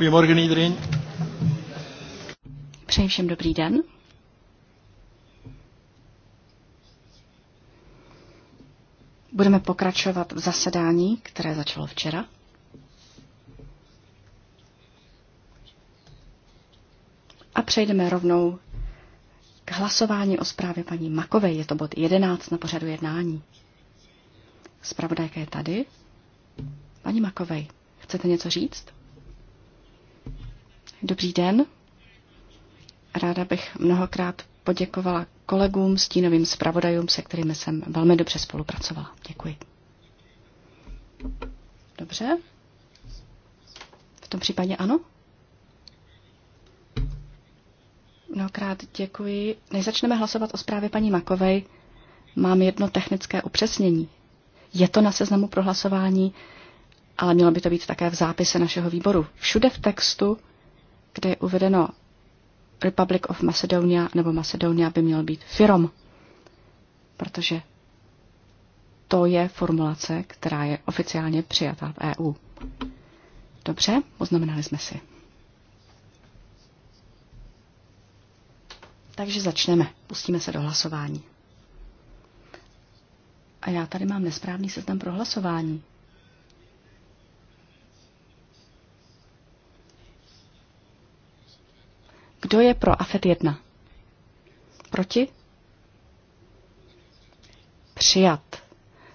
Goedemorgen iedereen. Přeji všem dobrý den. Budeme pokračovat v zasedání, které začalo včera. A přejdeme rovnou k hlasování o zprávě paní Makové. Je to bod 11 na pořadu jednání. Spravodajka je tady. Paní Makovej, chcete něco říct? Dobrý den. Ráda bych mnohokrát poděkovala kolegům, stínovým zpravodajům, se kterými jsem velmi dobře spolupracovala. Děkuji. Dobře. V tom případě ano? Mnohokrát děkuji. Než začneme hlasovat o zprávě paní Makovej, mám jedno technické upřesnění. Je to na seznamu pro hlasování, ale mělo by to být také v zápise našeho výboru. Všude v textu kde je uvedeno Republic of Macedonia nebo Macedonia by měl být firom, protože to je formulace, která je oficiálně přijatá v EU. Dobře, poznamenali jsme si. Takže začneme, pustíme se do hlasování. A já tady mám nesprávný seznam pro hlasování. Kdo je pro AFET 1? Proti? Přijat.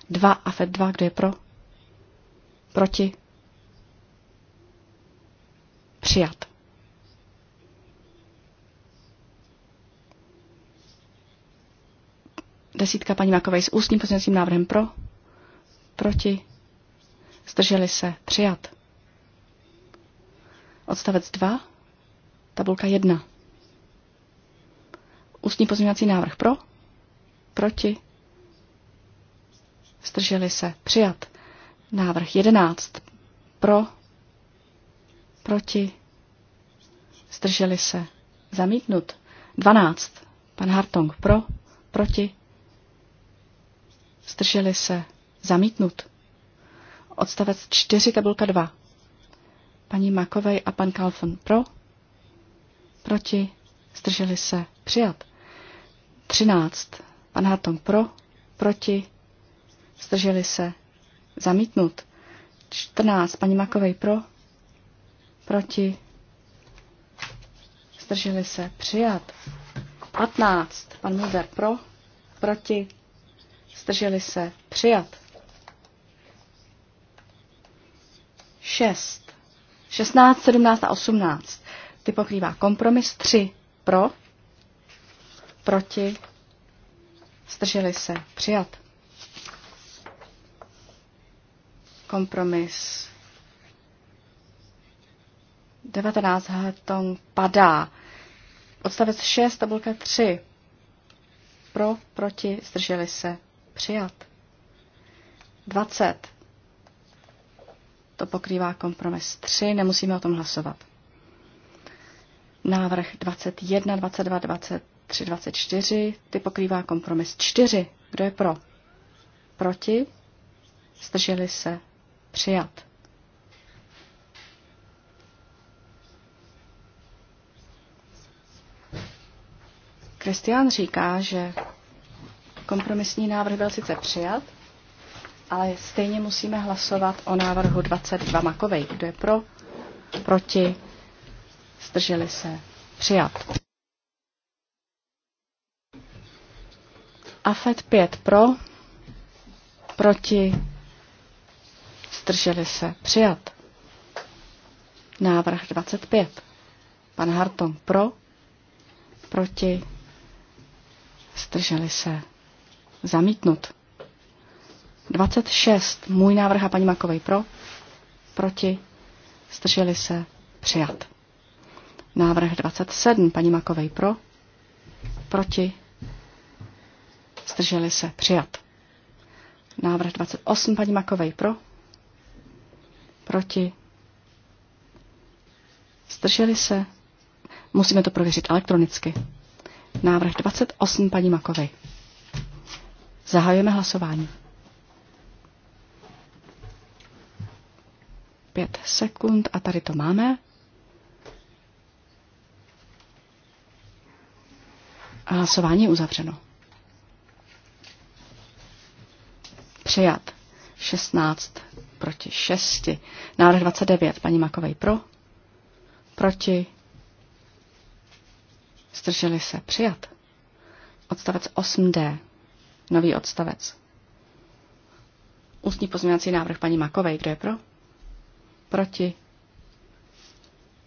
2 AFET 2, kdo je pro? Proti? Přijat. Desítka paní Makovej s ústním pozměňovacím návrhem pro? Proti? Zdrželi se. Přijat. Odstavec 2, tabulka 1. Ústní pozměňovací návrh pro? Proti? Zdrželi se. Přijat. Návrh 11. Pro? Proti? Zdrželi se. Zamítnut. 12. Pan Hartong pro? Proti? Zdrželi se. Zamítnut. Odstavec 4, tabulka 2. Paní Makovej a pan Kalfon pro? Proti? Zdrželi se. Přijat. 13. Pan Hartong pro, proti, zdrželi se, zamítnut. 14. Paní Makovej pro, proti, zdrželi se, přijat. 15. Pan Mulder pro, proti, zdrželi se, přijat. 6. 16, 17 a 18. Ty pokrývá kompromis 3 pro, Proti? Zdrželi se. Přijat. Kompromis. 19 hetong padá. Odstavec 6, tabulka 3. Pro, proti, zdrželi se. Přijat. 20. To pokrývá kompromis 3, nemusíme o tom hlasovat. Návrh 21, 22, 23 324, ty pokrývá kompromis 4. Kdo je pro? Proti? Zdrželi se? Přijat. Kristián říká, že kompromisní návrh byl sice přijat, ale stejně musíme hlasovat o návrhu 22 Makovej. Kdo je pro? Proti? Zdrželi se? Přijat. AFET 5 pro, proti, zdrželi se, přijat. Návrh 25. Pan Harton pro, proti, zdrželi se, zamítnut. 26. Můj návrh a paní Makovej pro, proti, zdrželi se, přijat. Návrh 27. Paní Makovej pro, proti, Zdrželi se. Přijat. Návrh 28. Paní Makovej pro. Proti. Zdrželi se. Musíme to prověřit elektronicky. Návrh 28. Paní Makovej. Zahajujeme hlasování. Pět sekund a tady to máme. A hlasování je uzavřeno. Přijat. 16 proti 6. Návrh 29. Paní Makovej pro. Proti. Strželi se. Přijat. Odstavec 8D. Nový odstavec. Ústní pozměňovací návrh paní Makovej. Kdo je pro? Proti.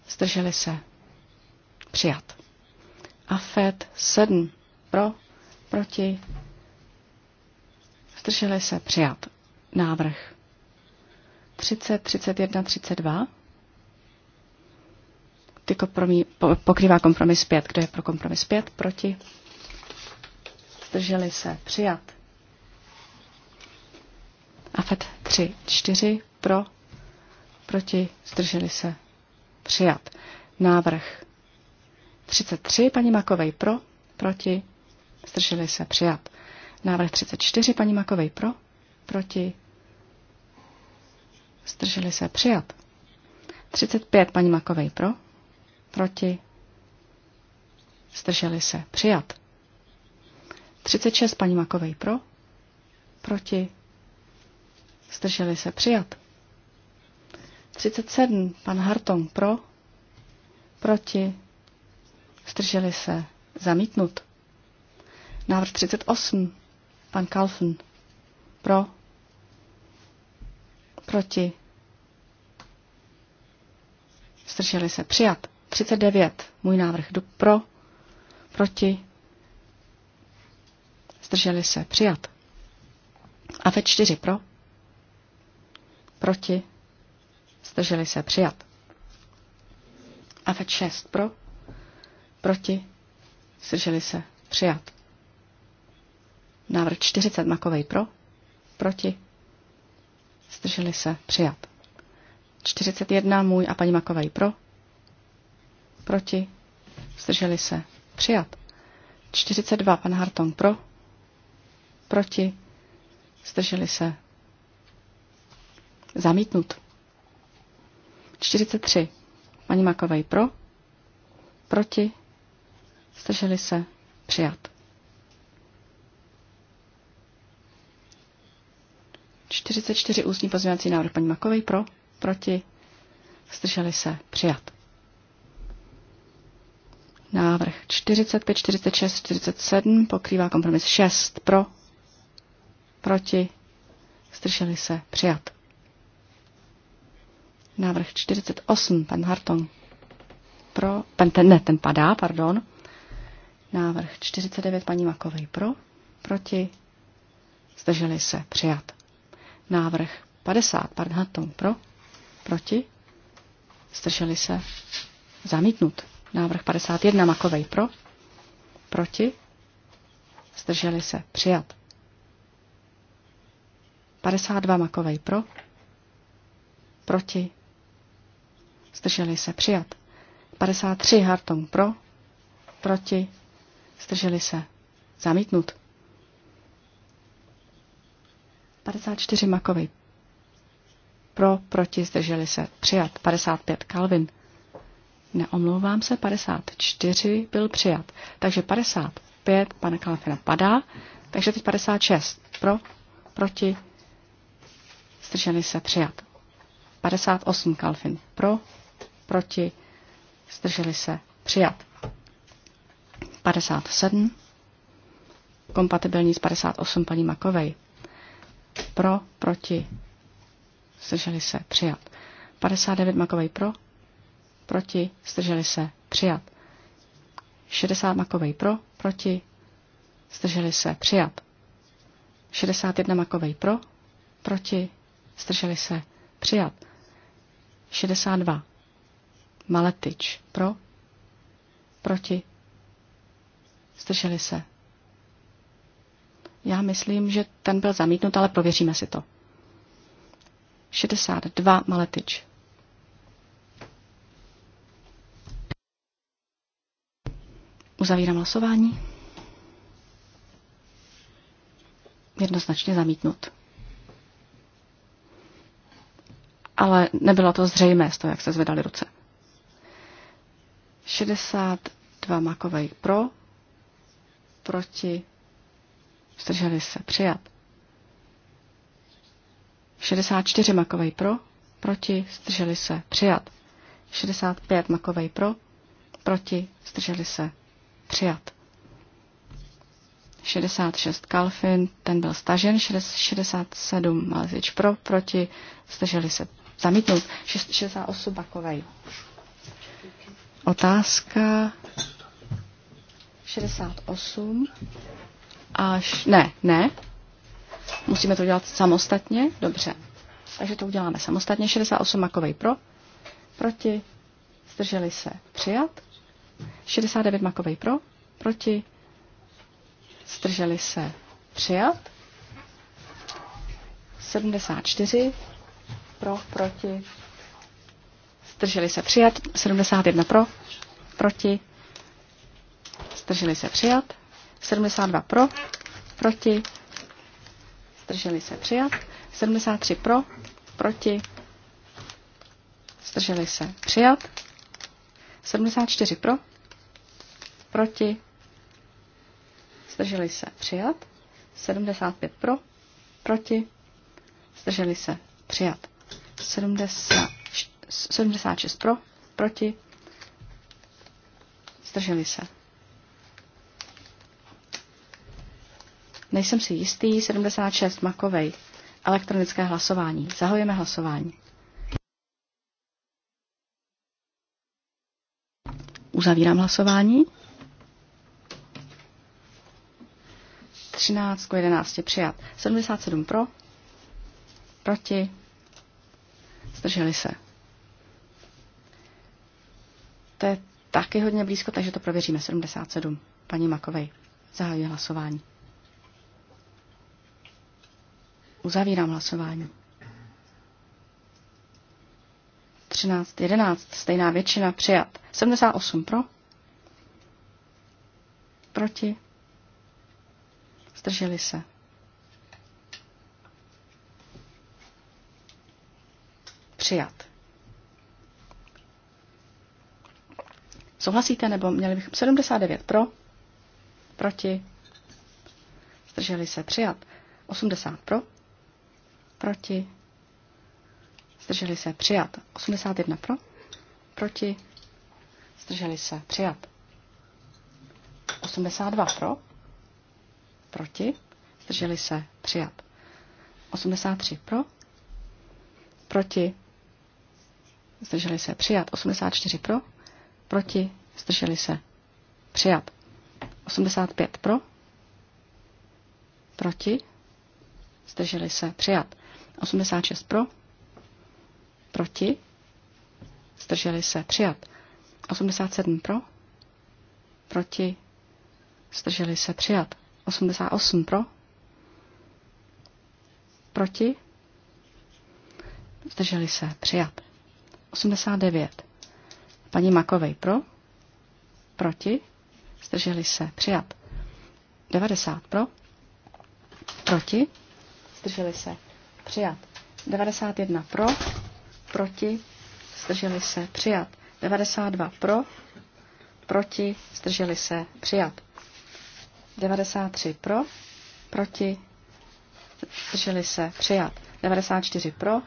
Strželi se. Přijat. AFED 7. Pro. Proti. Zdrželi se přijat. Návrh 30, 31, 32. Ty kompromis, pokrývá kompromis 5. Kdo je pro kompromis 5? Proti? Zdrželi se přijat. AFET 3, 4. Pro? Proti? Zdrželi se přijat. Návrh 33. Paní Makovej pro? Proti? Zdrželi se přijat. Návrh 34, paní Makovej pro, proti, zdrželi se přijat. 35, paní Makovej pro, proti, zdrželi se přijat. 36, paní Makovej pro, proti, zdrželi se přijat. 37, pan Hartong pro, proti, zdrželi se zamítnut. Návrh 38, Pan Kalfen. Pro. Proti. Zdrželi se. Přijat. 39. Můj návrh. Jdu pro. Proti. Zdrželi se. Přijat. A ve 4 pro. Proti. Zdrželi se. Přijat. A ve 6 pro. Proti. Zdrželi se. Přijat. Návrh 40 Makovej pro, proti, zdrželi se, přijat. 41 můj a paní Makovej pro, proti, zdrželi se, přijat. 42 pan Hartong pro, proti, zdrželi se, zamítnut. 43 paní Makovej pro, proti, zdrželi se, přijat. 44 ústní pozměňovací návrh paní Makovej pro, proti, zdrželi se, přijat. Návrh 45, 46, 47 pokrývá kompromis 6 pro, proti, zdrželi se, přijat. Návrh 48, pan Hartong, pro, pan, ten, ne, ten padá, pardon. Návrh 49, paní Makovej, pro, proti, zdrželi se, přijat. Návrh 50, Pardhaton pro, proti, zdrželi se, zamítnut. Návrh 51, Makovej pro, proti, zdrželi se, přijat. 52, Makovej pro, proti, zdrželi se, přijat. 53, Hartong pro, proti, zdrželi se, zamítnut. 54 Makovi. Pro, proti, zdrželi se. Přijat. 55 Kalvin. Neomlouvám se, 54 byl přijat. Takže 55 pana Kalfina padá. Takže teď 56. Pro, proti, zdrželi se. Přijat. 58 Kalfin. Pro, proti, zdrželi se. Přijat. 57 kompatibilní s 58 paní Makovej. Pro, proti, zdrželi se, přijat. 59 makovej pro, proti, zdrželi se, přijat. 60 makovej pro, proti, zdrželi se, přijat. 61 makovej pro, proti, zdrželi se, přijat. 62 maletič pro, proti, zdrželi se, já myslím, že ten byl zamítnut, ale prověříme si to. 62 Maletič. Uzavírám hlasování. Jednoznačně zamítnut. Ale nebylo to zřejmé z toho, jak se zvedali ruce. 62 Makovej pro, proti Zdrželi se. Přijat. 64 makovej pro. Proti. Zdrželi se. Přijat. 65 makovej pro. Proti. Zdrželi se. Přijat. 66 Kalfin, ten byl stažen, 67 Malzič pro, proti, zdrželi se zamítnout, 68 Bakovej. Otázka 68 až... Ne, ne. Musíme to dělat samostatně? Dobře. Takže to uděláme samostatně. 68 makovej pro, proti, zdrželi se přijat. 69 makovej pro, proti, zdrželi se přijat. 74 pro, proti, zdrželi se přijat. 71 pro, proti, zdrželi se přijat. 72 pro, proti, zdrželi se přijat. 73 pro, proti, zdrželi se přijat. 74 pro, proti, zdrželi se přijat. 75 pro, proti, zdrželi se přijat. 70, 76 pro, proti, zdrželi se Nejsem si jistý, 76 Makovej. Elektronické hlasování. Zahajujeme hlasování. Uzavírám hlasování. 13 k 11 přijat. 77 pro, proti, zdrželi se. To je taky hodně blízko, takže to prověříme. 77. Paní Makovej, zahajuje hlasování. Uzavírám hlasování. 13, 11, stejná většina, přijat. 78 pro, proti, zdrželi se. Přijat. Souhlasíte, nebo měli bychom 79 pro, proti, zdrželi se, přijat. 80 pro, proti, zdrželi se, přijat. 81 pro, proti, zdrželi se, přijat. 82 pro, proti, zdrželi se, přijat. 83 pro, proti, zdrželi se, přijat. 84 pro, proti, zdrželi se, přijat. 85 pro, proti, zdrželi se, přijat. 86 pro, proti, zdrželi se, přijat. 87 pro, proti, zdrželi se, přijat. 88 pro, proti, zdrželi se, přijat. 89. Paní Makovej pro, proti, zdrželi se, přijat. 90 pro, proti, zdrželi se, Přijat. 91 pro, proti, zdrželi se, přijat. 92 pro, proti, zdrželi se, přijat. 93 pro, proti, zdrželi se, přijat. 94 pro,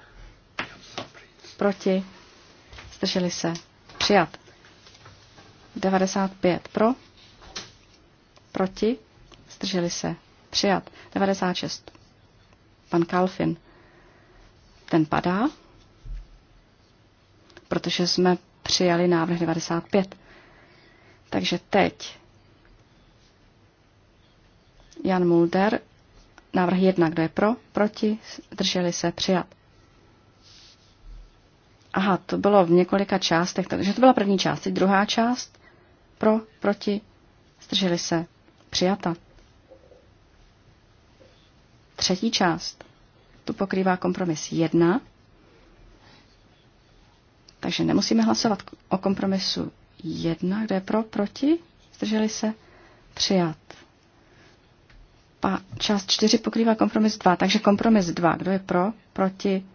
proti, zdrželi se, přijat. 95 pro, proti, zdrželi se, přijat. 96 pan Kalfin ten padá, protože jsme přijali návrh 95. Takže teď Jan Mulder, návrh 1, kdo je pro, proti, drželi se, přijat. Aha, to bylo v několika částech, takže to byla první část. Teď druhá část, pro, proti, zdrželi se, přijata. Třetí část, tu pokrývá kompromis 1, takže nemusíme hlasovat o kompromisu 1, kde je pro, proti, zdrželi se, přijat. Pa, část 4 pokrývá kompromis 2, takže kompromis 2, kdo je pro, proti,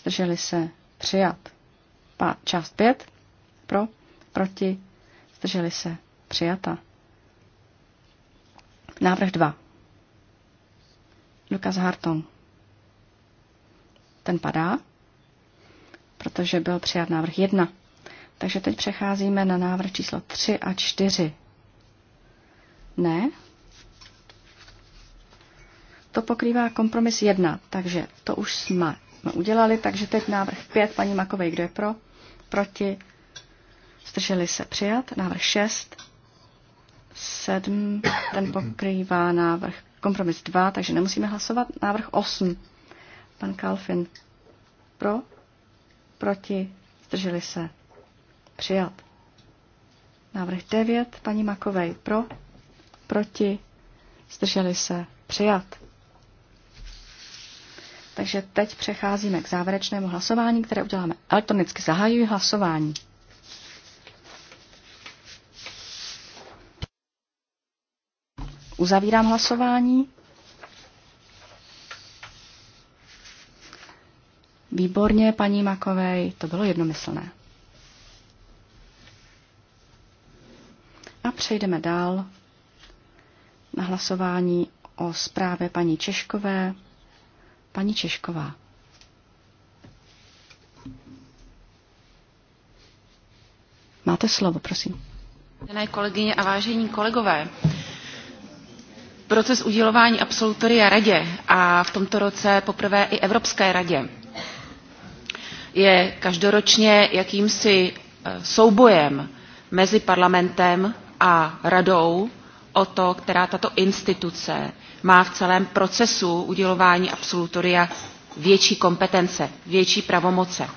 zdrželi se, přijat. Pa, část 5, pro, proti, zdrželi se, přijata. Návrh 2. Lukas Hartong. Ten padá, protože byl přijat návrh 1. Takže teď přecházíme na návrh číslo 3 a 4. Ne. To pokrývá kompromis 1, takže to už jsme, jsme udělali, takže teď návrh 5, paní Makovej, kdo je pro? Proti? Zdrželi se přijat. Návrh 6, 7, ten pokrývá návrh kompromis 2, takže nemusíme hlasovat. Návrh 8, Pan Kalfin. Pro? Proti? Zdrželi se. Přijat. Návrh 9. Paní Makovej. Pro? Proti? Zdrželi se. Přijat. Takže teď přecházíme k závěrečnému hlasování, které uděláme elektronicky. Zahajuji hlasování. Uzavírám hlasování. Výborně, paní Makovej, to bylo jednomyslné. A přejdeme dál na hlasování o zprávě paní Češkové. Paní Češková. Máte slovo, prosím. Vážené kolegyně a vážení kolegové, proces udělování absolutoria radě a v tomto roce poprvé i Evropské radě je každoročně jakýmsi eh, soubojem mezi parlamentem a radou o to, která tato instituce má v celém procesu udělování absolutoria větší kompetence, větší pravomoce.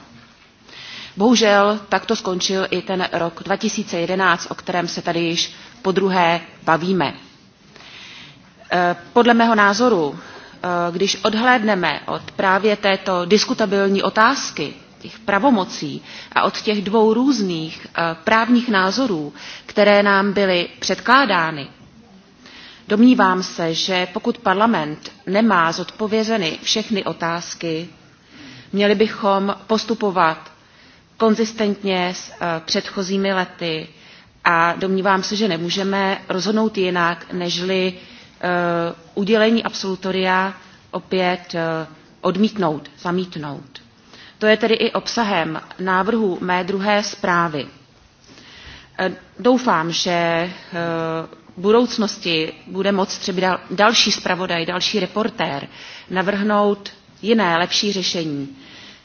Bohužel takto skončil i ten rok 2011, o kterém se tady již po druhé bavíme. Eh, podle mého názoru, eh, když odhlédneme od právě této diskutabilní otázky, těch pravomocí a od těch dvou různých eh, právních názorů, které nám byly předkládány, domnívám se, že pokud parlament nemá zodpovězeny všechny otázky, měli bychom postupovat konzistentně s eh, předchozími lety a domnívám se, že nemůžeme rozhodnout jinak, nežli eh, udělení absolutoria opět odmítnout, zamítnout. To je tedy i obsahem návrhu mé druhé zprávy. Eh, doufám, že eh, v budoucnosti bude moct třeba další zpravodaj, další reportér navrhnout jiné, lepší řešení.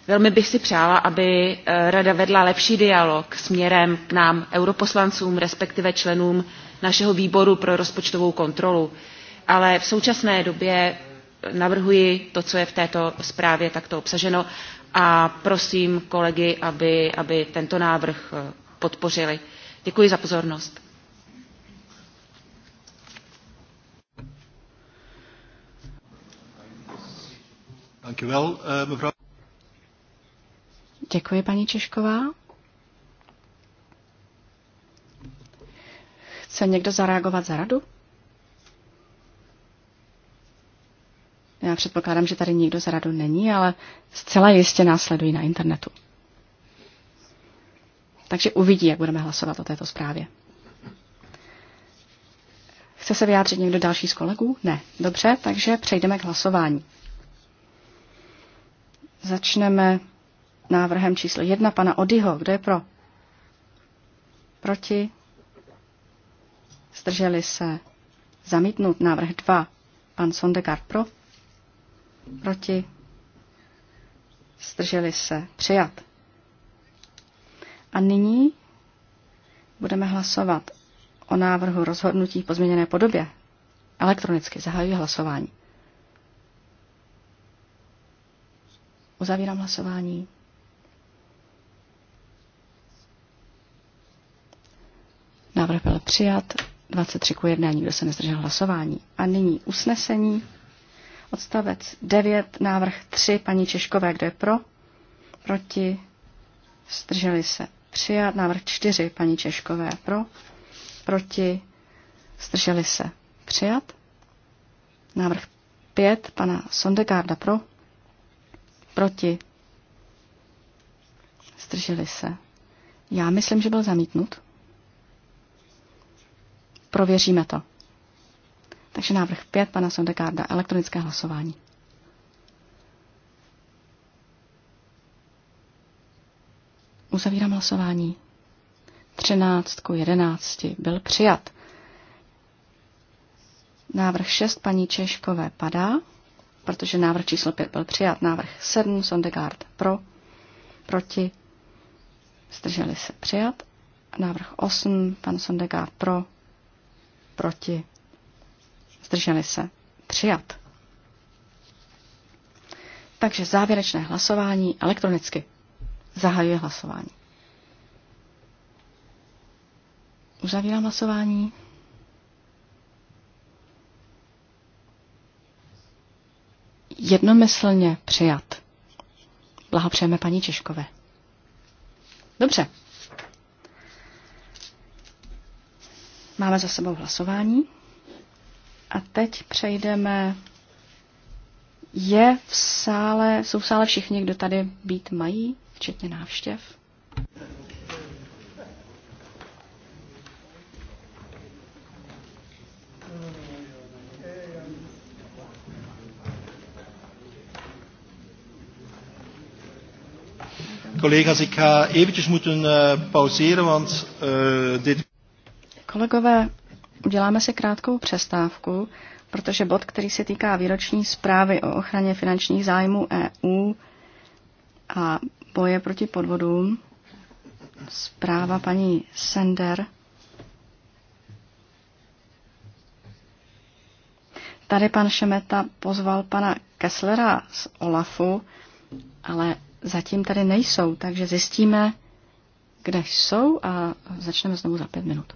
Velmi bych si přála, aby eh, Rada vedla lepší dialog směrem k nám, europoslancům, respektive členům našeho výboru pro rozpočtovou kontrolu. Ale v současné době navrhuji to, co je v této zprávě takto obsaženo a prosím kolegy, aby, aby tento návrh eh, podpořili. Děkuji za pozornost. Eh, Děkuji, paní Češková. Chce někdo zareagovat za radu? Já předpokládám, že tady nikdo z radu není, ale zcela jistě následují na internetu. Takže uvidí, jak budeme hlasovat o této zprávě. Chce se vyjádřit někdo další z kolegů? Ne. Dobře, takže přejdeme k hlasování. Začneme návrhem číslo jedna pana Odyho. Kdo je pro? Proti? Zdrželi se? Zamítnut návrh dva, Pan Sondegard pro? Proti? Zdrželi se. Přijat. A nyní budeme hlasovat o návrhu rozhodnutí v pozměněné podobě. Elektronicky zahajuji hlasování. Uzavírám hlasování. Návrh byl přijat. 23 k 1. Nikdo se nezdržel hlasování. A nyní usnesení. Odstavec 9, návrh 3, paní Češkové, kdo je pro? Proti? Zdrželi se. Přijat. Návrh 4, paní Češkové, pro? Proti? Zdrželi se. Přijat. Návrh 5, pana Sondegarda, pro? Proti? Zdrželi se. Já myslím, že byl zamítnut. Prověříme to. Takže návrh 5 pana Sondegarda, elektronické hlasování. Uzavírám hlasování. 13 ku 11 byl přijat. Návrh 6 paní Češkové padá, protože návrh číslo 5 byl přijat. Návrh 7 Sondegard pro, proti, zdrželi se přijat. Návrh 8 pan Sondegard pro, proti, zdrželi se, přijat. Takže závěrečné hlasování elektronicky. Zahajuje hlasování. Uzavírám hlasování. Jednomyslně přijat. Blahopřejeme paní Češkové. Dobře. Máme za sebou hlasování. A teď přejdeme. Je v sále, jsou v sále všichni, kdo tady být mají, včetně návštěv? Eh, eh, Kolegové, Uděláme si krátkou přestávku, protože bod, který se týká výroční zprávy o ochraně finančních zájmů EU a boje proti podvodům, zpráva paní Sender. Tady pan Šemeta pozval pana Kesslera z Olafu, ale zatím tady nejsou, takže zjistíme, kde jsou a začneme znovu za pět minut.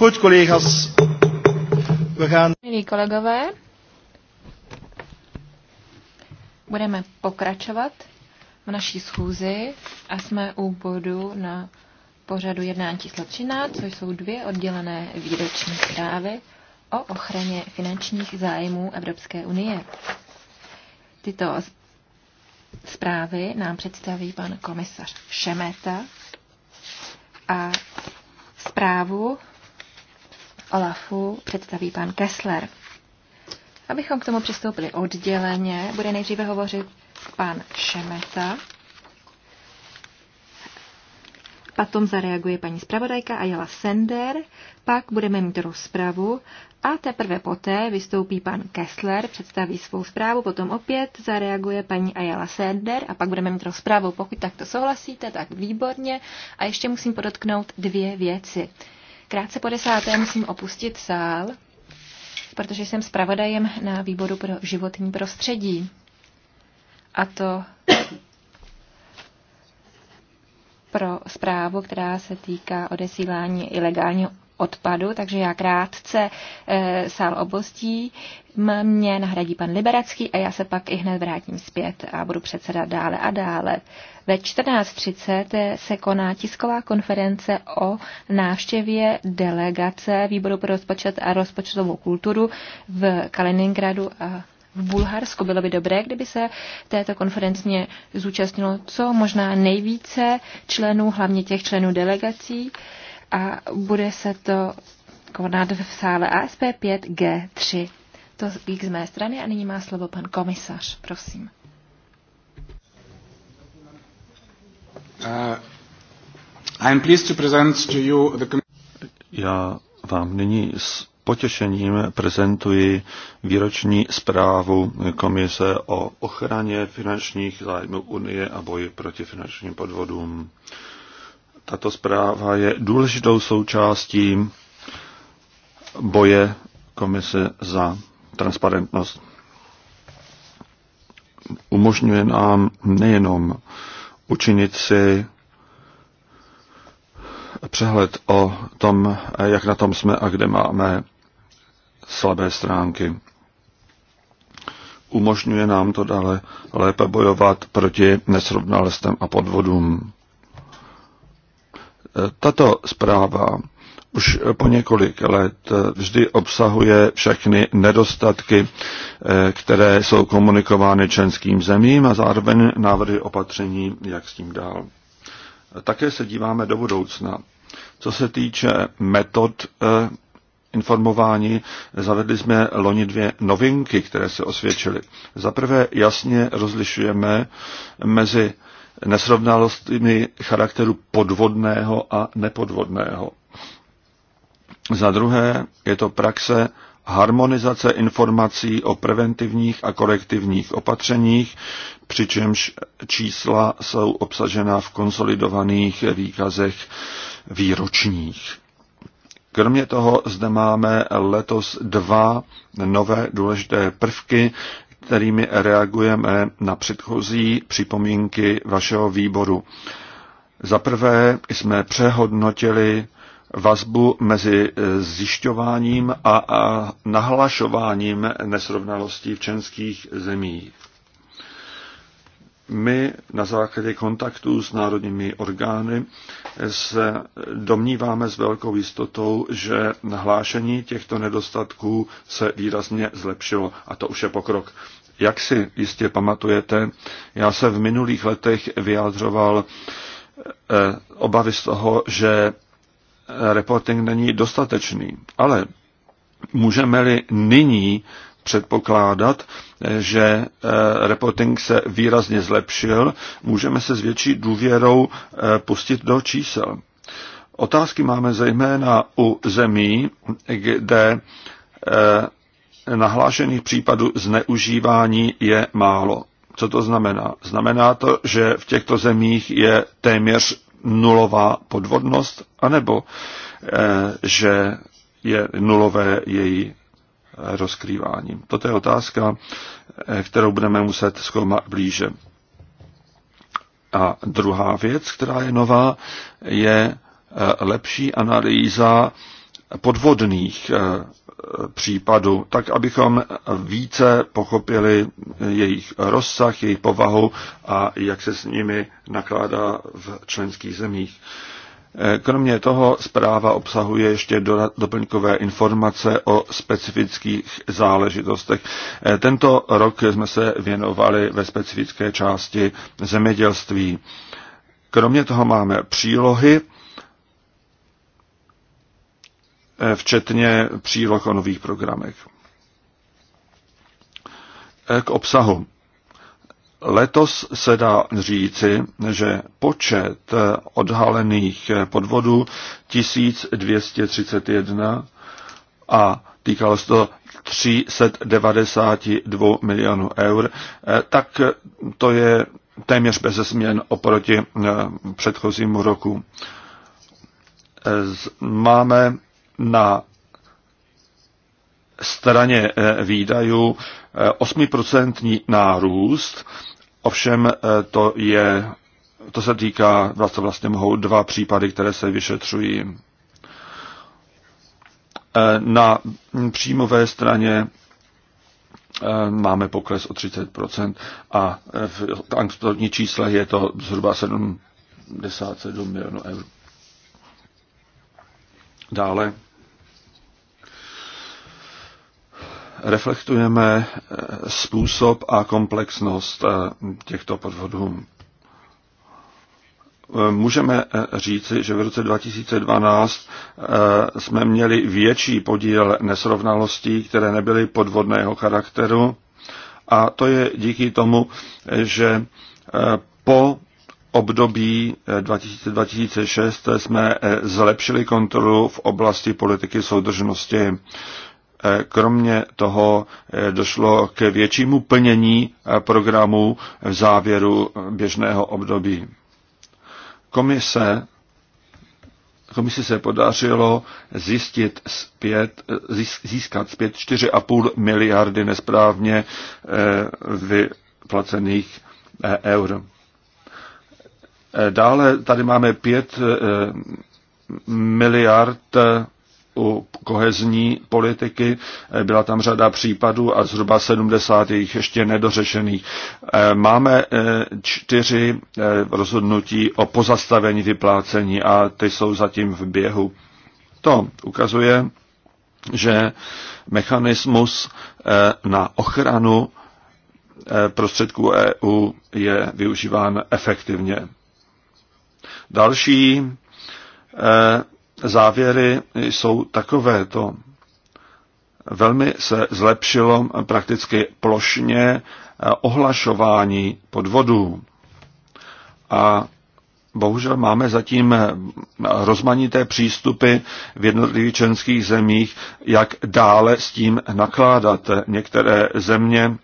Goed, collega's. We gaan... Milí kolegové, budeme pokračovat v naší schůzi a jsme u bodu na pořadu jednání číslo 13, což jsou dvě oddělené výroční zprávy o ochraně finančních zájmů Evropské unie. Tyto zprávy nám představí pan komisař Šemeta a zprávu OLAFu představí pan Kessler. Abychom k tomu přistoupili odděleně, bude nejdříve hovořit pan Šemeta. Potom zareaguje paní zpravodajka Ajela Sender, pak budeme mít rozpravu a teprve poté vystoupí pan Kessler, představí svou zprávu, potom opět zareaguje paní Ajela Sender a pak budeme mít rozpravu. Pokud takto souhlasíte, tak výborně. A ještě musím podotknout dvě věci. Krátce po desáté musím opustit sál, protože jsem zpravodajem na výboru pro životní prostředí. A to pro zprávu, která se týká odesílání ilegálního odpadu, takže já krátce e, sál obostí. Mě nahradí pan Liberacký a já se pak i hned vrátím zpět a budu předsedat dále a dále. Ve 14.30 eh, se koná tisková konference o návštěvě delegace Výboru pro rozpočet a rozpočtovou kulturu v Kaliningradu a v Bulharsku. Bylo by dobré, kdyby se této konferencně zúčastnilo co možná nejvíce členů, hlavně těch členů delegací a bude se to konat v sále ASP 5G3. To z mé strany a nyní má slovo pan komisař, prosím. Uh, pleased to present to you the... Já vám nyní s potěšením prezentuji výroční zprávu Komise o ochraně finančních zájmů Unie a boji proti finančním podvodům. Uh, tato zpráva je důležitou součástí boje komise za transparentnost. Umožňuje nám nejenom učinit si přehled o tom, jak na tom jsme a kde máme slabé stránky. Umožňuje nám to dále lépe bojovat proti nesrovnalostem a podvodům. Tato zpráva už po několik let vždy obsahuje všechny nedostatky, eh, které jsou komunikovány členským zemím a zároveň návrhy opatření, jak s tím dál. Také se díváme do budoucna. Co se týče metod eh, informování, zavedli jsme loni dvě novinky, které se osvědčily. Za prvé jasně rozlišujeme mezi nesrovnalostmi charakteru podvodného a nepodvodného. Za druhé je to praxe harmonizace informací o preventivních a korektivních opatřeních, přičemž čísla jsou obsažena v konsolidovaných výkazech výročních. Kromě toho zde máme letos dva nové důležité prvky, kterými reagujeme na předchozí připomínky vašeho výboru. Za prvé jsme přehodnotili vazbu mezi zjišťováním a, nahlašováním nesrovnalostí v členských zemích. My na základě kontaktů s národními orgány se domníváme s velkou jistotou, že nahlášení těchto nedostatků se výrazně zlepšilo a to už je pokrok. Jak si jistě pamatujete, já se v minulých letech vyjádřoval eh, obavy z toho, že eh, reporting není dostatečný. Ale můžeme-li nyní předpokládat, eh, že reporting se výrazně zlepšil, můžeme se s větší důvěrou pustit do čísel. Otázky máme zejména u zemí, kde nahlášených případů zneužívání je málo. Co to znamená? Znamená to, že v těchto zemích je téměř nulová podvodnost, anebo eh, že je nulové její eh, rozkrývání. Toto je otázka, eh, kterou budeme muset zkoumat blíže. A druhá věc, která je nová, je eh, lepší analýza podvodných případu, tak abychom více pochopili jejich rozsah, jejich povahu a jak se s nimi nakládá v členských zemích. Kromě toho zpráva obsahuje ještě doplňkové informace o specifických záležitostech. Tento rok jsme se věnovali ve specifické části zemědělství. Kromě toho máme přílohy, Eh, včetně příloh o nových programech. Eh, k obsahu. Letos se dá říci, že počet eh, odhalených podvodů 1231 a týkalo se to 392 milionů eur, tak to je téměř bez změn oproti předchozímu roku. Máme na straně eh, výdajů 8% eh, nárůst, ovšem eh, to je to se týká, vlastně, vlastně mohou dva případy, které se vyšetřují. Na příjmové straně máme pokles o 30% a v absolutní čísle je to zhruba 77 milionů eur. Dále reflektujeme eh, způsob a komplexnost eh, těchto podvodů. Eh, můžeme říci, že v roce 2012 jsme měli větší podíl nesrovnalostí, které nebyly podvodného charakteru. A to je díky tomu, že po období 2006 jsme zlepšili kontrolu v oblasti politiky soudržnosti. Kromě toho eh, došlo k většímu plnění eh, programu v závěru eh, běžného období. Komise komisi se podařilo zjistit zpět, získat zpět 4,5 miliardy nesprávně vyplacených eur. Dále tady máme 5 miliard u kohezní politiky. Eh, byla tam řada případů a zhruba 70 jich ještě nedořešených. Eh, máme eh, čtyři rozhodnutí o pozastavení vyplácení a ty jsou zatím v běhu. To ukazuje, že mechanismus na ochranu prostředků EU je využíván efektivně. Další závěry jsou takovéto. Velmi se zlepšilo prakticky plošně ohlašování podvodů. A bohužel máme zatím rozmanité přístupy v jednotlivých členských zemích, jak dále s tím nakládat. Některé země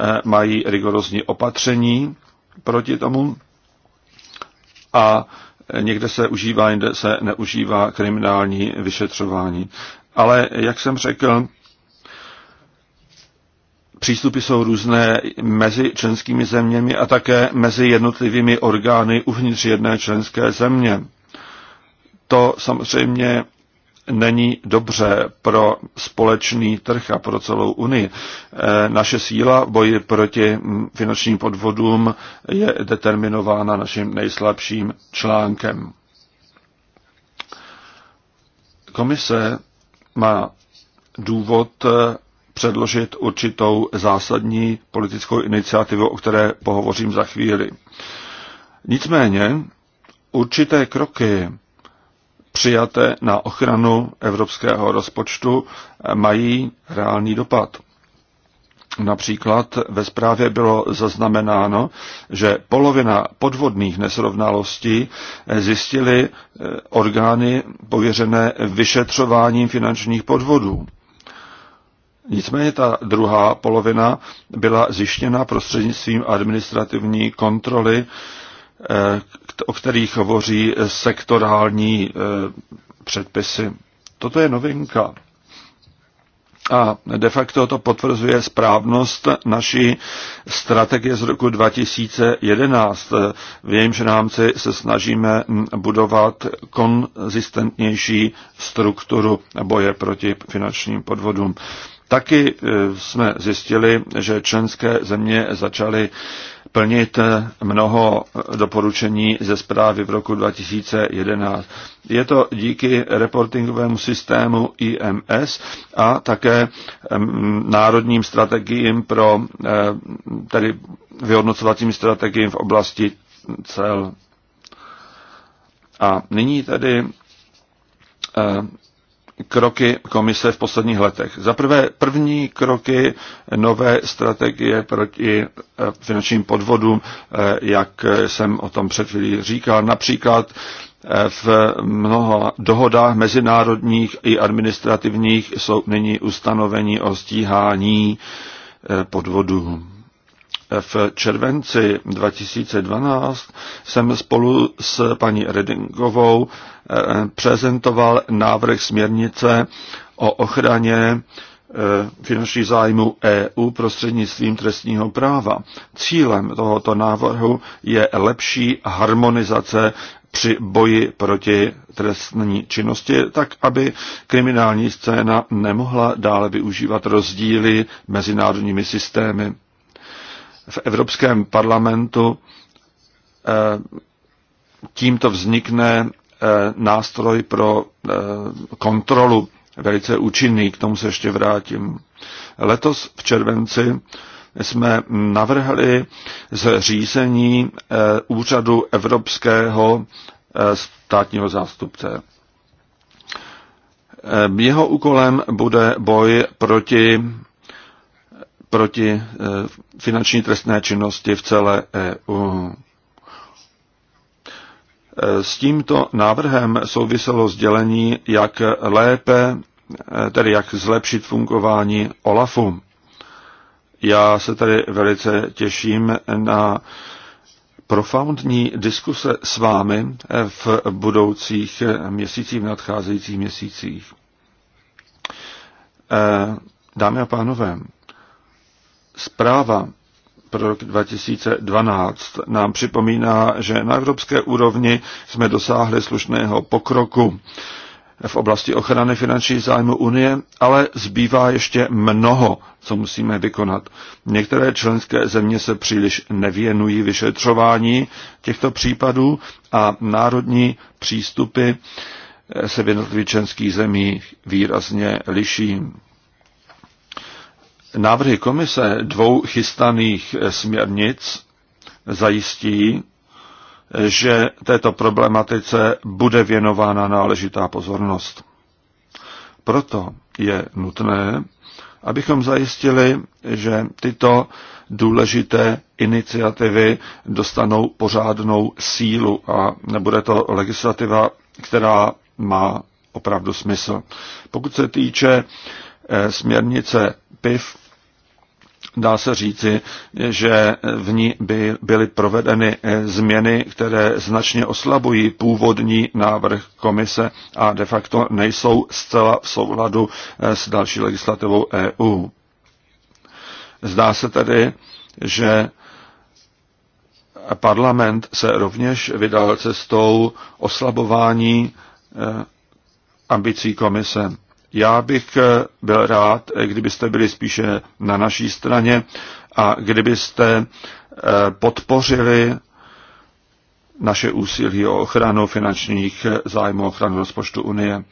eh, mají rigorózní opatření proti tomu a někde se užívá, někde se neužívá kriminální vyšetřování. Ale, jak jsem řekl, přístupy jsou různé mezi členskými zeměmi a také mezi jednotlivými orgány uvnitř jedné členské země. To samozřejmě není dobře pro společný trh a pro celou Unii. E, naše síla v boji proti finančním podvodům je determinována naším nejslabším článkem. Komise má důvod e, předložit určitou zásadní politickou iniciativu, o které pohovořím za chvíli. Nicméně určité kroky přijaté na ochranu evropského rozpočtu eh, mají reálný dopad. Například ve zprávě bylo zaznamenáno, že polovina podvodných nesrovnalostí eh, zjistily eh, orgány pověřené vyšetřováním finančních podvodů. Nicméně ta druhá polovina byla zjištěna prostřednictvím administrativní kontroly Eh, o kterých hovoří sektorální eh, předpisy. Toto je novinka. A de facto to potvrzuje správnost naší strategie z roku 2011. V jejímž rámci se snažíme hm, budovat konzistentnější strukturu boje proti finančním podvodům. Taky eh, jsme zjistili, že členské země začaly plnit mnoho doporučení ze zprávy v roku 2011. Je to díky reportingovému systému IMS a také národním strategiím pro, eh, tedy vyhodnocovacím strategiím v oblasti cel. A nyní tedy eh, kroky komise v posledních letech. Za prvé první kroky nové strategie proti eh, finančním podvodům, eh, jak jsem o tom před chvílí říkal, například eh, v mnoha dohodách mezinárodních i administrativních jsou nyní ustanovení o stíhání podvodů. V červenci 2012 jsem spolu s paní Redingovou eh, prezentoval návrh směrnice o ochraně eh, finančních zájmů EU prostřednictvím trestního práva. Cílem tohoto návrhu je lepší harmonizace při boji proti trestní činnosti, tak aby kriminální scéna nemohla dále využívat rozdíly mezinárodními systémy v Evropském parlamentu eh, tímto vznikne eh, nástroj pro eh, kontrolu velice účinný, k tomu se ještě vrátím. Letos v červenci jsme navrhli zřízení úřadu evropského státního zástupce. Jeho úkolem bude boj proti proti eh, finanční trestné činnosti v celé EU. Eh, s tímto návrhem souviselo sdělení, jak lépe, eh, tedy jak zlepšit fungování OLAFu. Já se tedy velice těším na profoundní diskuse s vámi v budoucích měsících, v nadcházejících měsících. Dámy a pánové, Zpráva pro rok 2012 nám připomíná, že na evropské úrovni jsme dosáhli slušného pokroku v oblasti ochrany finančních zájmů Unie, ale zbývá ještě mnoho, co musíme vykonat. Některé členské země se příliš nevěnují vyšetřování těchto případů a národní přístupy se v jednotlivých členských zemích výrazně liší. Návrhy komise dvou chystaných směrnic zajistí, že této problematice bude věnována náležitá pozornost. Proto je nutné, abychom zajistili, že tyto důležité iniciativy dostanou pořádnou sílu a nebude to legislativa, která má opravdu smysl. Pokud se týče eh, směrnice PIV, dá se říci, že v ní by byly provedeny eh, změny, které značně oslabují původní návrh komise a de facto nejsou zcela v souladu eh, s další legislativou EU. Zdá se tedy, že parlament se rovněž vydal cestou oslabování eh, ambicí komise. Já bych eh, byl rád, eh, kdybyste byli spíše na naší straně a kdybyste eh, podpořili naše úsilí o ochranu finančních zájmů, ochranu rozpočtu Unie.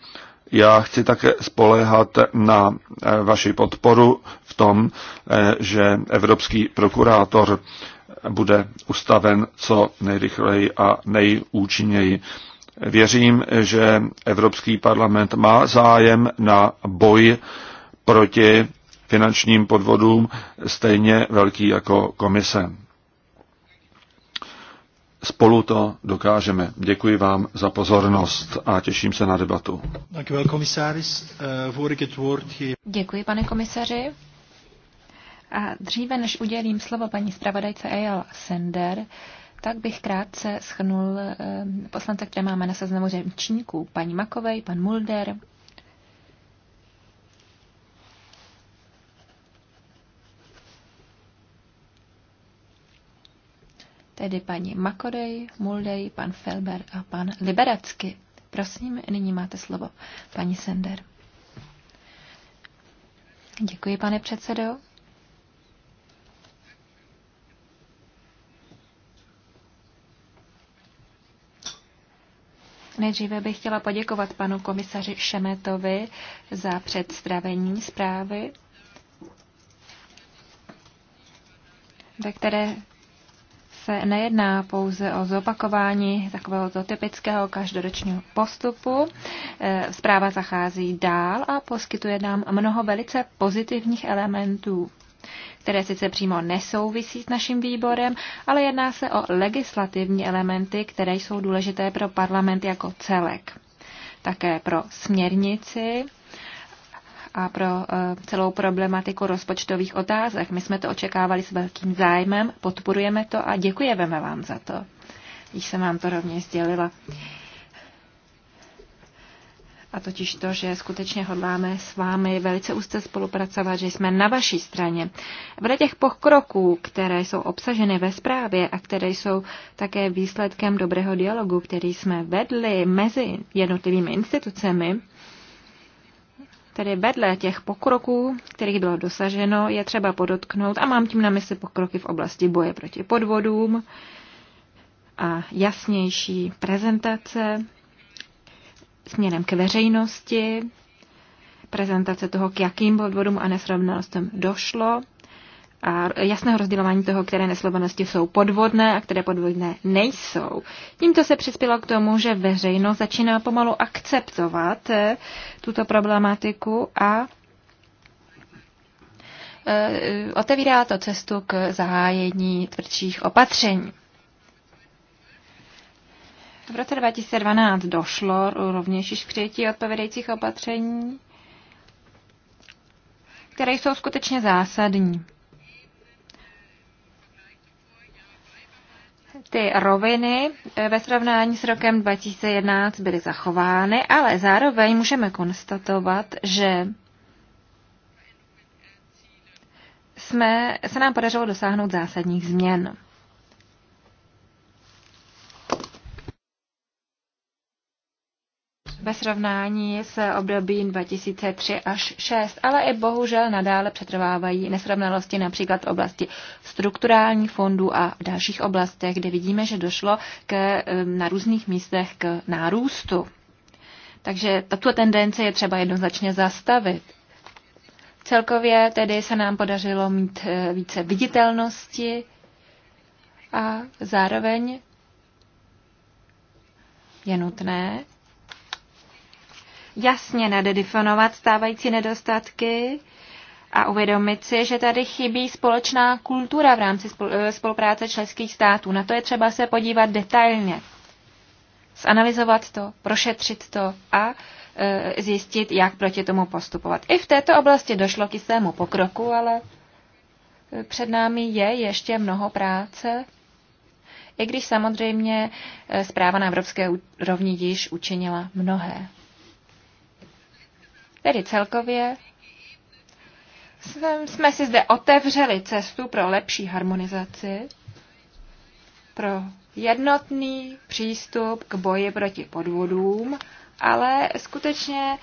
Já chci také spoléhat na vaši podporu v tom, že evropský prokurátor bude ustaven co nejrychleji a nejúčinněji. Věřím, že Evropský parlament má zájem na boj proti finančním podvodům stejně velký jako komise. Spolu to dokážeme. Děkuji vám za pozornost a těším se na debatu. Uh, Děkuji, pane komisaři. A dříve, než udělím slovo paní zpravodajce Eyal Sender, tak bych krátce schrnul eh, poslance, které máme na seznamu řečníků. Paní Makovej, pan Mulder, tedy paní Makodej, Muldej, pan Felber a pan Liberacky. Prosím, nyní máte slovo, paní Sender. Děkuji, pane předsedo. Nejdříve bych chtěla poděkovat panu komisaři Šemetovi za představení zprávy, ve které se nejedná pouze o zopakování takovéhoto typického každoročního postupu. Eh, zpráva zachází dál a poskytuje nám mnoho velice pozitivních elementů které sice přímo nesouvisí s naším výborem, ale jedná se o legislativní elementy, které jsou důležité pro parlament jako celek. Také pro směrnici a pro eh, celou problematiku rozpočtových otázek. My jsme to očekávali s velkým zájmem, podporujeme to a děkujeme vám za to. Již jsem vám to rovněž sdělila a totiž to, že skutečně hodláme s vámi velice úzce spolupracovat, že jsme na vaší straně. V těch pokroků, které jsou obsaženy ve zprávě a které jsou také výsledkem dobrého dialogu, který jsme vedli mezi jednotlivými institucemi, Tedy vedle těch pokroků, kterých bylo dosaženo, je třeba podotknout, a mám tím na mysli pokroky v oblasti boje proti podvodům a jasnější prezentace směrem k veřejnosti, prezentace toho, k jakým podvodům a nesrovnalostem došlo a jasného rozdělování toho, které nesrovnalosti jsou podvodné a které podvodné nejsou. Tímto se přispělo k tomu, že veřejnost začíná pomalu akceptovat eh, tuto problematiku a eh, otevírá to cestu k zahájení tvrdších opatření. V roce 2012 došlo rovněž již k přijetí odpovědejících opatření, které jsou skutečně zásadní. Ty roviny eh, ve srovnání s rokem 2011 byly zachovány, ale zároveň můžeme konstatovat, že jsme, se nám podařilo dosáhnout zásadních změn. ve srovnání s obdobím 2003 až 2006, ale i bohužel nadále přetrvávají nesrovnalosti například v oblasti strukturálních fondů a v dalších oblastech, kde vidíme, že došlo k, na různých místech k nárůstu. Takže tato tendence je třeba jednoznačně zastavit. Celkově tedy se nám podařilo mít e, více viditelnosti a zároveň je nutné, jasně nadefinovat stávající nedostatky a uvědomit si, že tady chybí společná kultura v rámci eh, spolupráce členských států. Na to je třeba se podívat detailně, zanalizovat to, prošetřit to a eh, zjistit, jak proti tomu postupovat. I v této oblasti došlo k jistému pokroku, ale eh, před námi je ještě mnoho práce, i když samozřejmě zpráva na evropské úrovni již učinila mnohé. Tedy celkově jsme si zde otevřeli cestu pro lepší harmonizaci, pro jednotný přístup k boji proti podvodům, ale skutečně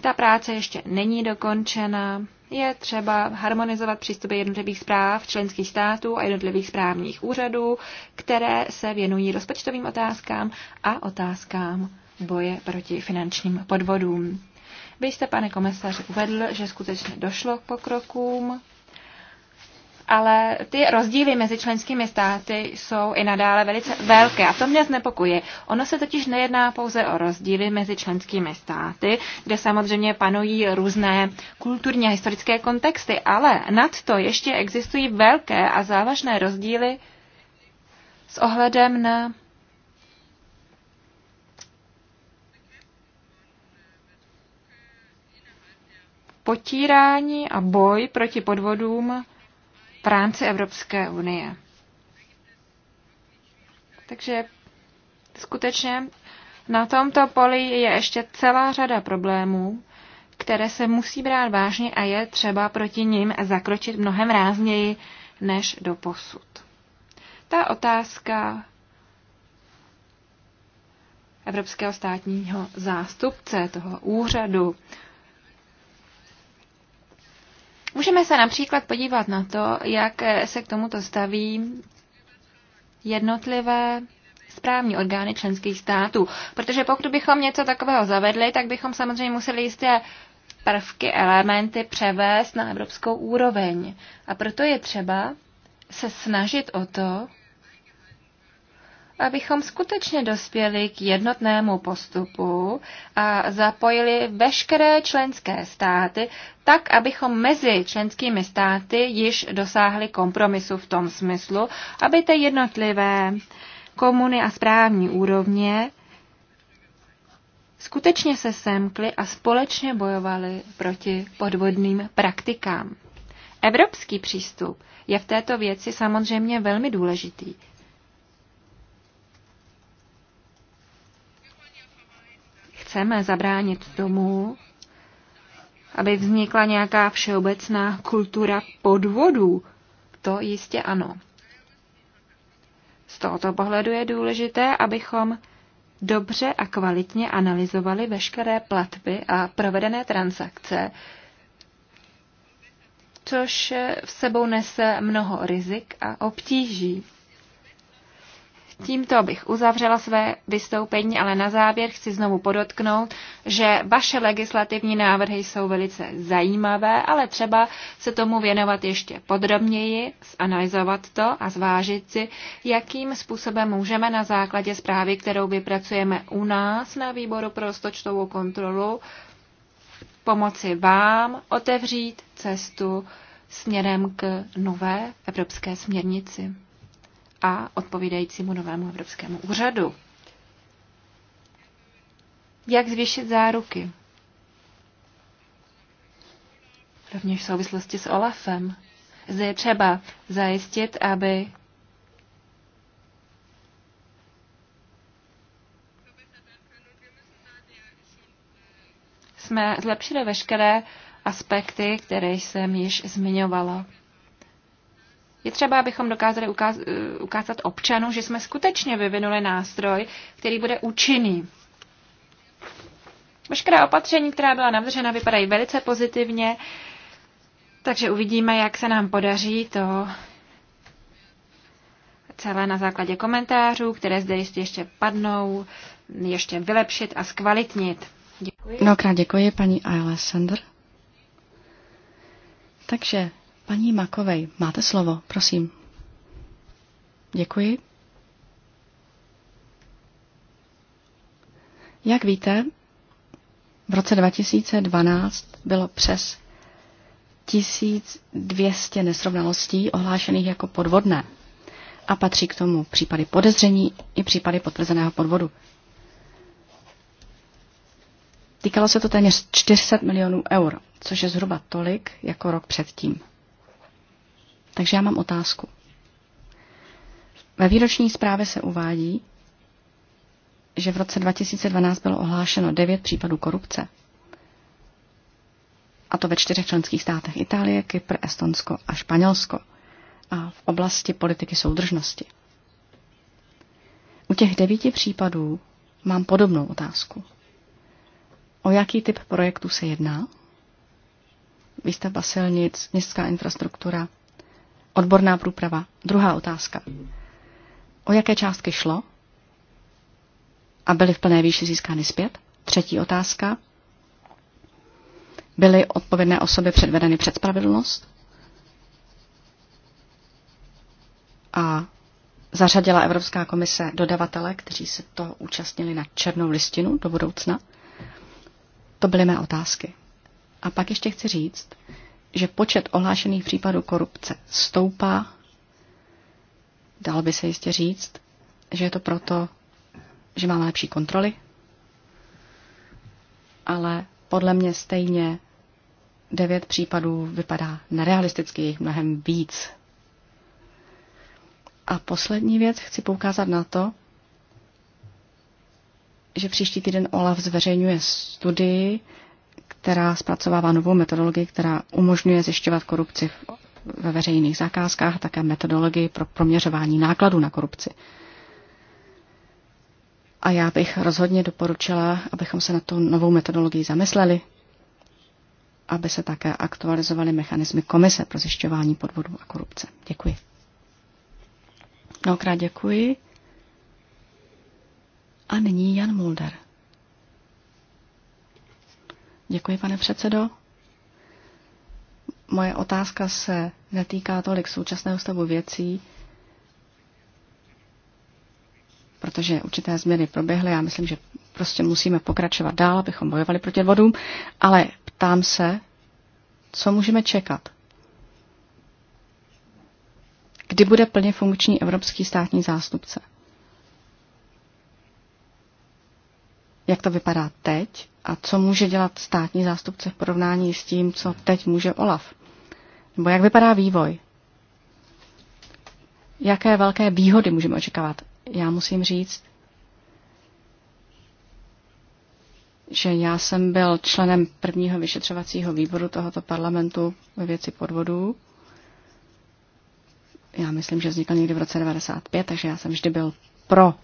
ta práce ještě není dokončena. Je třeba harmonizovat přístupy jednotlivých zpráv členských států a jednotlivých správních úřadů, které se věnují rozpočtovým otázkám a otázkám boje proti finančním podvodům. Vy jste, pane komisaři, uvedl, že skutečně došlo k pokrokům, ale ty rozdíly mezi členskými státy jsou i nadále velice velké a to mě znepokuje. Ono se totiž nejedná pouze o rozdíly mezi členskými státy, kde samozřejmě panují různé kulturní a historické kontexty, ale nad to ještě existují velké a závažné rozdíly s ohledem na potírání a boj proti podvodům v rámci Evropské unie. Takže skutečně na tomto poli je ještě celá řada problémů, které se musí brát vážně a je třeba proti ním zakročit mnohem rázněji než do posud. Ta otázka evropského státního zástupce, toho úřadu, Můžeme se například podívat na to, jak se k tomuto staví jednotlivé správní orgány členských států. Protože pokud bychom něco takového zavedli, tak bychom samozřejmě museli jisté prvky, elementy převést na evropskou úroveň. A proto je třeba se snažit o to, abychom skutečně dospěli k jednotnému postupu a zapojili veškeré členské státy, tak abychom mezi členskými státy již dosáhli kompromisu v tom smyslu, aby ty jednotlivé komuny a správní úrovně skutečně se semkly a společně bojovali proti podvodným praktikám. Evropský přístup je v této věci samozřejmě velmi důležitý. chceme zabránit tomu, aby vznikla nějaká všeobecná kultura podvodů. To jistě ano. Z tohoto pohledu je důležité, abychom dobře a kvalitně analyzovali veškeré platby a provedené transakce, což v sebou nese mnoho rizik a obtíží. Tímto bych uzavřela své vystoupení, ale na závěr chci znovu podotknout, že vaše legislativní návrhy jsou velice zajímavé, ale třeba se tomu věnovat ještě podrobněji, zanalizovat to a zvážit si, jakým způsobem můžeme na základě zprávy, kterou vypracujeme u nás na výboru pro rozpočtovou kontrolu, pomoci vám otevřít cestu směrem k nové evropské směrnici a odpovídajícímu novému evropskému úřadu. Jak zvýšit záruky? Rovněž v souvislosti s OLAFem. Zde je třeba zajistit, aby jsme zlepšili veškeré aspekty, které jsem již zmiňovala. Je třeba, abychom dokázali ukáz, eh, ukázat občanům, že jsme skutečně vyvinuli nástroj, který bude účinný. Veškerá opatření, která byla navržena, vypadají velice pozitivně, takže uvidíme, jak se nám podaří to celé na základě komentářů, které zde jistě ještě padnou, ještě vylepšit a zkvalitnit. Děkuji. Mnohokrát děkuji, paní Sander. Takže Paní Makovej, máte slovo, prosím. Děkuji. Jak víte, v roce 2012 bylo přes 1200 nesrovnalostí ohlášených jako podvodné a patří k tomu případy podezření i případy potvrzeného podvodu. Týkalo se to téměř 400 milionů eur, což je zhruba tolik jako rok předtím. Takže já mám otázku. Ve výroční zprávě se uvádí, že v roce 2012 bylo ohlášeno 9 případů korupce. A to ve čtyřech členských státech Itálie, Kypr, Estonsko a Španělsko. A v oblasti politiky soudržnosti. U těch devíti případů mám podobnou otázku. O jaký typ projektů se jedná? Výstavba silnic, městská infrastruktura, Odborná průprava. Druhá otázka. O jaké částky šlo? A byly v plné výši získány zpět? Třetí otázka. Byly odpovědné osoby předvedeny před spravedlnost? A zařadila Evropská komise dodavatele, kteří se to účastnili na černou listinu do budoucna? To byly mé otázky. A pak ještě chci říct, že počet ohlášených případů korupce stoupá. Dal by se jistě říct, že je to proto, že máme lepší kontroly, ale podle mě stejně devět případů vypadá nerealisticky, jich mnohem víc. A poslední věc chci poukázat na to, že příští týden OLAF zveřejňuje studii, která zpracovává novou metodologii, která umožňuje zjišťovat korupci ve veřejných zakázkách, také metodologii pro proměřování nákladů na korupci. A já bych rozhodně doporučila, abychom se na tu novou metodologii zamysleli, aby se také aktualizovaly mechanismy komise pro zjišťování podvodů a korupce. Děkuji. Mnohokrát děkuji. A nyní Jan Mulder. Děkuji, pane předsedo. Moje otázka se netýká tolik současného stavu věcí, protože určité změny proběhly. Já myslím, že prostě musíme pokračovat dál, abychom bojovali proti vodům, ale ptám se, co můžeme čekat? Kdy bude plně funkční evropský státní zástupce? jak to vypadá teď a co může dělat státní zástupce v porovnání s tím, co teď může OLAF. Nebo jak vypadá vývoj. Jaké velké výhody můžeme očekávat? Já musím říct, že já jsem byl členem prvního vyšetřovacího výboru tohoto parlamentu ve věci podvodů. Já myslím, že vznikl někdy v roce 95, takže já jsem vždy byl pro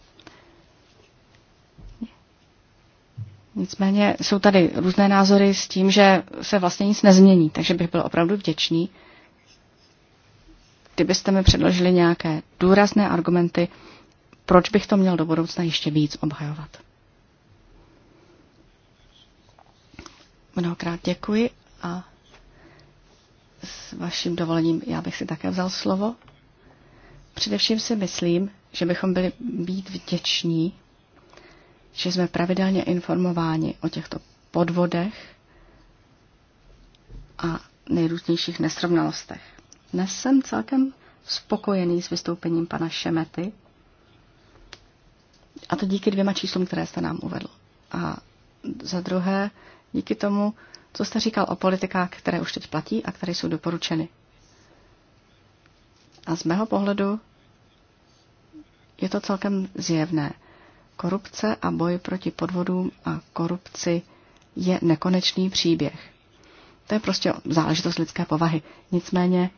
Nicméně jsou tady různé názory s tím, že se vlastně nic nezmění, takže bych byl opravdu vděčný, kdybyste mi předložili nějaké důrazné argumenty, proč bych to měl do budoucna ještě víc obhajovat. Mnohokrát děkuji a s vaším dovolením já bych si také vzal slovo. Především si myslím, že bychom byli být vděční že jsme pravidelně informováni o těchto podvodech a nejrůznějších nesrovnalostech. Dnes jsem celkem spokojený s vystoupením pana Šemety, a to díky dvěma číslům, které jste nám uvedl. A za druhé, díky tomu, co jste říkal o politikách, které už teď platí a které jsou doporučeny. A z mého pohledu je to celkem zjevné. Korupce a boj proti podvodům a korupci je nekonečný příběh. To je prostě záležitost lidské povahy. Nicméně,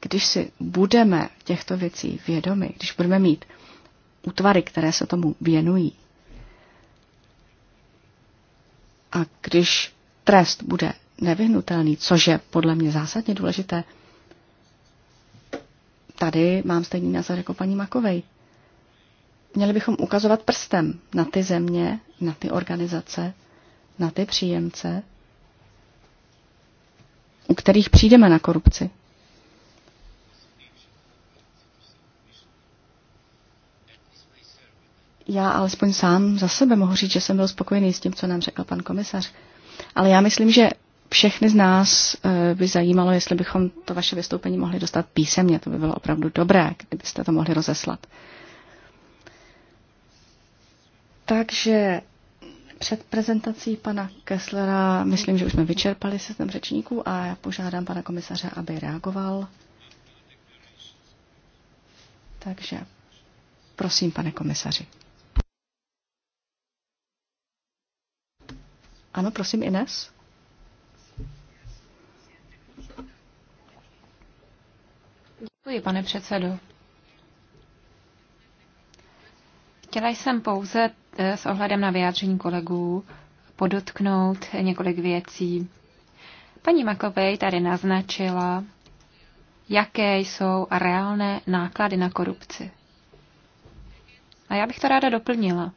když si budeme těchto věcí vědomi, když budeme mít útvary, které se tomu věnují, a když trest bude nevyhnutelný, což je podle mě zásadně důležité, tady mám stejný názor jako paní Makovej. Měli bychom ukazovat prstem na ty země, na ty organizace, na ty příjemce, u kterých přijdeme na korupci. Já alespoň sám za sebe mohu říct, že jsem byl spokojený s tím, co nám řekl pan komisař. Ale já myslím, že všechny z nás eh, by zajímalo, jestli bychom to vaše vystoupení mohli dostat písemně. To by bylo opravdu dobré, kdybyste to mohli rozeslat. Takže před prezentací pana Kesslera myslím, že už jsme vyčerpali seznam řečníků a já požádám pana komisaře, aby reagoval. Takže prosím, pane komisaři. Ano, prosím, Ines. Děkuji, pane předsedo. Chtěla jsem pouze s ohledem na vyjádření kolegů podotknout několik věcí. Paní Makovej tady naznačila, jaké jsou reálné náklady na korupci. A já bych to ráda doplnila.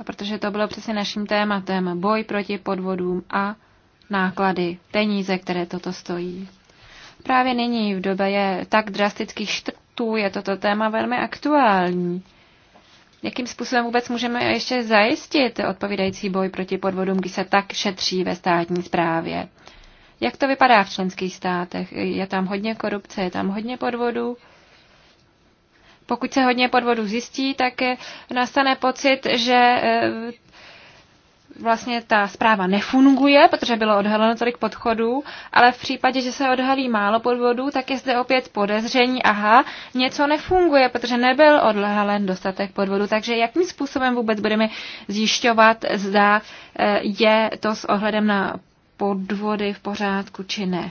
A protože to bylo přesně naším tématem, boj proti podvodům a náklady, peníze, které toto stojí. Právě nyní v době je tak drastických štrtů je toto téma velmi aktuální jakým způsobem vůbec můžeme ještě zajistit odpovídající boj proti podvodům, když se tak šetří ve státní správě. Jak to vypadá v členských státech? Je tam hodně korupce, je tam hodně podvodů? Pokud se hodně podvodů zjistí, tak eh, nastane pocit, že eh, vlastně ta zpráva nefunguje, protože bylo odhaleno tolik podchodů, ale v případě, že se odhalí málo podvodů, tak je zde opět podezření, aha, něco nefunguje, protože nebyl odhalen dostatek podvodů. Takže jakým způsobem vůbec budeme zjišťovat, zda eh, je to s ohledem na podvody v pořádku či ne?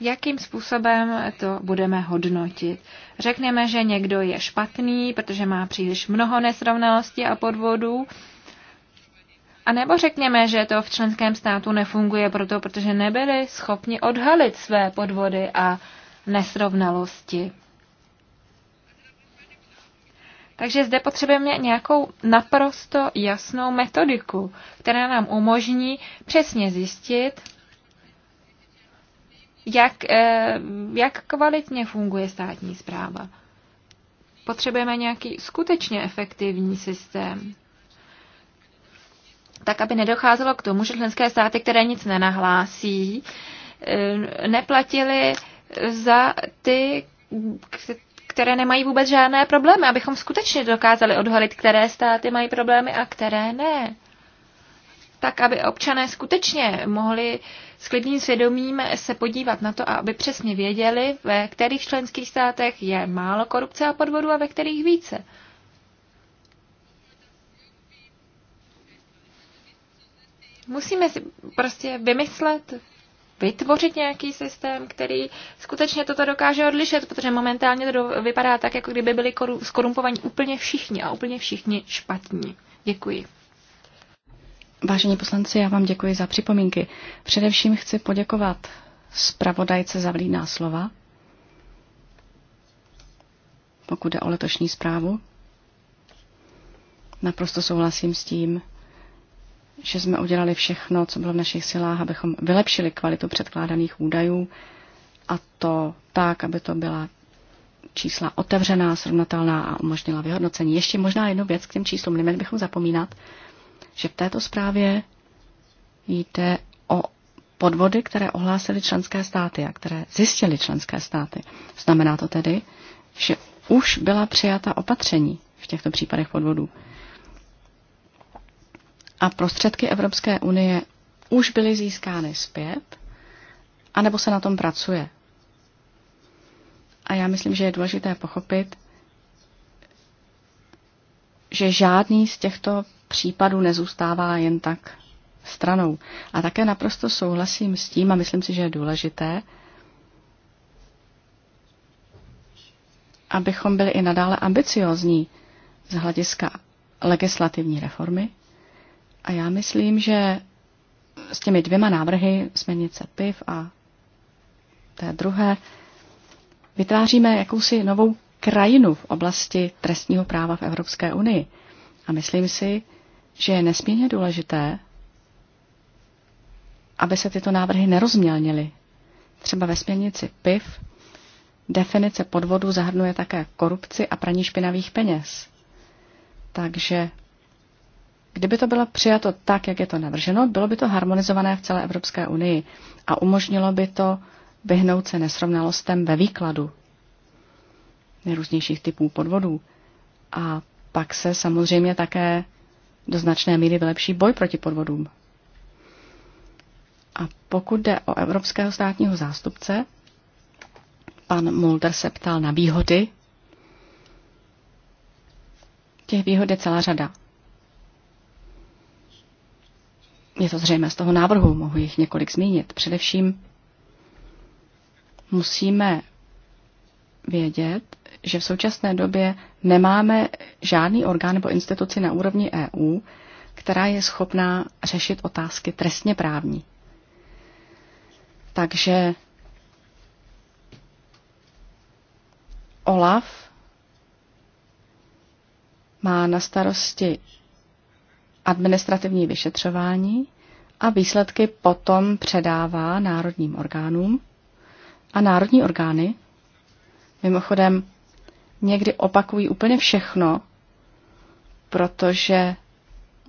jakým způsobem to budeme hodnotit. Řekneme, že někdo je špatný, protože má příliš mnoho nesrovnalostí a podvodů, a nebo řekněme, že to v členském státu nefunguje proto, protože nebyli schopni odhalit své podvody a nesrovnalosti. Takže zde potřebujeme nějakou naprosto jasnou metodiku, která nám umožní přesně zjistit, jak, eh, jak kvalitně funguje státní zpráva. Potřebujeme nějaký skutečně efektivní systém tak aby nedocházelo k tomu, že členské státy, které nic nenahlásí, eh, neplatili za ty, které nemají vůbec žádné problémy, abychom skutečně dokázali odhalit, které státy mají problémy a které ne tak aby občané skutečně mohli s klidným svědomím se podívat na to, aby přesně věděli, ve kterých členských státech je málo korupce a podvodu a ve kterých více. Musíme si prostě vymyslet, vytvořit nějaký systém, který skutečně toto dokáže odlišet, protože momentálně to vypadá tak, jako kdyby byli skorumpovaní úplně všichni a úplně všichni špatní. Děkuji. Vážení poslanci, já vám děkuji za připomínky. Především chci poděkovat zpravodajce za vlídná slova, pokud jde o letošní zprávu. Naprosto souhlasím s tím, že jsme udělali všechno, co bylo v našich silách, abychom vylepšili kvalitu předkládaných údajů a to tak, aby to byla čísla otevřená, srovnatelná a umožnila vyhodnocení. Ještě možná jednu věc k těm číslům, neměli bychom zapomínat, že v této zprávě jde o podvody, které ohlásily členské státy a které zjistily členské státy. Znamená to tedy, že už byla přijata opatření v těchto případech podvodů. A prostředky Evropské unie už byly získány zpět, anebo se na tom pracuje. A já myslím, že je důležité pochopit, že žádný z těchto Případu nezůstává jen tak stranou. A také naprosto souhlasím s tím, a myslím si, že je důležité, abychom byli i nadále ambiciozní z hlediska legislativní reformy. A já myslím, že s těmi dvěma návrhy, směrnice PIV a té druhé, vytváříme jakousi novou krajinu v oblasti trestního práva v Evropské unii. A myslím si, že je nesmírně důležité, aby se tyto návrhy nerozmělnily. Třeba ve směrnici PIV definice podvodu zahrnuje také korupci a praní špinavých peněz. Takže kdyby to bylo přijato tak, jak je to navrženo, bylo by to harmonizované v celé Evropské unii a umožnilo by to vyhnout se nesrovnalostem ve výkladu nejrůznějších typů podvodů. A pak se samozřejmě také do značné míry vylepší boj proti podvodům. A pokud jde o evropského státního zástupce, pan Mulder se ptal na výhody. Těch výhod je celá řada. Je to zřejmé z toho návrhu, mohu jich několik zmínit. Především musíme vědět, že v současné době nemáme žádný orgán nebo instituci na úrovni EU, která je schopná řešit otázky trestně právní. Takže OLAF má na starosti administrativní vyšetřování a výsledky potom předává národním orgánům a národní orgány Mimochodem, někdy opakují úplně všechno, protože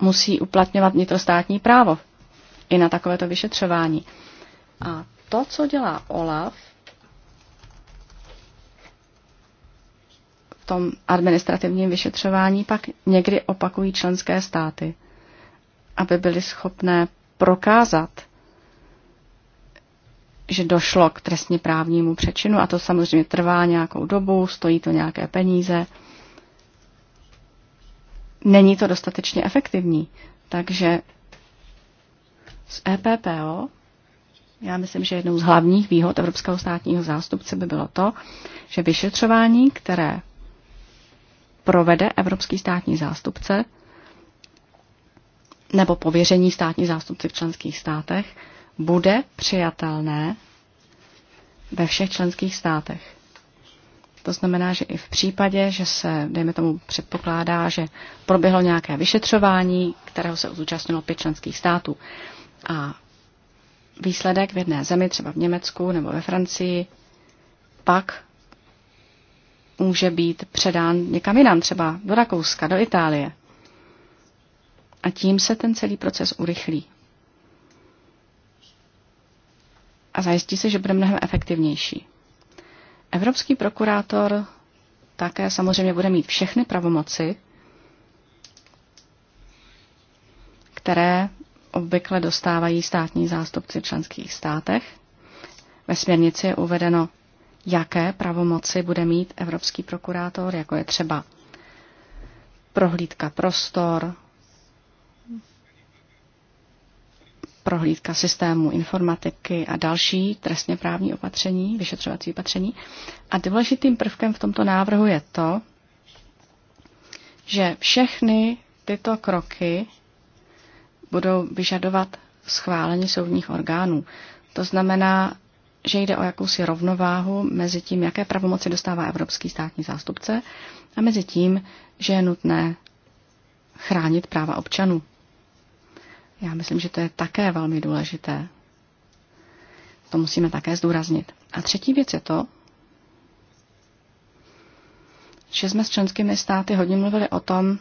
musí uplatňovat vnitrostátní právo i na takovéto vyšetřování. A to, co dělá OLAF v tom administrativním vyšetřování, pak někdy opakují členské státy, aby byly schopné prokázat, že došlo k trestně právnímu přečinu a to samozřejmě trvá nějakou dobu, stojí to nějaké peníze. Není to dostatečně efektivní. Takže z EPPO, já myslím, že jednou z hlavních výhod Evropského státního zástupce by bylo to, že vyšetřování, které provede Evropský státní zástupce nebo pověření státní zástupci v členských státech, bude přijatelné ve všech členských státech. To znamená, že i v případě, že se, dejme tomu, předpokládá, že proběhlo nějaké vyšetřování, kterého se zúčastnilo pět členských států a výsledek v jedné zemi, třeba v Německu nebo ve Francii, pak může být předán někam jinam, třeba do Rakouska, do Itálie. A tím se ten celý proces urychlí. a zajistí se, že bude mnohem efektivnější. Evropský prokurátor také samozřejmě bude mít všechny pravomoci, které obvykle dostávají státní zástupci v členských státech. Ve směrnici je uvedeno, jaké pravomoci bude mít evropský prokurátor, jako je třeba prohlídka prostor, prohlídka systému informatiky a další trestně právní opatření, vyšetřovací opatření. A důležitým prvkem v tomto návrhu je to, že všechny tyto kroky budou vyžadovat schválení soudních orgánů. To znamená, že jde o jakousi rovnováhu mezi tím, jaké pravomoci dostává evropský státní zástupce a mezi tím, že je nutné chránit práva občanů. Já myslím, že to je také velmi důležité. To musíme také zdůraznit. A třetí věc je to, že jsme s členskými státy hodně mluvili o tom,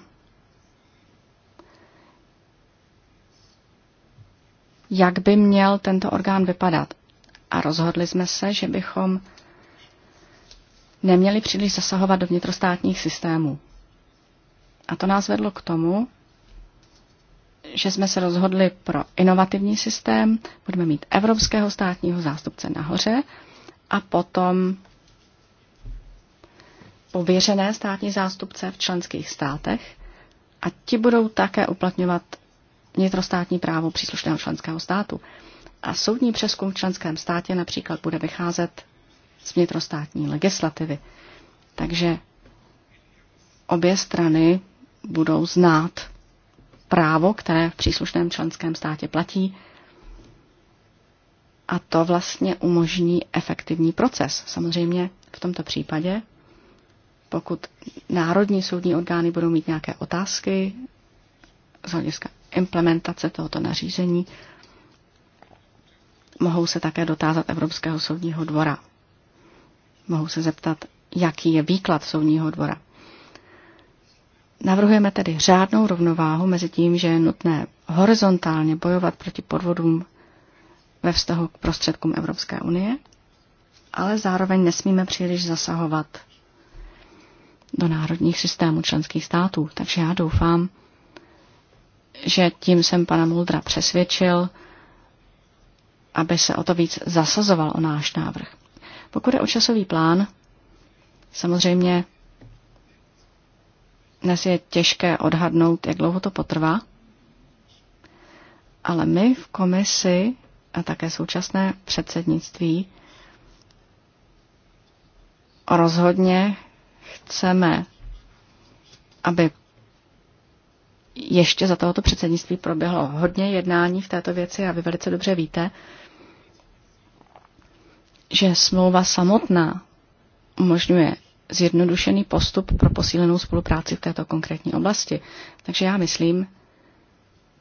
jak by měl tento orgán vypadat. A rozhodli jsme se, že bychom neměli příliš zasahovat do vnitrostátních systémů. A to nás vedlo k tomu, že jsme se rozhodli pro inovativní systém. Budeme mít evropského státního zástupce nahoře a potom pověřené státní zástupce v členských státech a ti budou také uplatňovat vnitrostátní právo příslušného členského státu. A soudní přeskum v členském státě například bude vycházet z vnitrostátní legislativy. Takže obě strany budou znát právo, které v příslušném členském státě platí. A to vlastně umožní efektivní proces. Samozřejmě v tomto případě, pokud národní soudní orgány budou mít nějaké otázky z hlediska implementace tohoto nařízení, mohou se také dotázat Evropského soudního dvora. Mohou se zeptat, jaký je výklad soudního dvora. Navrhujeme tedy řádnou rovnováhu mezi tím, že je nutné horizontálně bojovat proti podvodům ve vztahu k prostředkům Evropské unie, ale zároveň nesmíme příliš zasahovat do národních systémů členských států. Takže já doufám, že tím jsem pana Muldra přesvědčil, aby se o to víc zasazoval o náš návrh. Pokud je o časový plán, samozřejmě dnes je těžké odhadnout, jak dlouho to potrvá, ale my v komisi a také současné předsednictví rozhodně chceme, aby ještě za tohoto předsednictví proběhlo hodně jednání v této věci a vy velice dobře víte, že smlouva samotná umožňuje zjednodušený postup pro posílenou spolupráci v této konkrétní oblasti. Takže já myslím,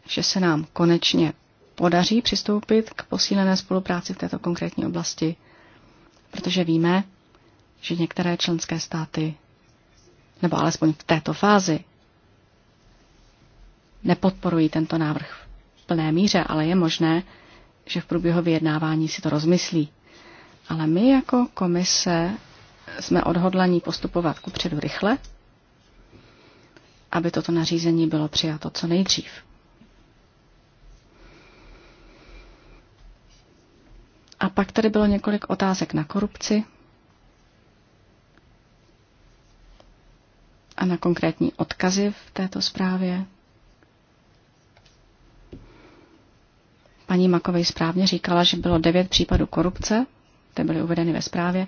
že se nám konečně podaří přistoupit k posílené spolupráci v této konkrétní oblasti, protože víme, že některé členské státy, nebo alespoň v této fázi, nepodporují tento návrh v plné míře, ale je možné, že v průběhu vyjednávání si to rozmyslí. Ale my jako komise jsme odhodlaní postupovat kupředu rychle, aby toto nařízení bylo přijato co nejdřív. A pak tady bylo několik otázek na korupci a na konkrétní odkazy v této zprávě. Paní Makovej správně říkala, že bylo devět případů korupce, ty byly uvedeny ve zprávě,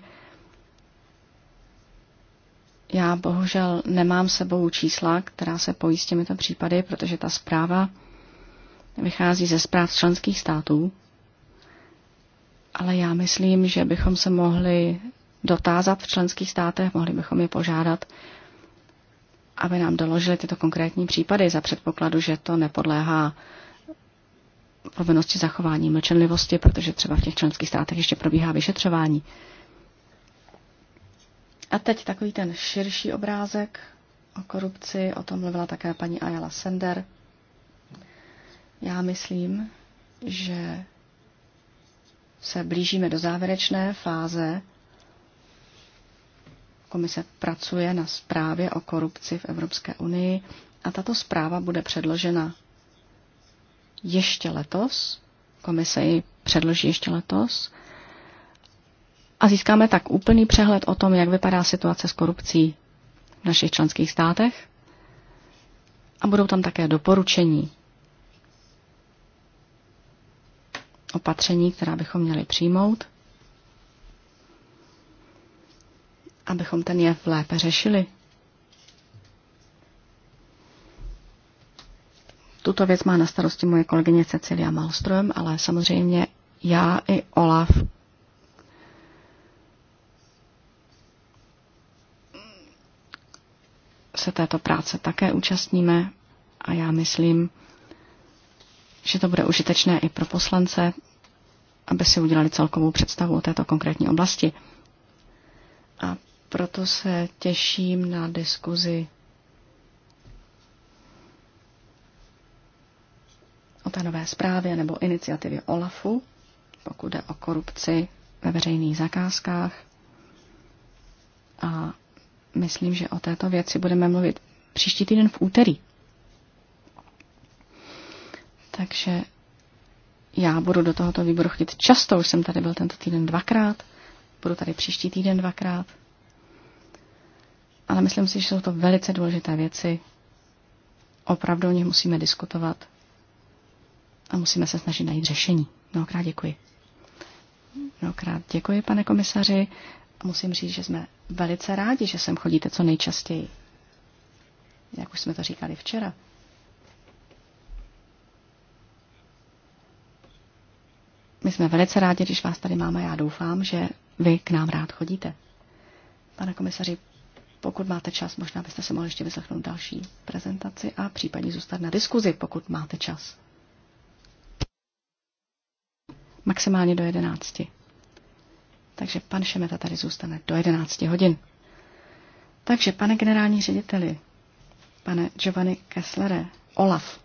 já bohužel nemám sebou čísla, která se pojí s těmito případy, protože ta zpráva vychází ze zpráv členských států. Ale já myslím, že bychom se mohli dotázat v členských státech, mohli bychom je požádat, aby nám doložili tyto konkrétní případy za předpokladu, že to nepodléhá povinnosti zachování mlčenlivosti, protože třeba v těch členských státech ještě probíhá vyšetřování. A teď takový ten širší obrázek o korupci, o tom mluvila také paní Ayala Sender. Já myslím, že se blížíme do závěrečné fáze. Komise pracuje na zprávě o korupci v Evropské unii a tato zpráva bude předložena ještě letos. Komise ji předloží ještě letos a získáme tak úplný přehled o tom, jak vypadá situace s korupcí v našich členských státech a budou tam také doporučení. Opatření, která bychom měli přijmout, abychom ten jev lépe řešili. Tuto věc má na starosti moje kolegyně Cecilia Malström, ale samozřejmě já i Olaf se této práce také účastníme a já myslím, že to bude užitečné i pro poslance, aby si udělali celkovou představu o této konkrétní oblasti. A proto se těším na diskuzi o té nové zprávě nebo iniciativě OLAFu, pokud jde o korupci ve veřejných zakázkách a myslím, že o této věci budeme mluvit příští týden v úterý. Takže já budu do tohoto výboru chodit často, už jsem tady byl tento týden dvakrát, budu tady příští týden dvakrát. Ale myslím si, že jsou to velice důležité věci. Opravdu o nich musíme diskutovat a musíme se snažit najít řešení. Mnohokrát děkuji. Mnohokrát děkuji, pane komisaři musím říct, že jsme velice rádi, že sem chodíte co nejčastěji. Jak už jsme to říkali včera. My jsme velice rádi, když vás tady máme. Já doufám, že vy k nám rád chodíte. Pane komisaři, pokud máte čas, možná byste se mohli ještě vyslechnout další prezentaci a případně zůstat na diskuzi, pokud máte čas. Maximálně do jedenácti takže pan Šemeta tady zůstane do 11 hodin. Takže, pane generální řediteli, pane Giovanni Kesslere, Olaf,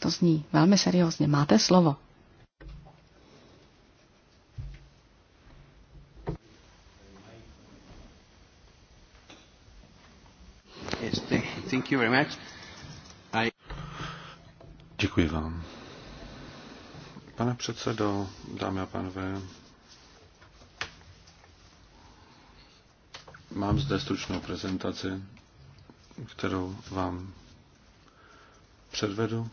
to zní velmi seriózně, máte slovo. Yes, thank you very much. I... Děkuji vám. Pane předsedo, dámy a pánové, Mám zde stručnou prezentaci, kterou vám předvedu.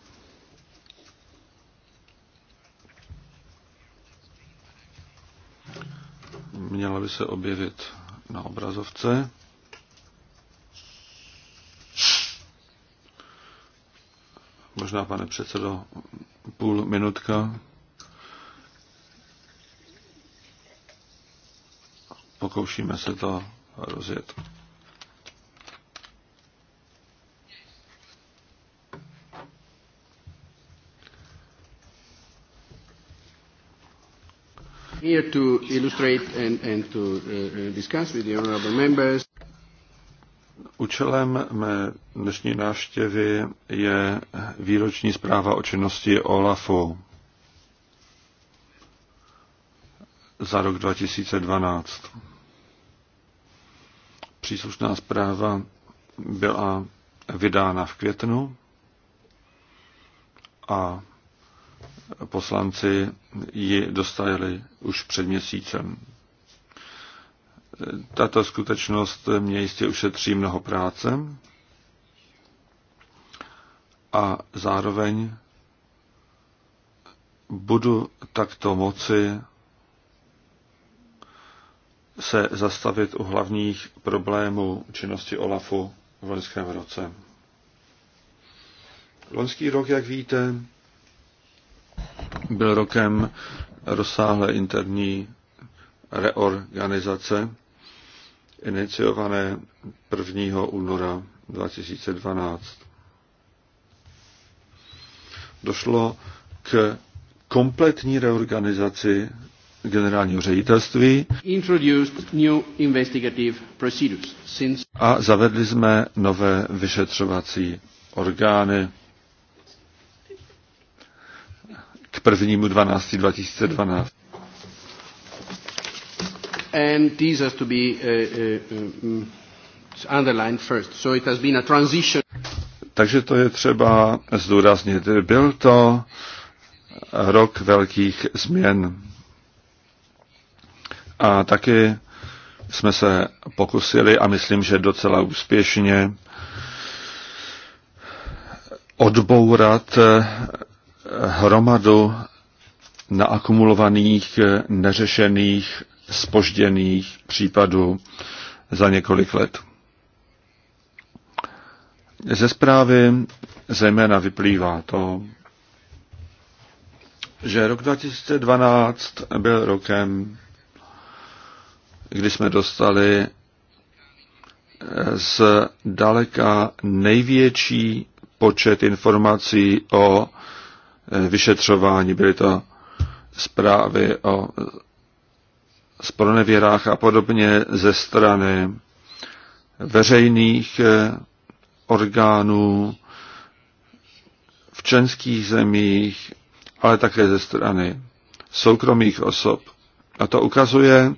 Měla by se objevit na obrazovce. Možná, pane předsedo, půl minutka. Pokoušíme se to rozjet. Here to illustrate and, and to uh, uh, discuss with the honorable members. Účelem mé dnešní návštěvy je výroční zpráva o činnosti OLAFu za rok 2012. Příslušná zpráva byla vydána v květnu a poslanci ji dostali už před měsícem. Tato skutečnost mě jistě ušetří mnoho práce a zároveň budu takto moci se zastavit u hlavních problémů činnosti OLAFu v loňském roce. Loňský rok, jak víte, byl rokem rozsáhlé interní reorganizace, iniciované 1. února 2012. Došlo k kompletní reorganizaci generálního ředitelství a zavedli jsme nové vyšetřovací orgány k prvnímu 12. 2012. And these has to be uh, uh, um, underlined first. So it has been a transition. Takže to je třeba zdůraznit. Byl to rok velkých změn. A taky jsme se pokusili, a myslím, že docela úspěšně, odbourat eh, hromadu naakumulovaných, neřešených, spožděných případů za několik let. Ze zprávy zejména vyplývá to, že rok 2012 byl rokem kdy jsme dostali eh, z daleka největší počet informací o eh, vyšetřování. Byly to zprávy o spronevěrách eh, a podobně ze strany veřejných orgánů v členských zemích, ale také ze strany soukromých osob. A to ukazuje,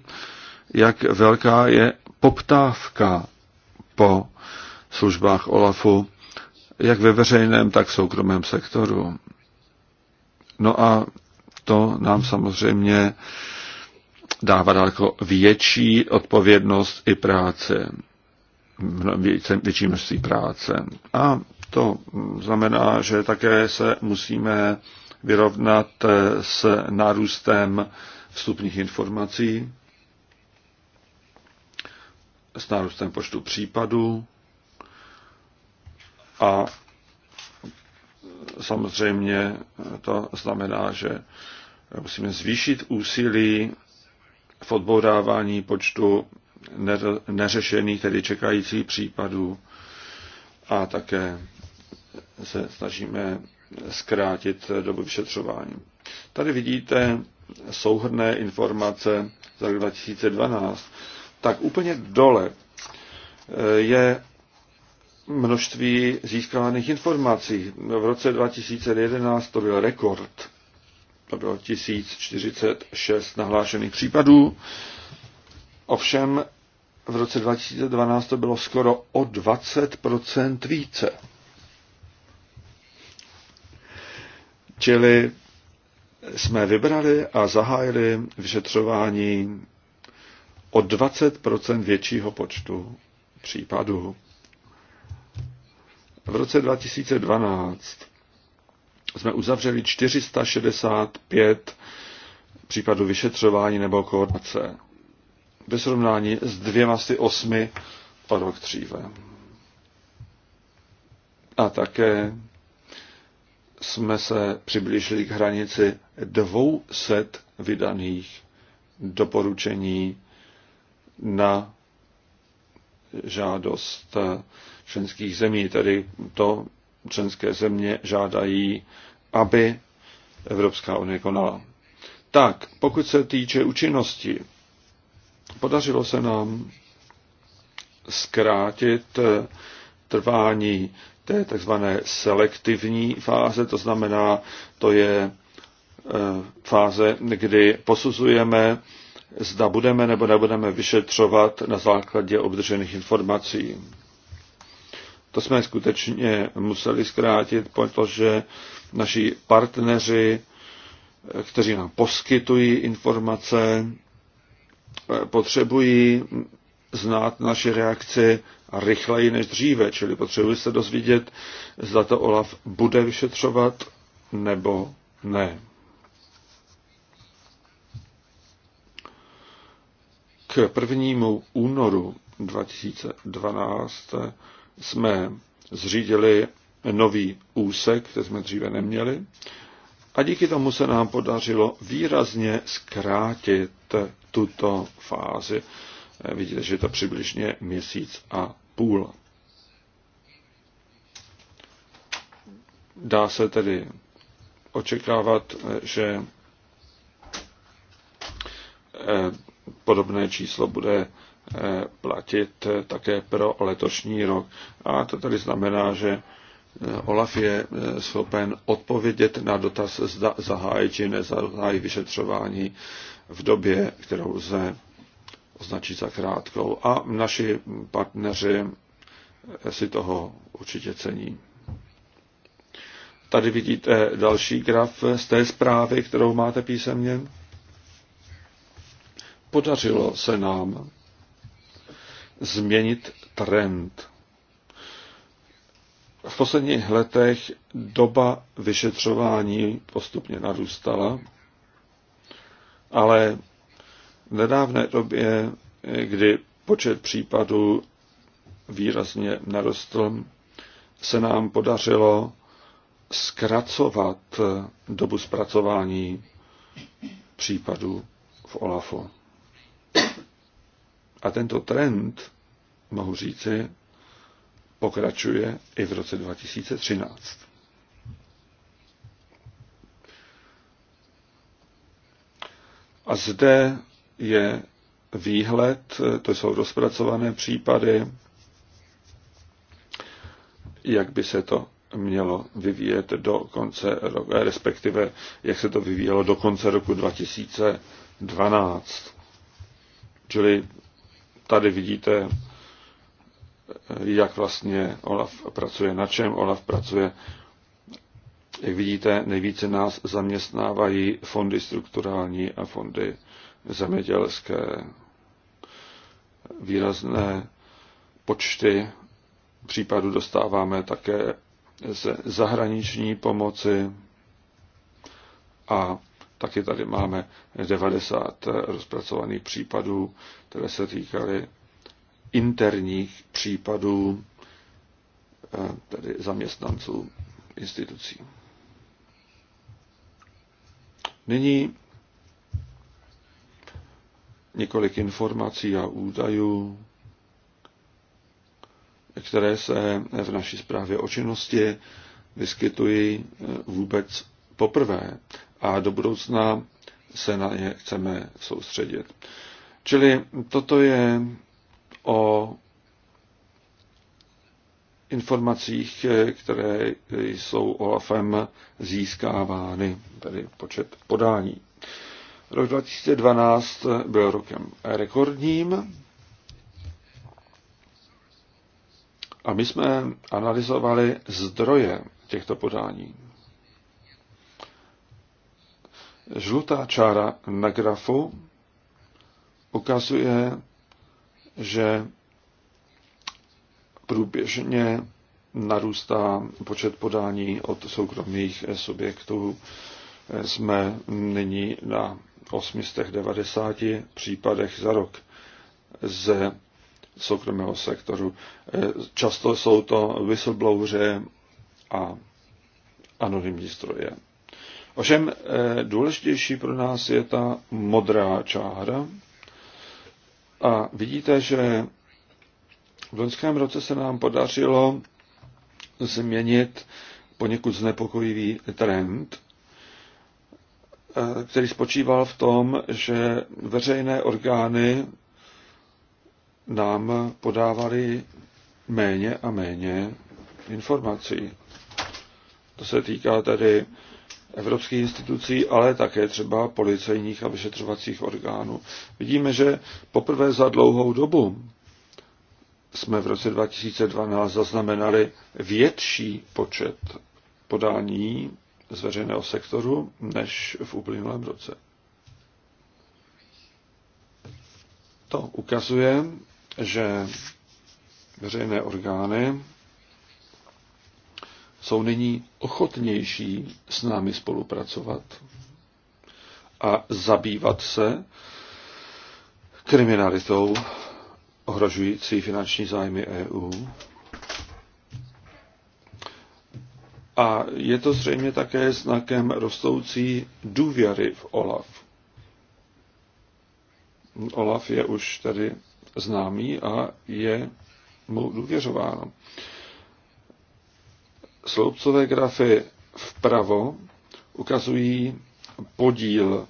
jak velká je poptávka po službách OLAFu, jak ve veřejném, tak v soukromém sektoru. No a to nám samozřejmě dává daleko větší odpovědnost i práce, větší množství práce. A to znamená, že také se musíme vyrovnat s nárůstem vstupních informací, s nárůstem počtu případů a samozřejmě to znamená, že musíme zvýšit úsilí v odbourávání počtu neřešených, tedy čekajících případů a také se snažíme zkrátit dobu vyšetřování. Tady vidíte souhrné informace za 2012 tak úplně dole eh, je množství získávaných informací. V roce 2011 to byl rekord. To bylo 1046 nahlášených případů. Ovšem v roce 2012 to bylo skoro o 20% více. Čili jsme vybrali a zahájili vyšetřování o 20 většího počtu případů. V roce 2012 jsme uzavřeli 465 případů vyšetřování nebo koordinace ve srovnání s dvěma z osmi o rok dříve. A také jsme se přiblížili k hranici 200 vydaných doporučení na žádost členských zemí, tedy to členské země žádají, aby Evropská unie konala. Tak, pokud se týče účinnosti, podařilo se nám zkrátit trvání té takzvané selektivní fáze, to znamená, to je eh, fáze, kdy posuzujeme zda budeme nebo nebudeme vyšetřovat na základě obdržených informací. To jsme skutečně museli zkrátit, protože naši partneři, kteří nám poskytují informace, potřebují znát naši reakci rychleji než dříve, čili potřebují se dozvědět, zda to OLAF bude vyšetřovat nebo ne. K prvnímu únoru 2012 jsme zřídili nový úsek, který jsme dříve neměli, a díky tomu se nám podařilo výrazně zkrátit tuto fázi. Vidíte, že je to přibližně měsíc a půl. Dá se tedy očekávat, že eh, podobné číslo bude eh, platit eh, také pro letošní rok. A to tedy znamená, že eh, Olaf je schopen odpovědět na dotaz, zda zahájí či nezahájí vyšetřování v době, kterou lze označit za krátkou. A naši partneři si toho určitě cení. Tady vidíte další graf z té zprávy, kterou máte písemně. Podařilo se nám změnit trend. V posledních letech doba vyšetřování postupně narůstala, ale v nedávné době, kdy počet případů výrazně narostl, se nám podařilo zkracovat dobu zpracování případů v OLAFu. A tento trend, mohu říci, pokračuje i v roce 2013. A zde je výhled, to jsou rozpracované případy, jak by se to mělo vyvíjet do konce roku, eh, respektive jak se to vyvíjelo do konce roku 2012. Čili tady vidíte, jak vlastně Olaf pracuje, na čem Olaf pracuje. Jak vidíte, nejvíce nás zaměstnávají fondy strukturální a fondy zemědělské. Výrazné počty případů dostáváme také ze zahraniční pomoci a Taky tady máme 90 rozpracovaných případů, které se týkaly interních případů eh, tedy zaměstnanců institucí. Nyní několik informací a údajů, které se v naší zprávě o činnosti vyskytují eh, vůbec poprvé a do budoucna se na ně chceme soustředit. Čili toto je o informacích, které jsou OLAFem získávány, tedy počet podání. Rok 2012 byl rokem rekordním a my jsme analyzovali zdroje těchto podání. Žlutá čára na grafu ukazuje, že průběžně narůstá počet podání od soukromých subjektů. Jsme nyní na 890 případech za rok ze soukromého sektoru. Často jsou to whistleblowers a anonymní stroje. Ovšem eh, důležitější pro nás je ta modrá čára. A vidíte, že v loňském roce se nám podařilo změnit poněkud znepokojivý trend, eh, který spočíval v tom, že veřejné orgány nám podávaly méně a méně informací. To se týká tedy evropských institucí, ale také třeba policejních a vyšetřovacích orgánů. Vidíme, že poprvé za dlouhou dobu jsme v roce 2012 zaznamenali větší počet podání z veřejného sektoru než v uplynulém roce. To ukazuje, že veřejné orgány jsou nyní ochotnější s námi spolupracovat a zabývat se kriminalitou ohrožující finanční zájmy EU. A je to zřejmě také znakem rostoucí důvěry v OLAF. OLAF je už tedy známý a je mu důvěřováno. Sloupcové grafy vpravo ukazují podíl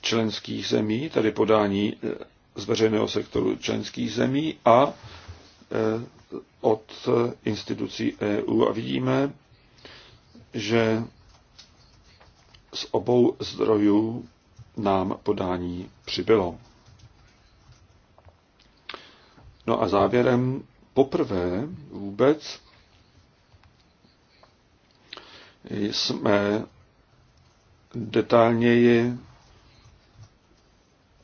členských zemí, tedy podání eh, z veřejného sektoru členských zemí a eh, od institucí EU. A vidíme, že z obou zdrojů nám podání přibylo. No a závěrem poprvé vůbec jsme detailněji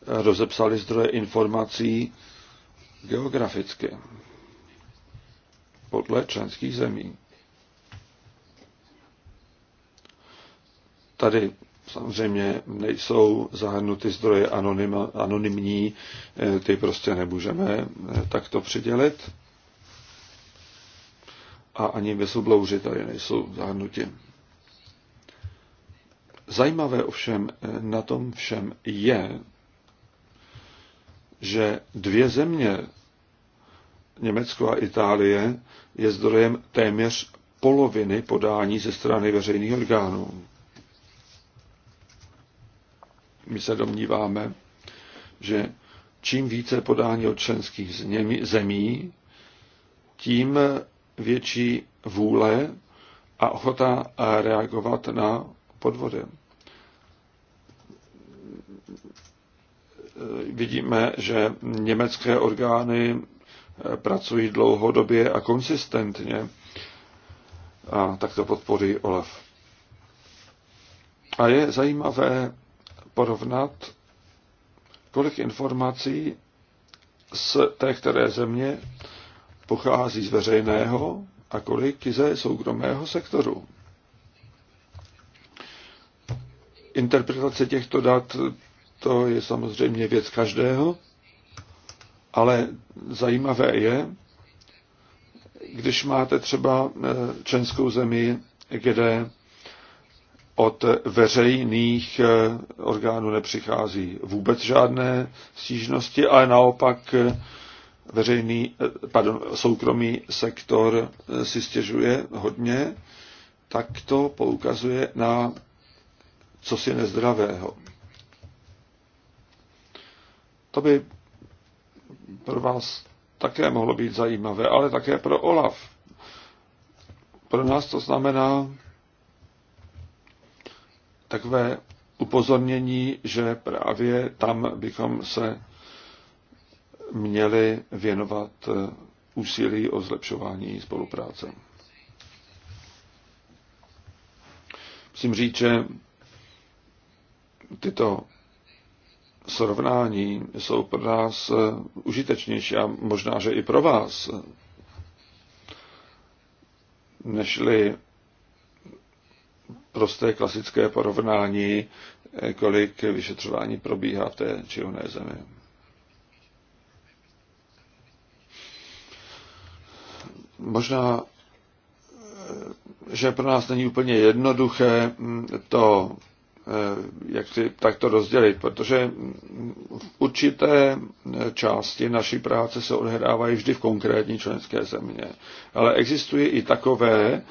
rozepsali zdroje informací geograficky podle členských zemí. Tady samozřejmě nejsou zahrnuty zdroje anonym, anonymní, ty prostě nemůžeme takto přidělit. A ani whistleblowery tady nejsou zahrnuti. Zajímavé ovšem eh, na tom všem je, že dvě země, Německo a Itálie, je zdrojem téměř poloviny podání ze strany veřejných orgánů. My se domníváme, že čím více podání od členských zemí, tím větší vůle a ochota reagovat na podvody. Eh, vidíme, že německé orgány eh, pracují dlouhodobě a konsistentně a tak to podporují OLAF. A je zajímavé porovnat, kolik informací z té které země pochází z veřejného a kolik ze soukromého sektoru. Interpretace těchto dat to je samozřejmě věc každého, ale zajímavé je, když máte třeba eh, členskou zemi, kde od veřejných eh, orgánů nepřichází vůbec žádné stížnosti, ale naopak eh, veřejný, pardon, soukromý sektor si stěžuje hodně, tak to poukazuje na cosi nezdravého. To by pro vás také mohlo být zajímavé, ale také pro Olaf. Pro nás to znamená takové upozornění, že právě tam bychom se měli věnovat úsilí o zlepšování spolupráce. Musím říct, že tyto srovnání jsou pro nás eh, užitečnější a možná, že i pro vás, nežli prosté klasické porovnání, eh, kolik vyšetřování probíhá v té či oné zemi. Možná, eh, že pro nás není úplně jednoduché mm, to Eh, jak si takto rozdělit, protože v určité části naší práce se odehrávají vždy v konkrétní členské země. Ale existují i takové,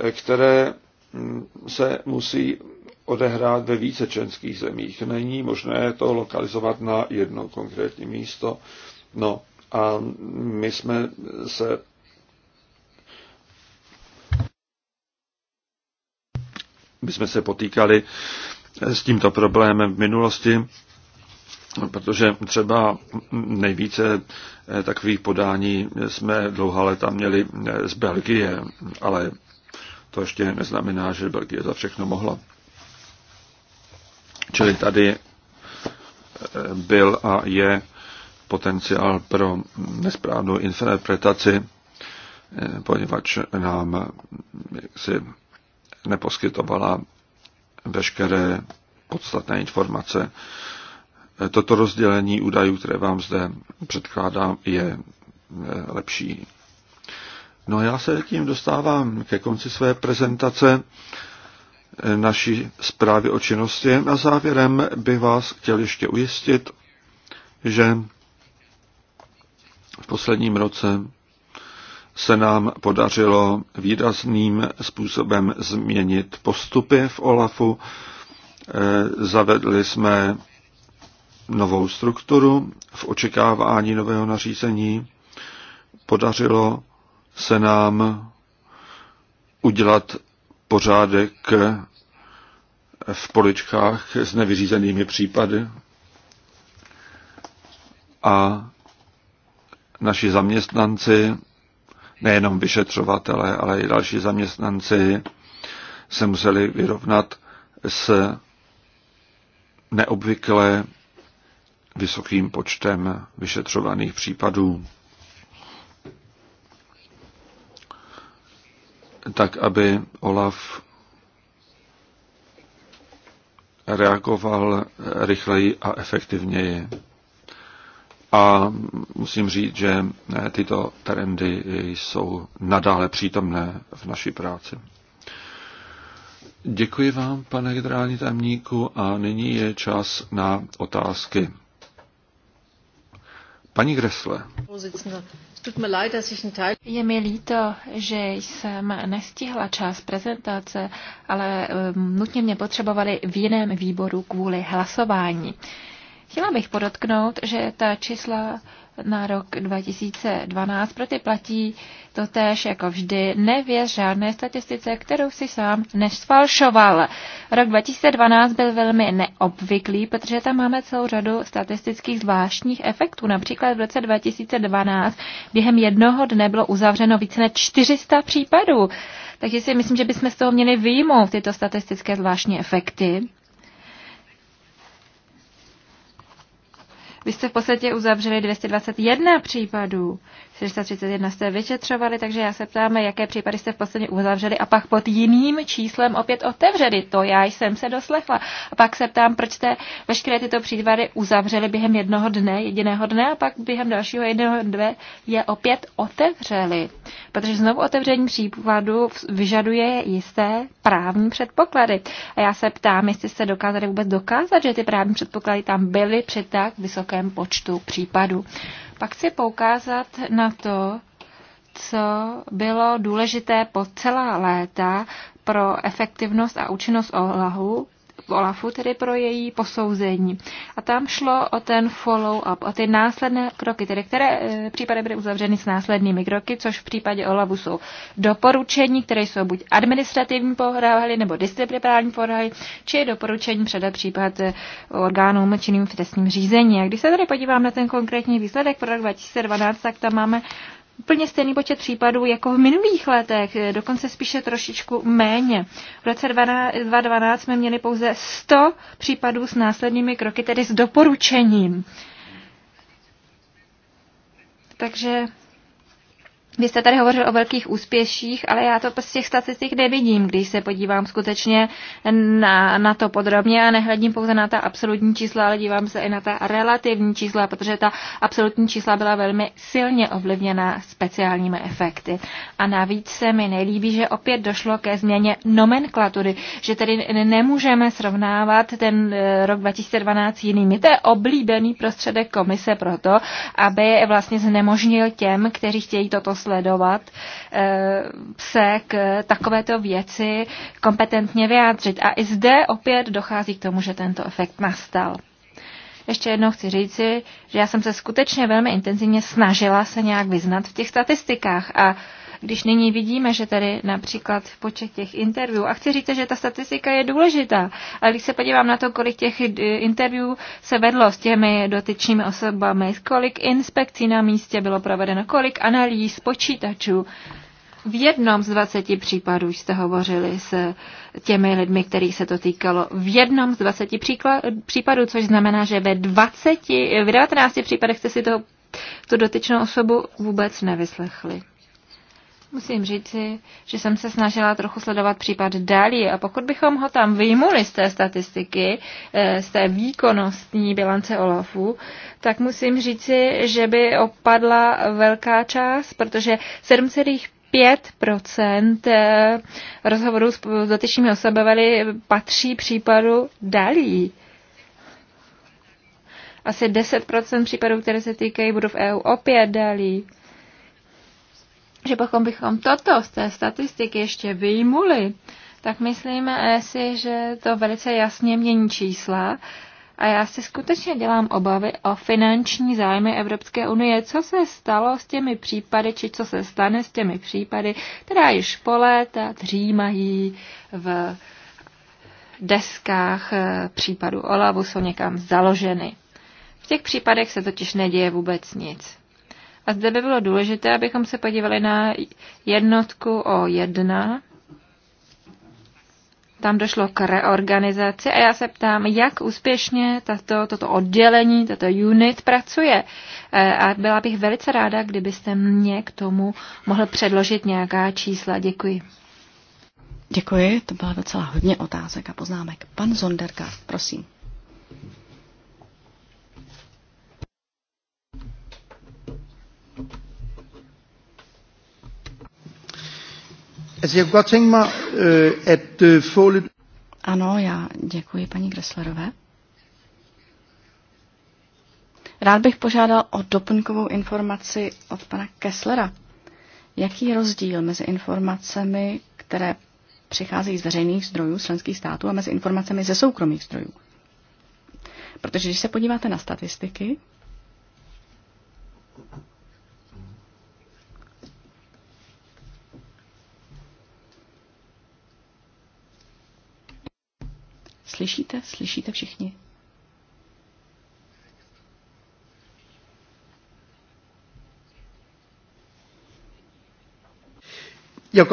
eh, které mm, se musí odehrát ve více členských zemích. Není možné to lokalizovat na jedno konkrétní místo. No a my jsme se My jsme se potýkali eh, s tímto problémem v minulosti, protože třeba nejvíce eh, takových podání eh, jsme dlouhá léta měli z Belgie, ale to ještě neznamená, že Belgie za všechno mohla. Čili tady byl a je potenciál pro nesprávnou interpretaci, poněvadž nám neposkytovala veškeré podstatné informace. Toto rozdělení údajů, které vám zde předkládám, je e, lepší. No a já se tím dostávám ke konci své prezentace e, naší zprávy o činnosti. Na závěrem bych vás chtěl ještě ujistit, že v posledním roce se nám podařilo výrazným způsobem změnit postupy v OLAFu. E, zavedli jsme novou strukturu v očekávání nového nařízení. Podařilo se nám udělat pořádek v poličkách s nevyřízenými případy a naši zaměstnanci nejenom vyšetřovatelé, ale i další zaměstnanci se museli vyrovnat s neobvykle vysokým počtem vyšetřovaných případů. Tak, aby Olaf reagoval rychleji a efektivněji. A musím říct, že eh, tyto trendy eh, jsou nadále přítomné v naší práci. Děkuji vám, pane generální tajemníku, a nyní je čas na otázky. Paní Gresle. Je mi líto, že jsem nestihla část prezentace, ale ehm, nutně mě potřebovali v jiném výboru kvůli hlasování. Chtěla bych podotknout, že ta čísla na rok 2012 pro ty platí to též jako vždy. Nevěř žádné statistice, kterou si sám nesfalšoval. Rok 2012 byl velmi neobvyklý, protože tam máme celou řadu statistických zvláštních efektů. Například v roce 2012 během jednoho dne bylo uzavřeno více než 400 případů. Takže si myslím, že bychom z toho měli výjmout tyto statistické zvláštní efekty Vy jste v podstatě uzavřeli 221 případů. 431 jste vyšetřovali, takže já se ptám, jaké případy jste v podstatě uzavřeli a pak pod jiným číslem opět otevřeli. To já jsem se doslechla. A pak se ptám, proč jste veškeré tyto případy uzavřeli během jednoho dne, jediného dne a pak během dalšího jednoho dne je opět otevřeli. Protože znovu otevření případu vyžaduje jisté právní předpoklady. A já se ptám, jestli jste dokázali vůbec dokázat, že ty právní předpoklady tam byly při tak vysokém počtu případů. Pak chci poukázat na to, co bylo důležité po celá léta pro efektivnost a účinnost OLAHu Olafu, tedy pro její posouzení. A tam šlo o ten follow-up, o ty následné kroky, tedy které e, případy byly uzavřeny s následnými kroky, což v případě Olafu jsou doporučení, které jsou buď administrativní pohrávaly nebo disciplinární pohrávaly, či doporučení předat případ e, orgánům činným v trestním řízení. A když se tady podívám na ten konkrétní výsledek pro rok 2012, tak tam máme úplně stejný počet případů jako v minulých letech, dokonce spíše trošičku méně. V roce 2012 jsme měli pouze 100 případů s následnými kroky, tedy s doporučením. Takže vy jste tady hovořil o velkých úspěších, ale já to z těch statistik nevidím, když se podívám skutečně na, na to podrobně a nehledím pouze na ta absolutní čísla, ale dívám se i na ta relativní čísla, protože ta absolutní čísla byla velmi silně ovlivněna speciálními efekty. A navíc se mi nelíbí, že opět došlo ke změně nomenklatury, že tedy nemůžeme srovnávat ten eh, rok 2012 s jinými. To je oblíbený prostředek komise proto, aby vlastně znemožnil těm, kteří chtějí toto sledovat, eh, se k takovéto věci kompetentně vyjádřit. A i zde opět dochází k tomu, že tento efekt nastal. Ještě jednou chci říci, že já jsem se skutečně velmi intenzivně snažila se nějak vyznat v těch statistikách a když nyní vidíme, že tady například v počet těch interview, a chci říct, že ta statistika je důležitá, ale když se podívám na to, kolik těch eh, interview se vedlo s těmi dotyčnými osobami, kolik inspekcí na místě bylo provedeno, kolik analýz počítačů, v jednom z 20 případů jste hovořili s těmi lidmi, kterých se to týkalo. V jednom z 20 případů, což znamená, že ve 20, v 19 případech jste si to tu dotyčnou osobu vůbec nevyslechli. Musím říci, že jsem se snažila trochu sledovat případ Dali a pokud bychom ho tam vyjmuli z té statistiky, eh, z té výkonnostní bilance Olafu, tak musím říci, že by opadla velká část, protože 7,5% eh, rozhovorů s dotyčnými osobami patří případu Dalí. Asi 10% případů, které se týkají budov EU, opět Dalí že pokud bychom toto z té statistiky ještě vyjmuli, tak myslím si, že to velice jasně mění čísla a já si skutečně dělám obavy o finanční zájmy Evropské unie. Co se stalo s těmi případy, či co se stane s těmi případy, která již po léta dřímají v deskách eh, případu Olavu, jsou někam založeny. V těch případech se totiž neděje vůbec nic. A zde by bylo důležité, abychom se podívali na jednotku O1. Tam došlo k reorganizaci a já se ptám, jak úspěšně tato, toto oddělení, tato unit pracuje. E, a byla bych velice ráda, kdybyste mě k tomu mohl předložit nějaká čísla. Děkuji. Děkuji, to byla docela hodně otázek a poznámek. Pan Zonderka, prosím. Altså, jeg kunne godt tænke mig øh, at øh, få lidt... Ano, já děkuji paní Gresslerové. Rád bych požádal o doplňkovou informaci od pana Kesslera. Jaký je rozdíl mezi informacemi, které přichází z veřejných zdrojů členských států a mezi informacemi ze soukromých zdrojů? Protože když se podíváte na statistiky, Slyšíte? Slyšíte všichni? Øh,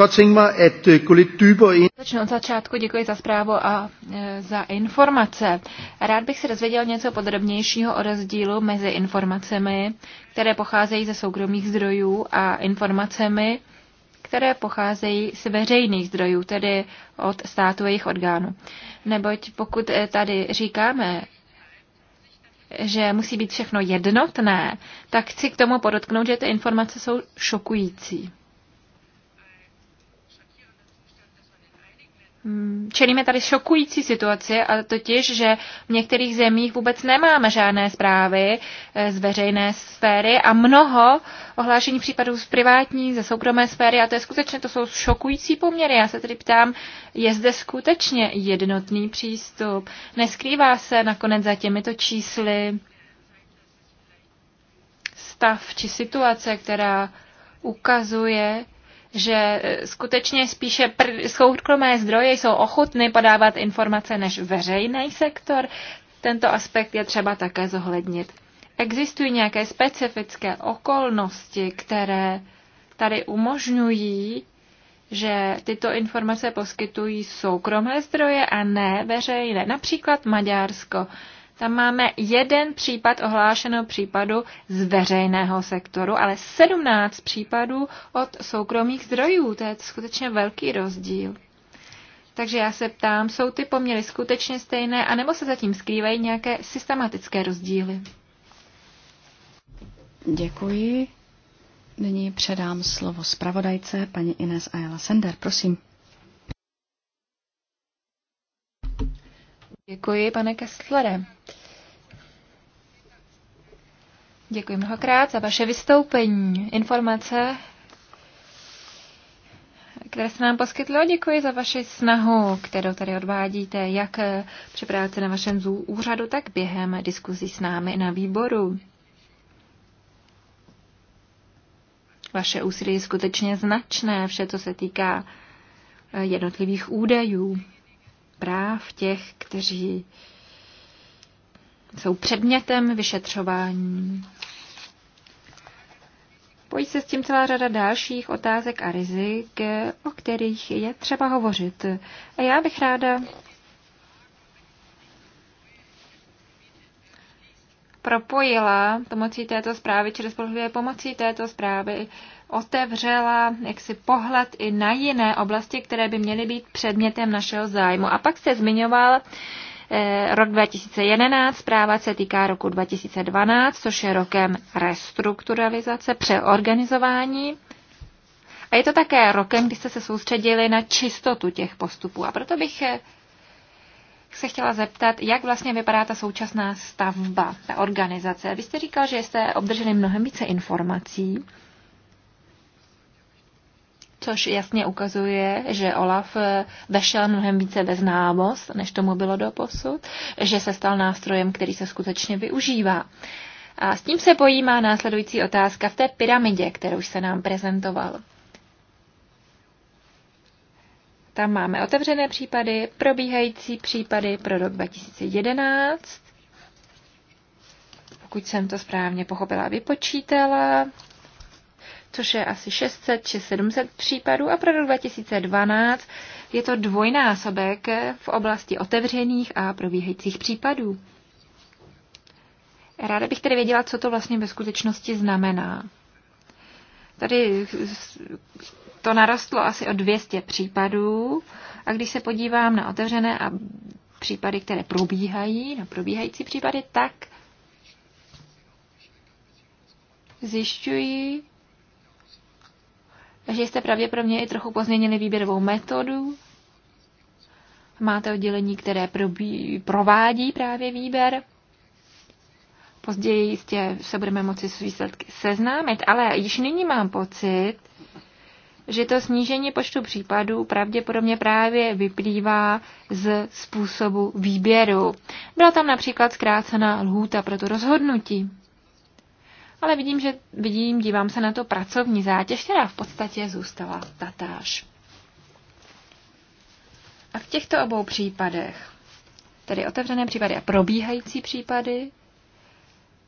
Začnu od začátku, děkuji za zprávu a e, za informace. Rád bych se dozvěděl něco podrobnějšího o rozdílu mezi informacemi, které pocházejí ze soukromých zdrojů a informacemi, které pocházejí z veřejných zdrojů, tedy od státu a jejich orgánů. Neboť pokud eh, tady říkáme, že musí být všechno jednotné, tak chci k tomu podotknout, že ty informace jsou šokující. Hmm, čelíme tady šokující situaci, a totiž, že v některých zemích vůbec nemáme žádné zprávy eh, z veřejné sféry a mnoho ohlášení případů z privátní, ze soukromé sféry a to je skutečně, to jsou šokující poměry. Já se tedy ptám, je zde skutečně jednotný přístup? Neskrývá se nakonec za těmito čísly stav či situace, která ukazuje, že eh, skutečně spíše soukromé zdroje jsou ochotny podávat informace než veřejný sektor. Tento aspekt je třeba také zohlednit. Existují nějaké specifické okolnosti, které tady umožňují, že tyto informace poskytují soukromé zdroje a ne veřejné. Například Maďarsko. Tam máme jeden případ ohlášeného případu z veřejného sektoru, ale 17 případů od soukromých zdrojů. To je skutečně velký rozdíl. Takže já se ptám, jsou ty poměry skutečně stejné, anebo se zatím skrývají nějaké systematické rozdíly? Děkuji. Nyní předám slovo zpravodajce paní Ines Ayala Sender. Prosím. Děkuji, pane Kastlere. Děkuji mnohokrát za vaše vystoupení, informace, které jste nám poskytly. Děkuji za vaši snahu, kterou tady odvádíte, jak při práci na vašem úřadu, tak během diskuzí s námi na výboru. Vaše úsilí je skutečně značné, vše, co se týká eh, jednotlivých údajů práv těch, kteří jsou předmětem vyšetřování. Pojí se s tím celá řada dalších otázek a rizik, o kterých je třeba hovořit. A já bych ráda propojila pomocí této zprávy, či respektive pomocí této zprávy otevřela jaksi pohled i na jiné oblasti, které by měly být předmětem našeho zájmu. A pak se zmiňoval eh, rok 2011, zpráva se týká roku 2012, což je rokem restrukturalizace, přeorganizování. A je to také rokem, kdy jste se soustředili na čistotu těch postupů. A proto bych eh, se chtěla zeptat, jak vlastně vypadá ta současná stavba, ta organizace. Vy jste říkal, že jste obdrželi mnohem více informací což jasně ukazuje, že Olaf eh, vešel mnohem více ve známost, než tomu bylo do posud, že se stal nástrojem, který se skutečně využívá. A s tím se pojímá následující otázka v té pyramidě, kterou se nám prezentoval. Tam máme otevřené případy, probíhající případy pro rok 2011. Pokud jsem to správně pochopila, vypočítala, což je asi 600 či 700 případů a pro rok 2012 je to dvojnásobek v oblasti otevřených a probíhajících případů. Ráda bych tedy věděla, co to vlastně ve skutečnosti znamená. Tady to narostlo asi o 200 případů a když se podívám na otevřené a případy, které probíhají, na probíhající případy, tak zjišťuji, že jste pravděpodobně i trochu pozměnili výběrovou metodu. Máte oddělení, které probí, provádí právě výběr. Později jistě se budeme moci s výsledky seznámit, ale již nyní mám pocit, že to snížení počtu případů pravděpodobně právě vyplývá z způsobu výběru. Byla tam například zkrácena lhůta pro to rozhodnutí ale vidím, že vidím, dívám se na to pracovní zátěž, která v podstatě zůstala tatáž. A v těchto obou případech, tedy otevřené případy a probíhající případy,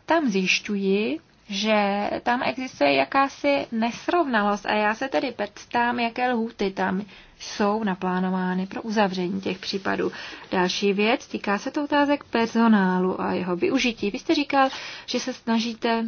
tam zjišťuji, že tam existuje jakási nesrovnalost a já se tedy ptám, jaké lhůty tam jsou naplánovány pro uzavření těch případů. Další věc, týká se to otázek personálu a jeho využití. Vy jste říkal, že se snažíte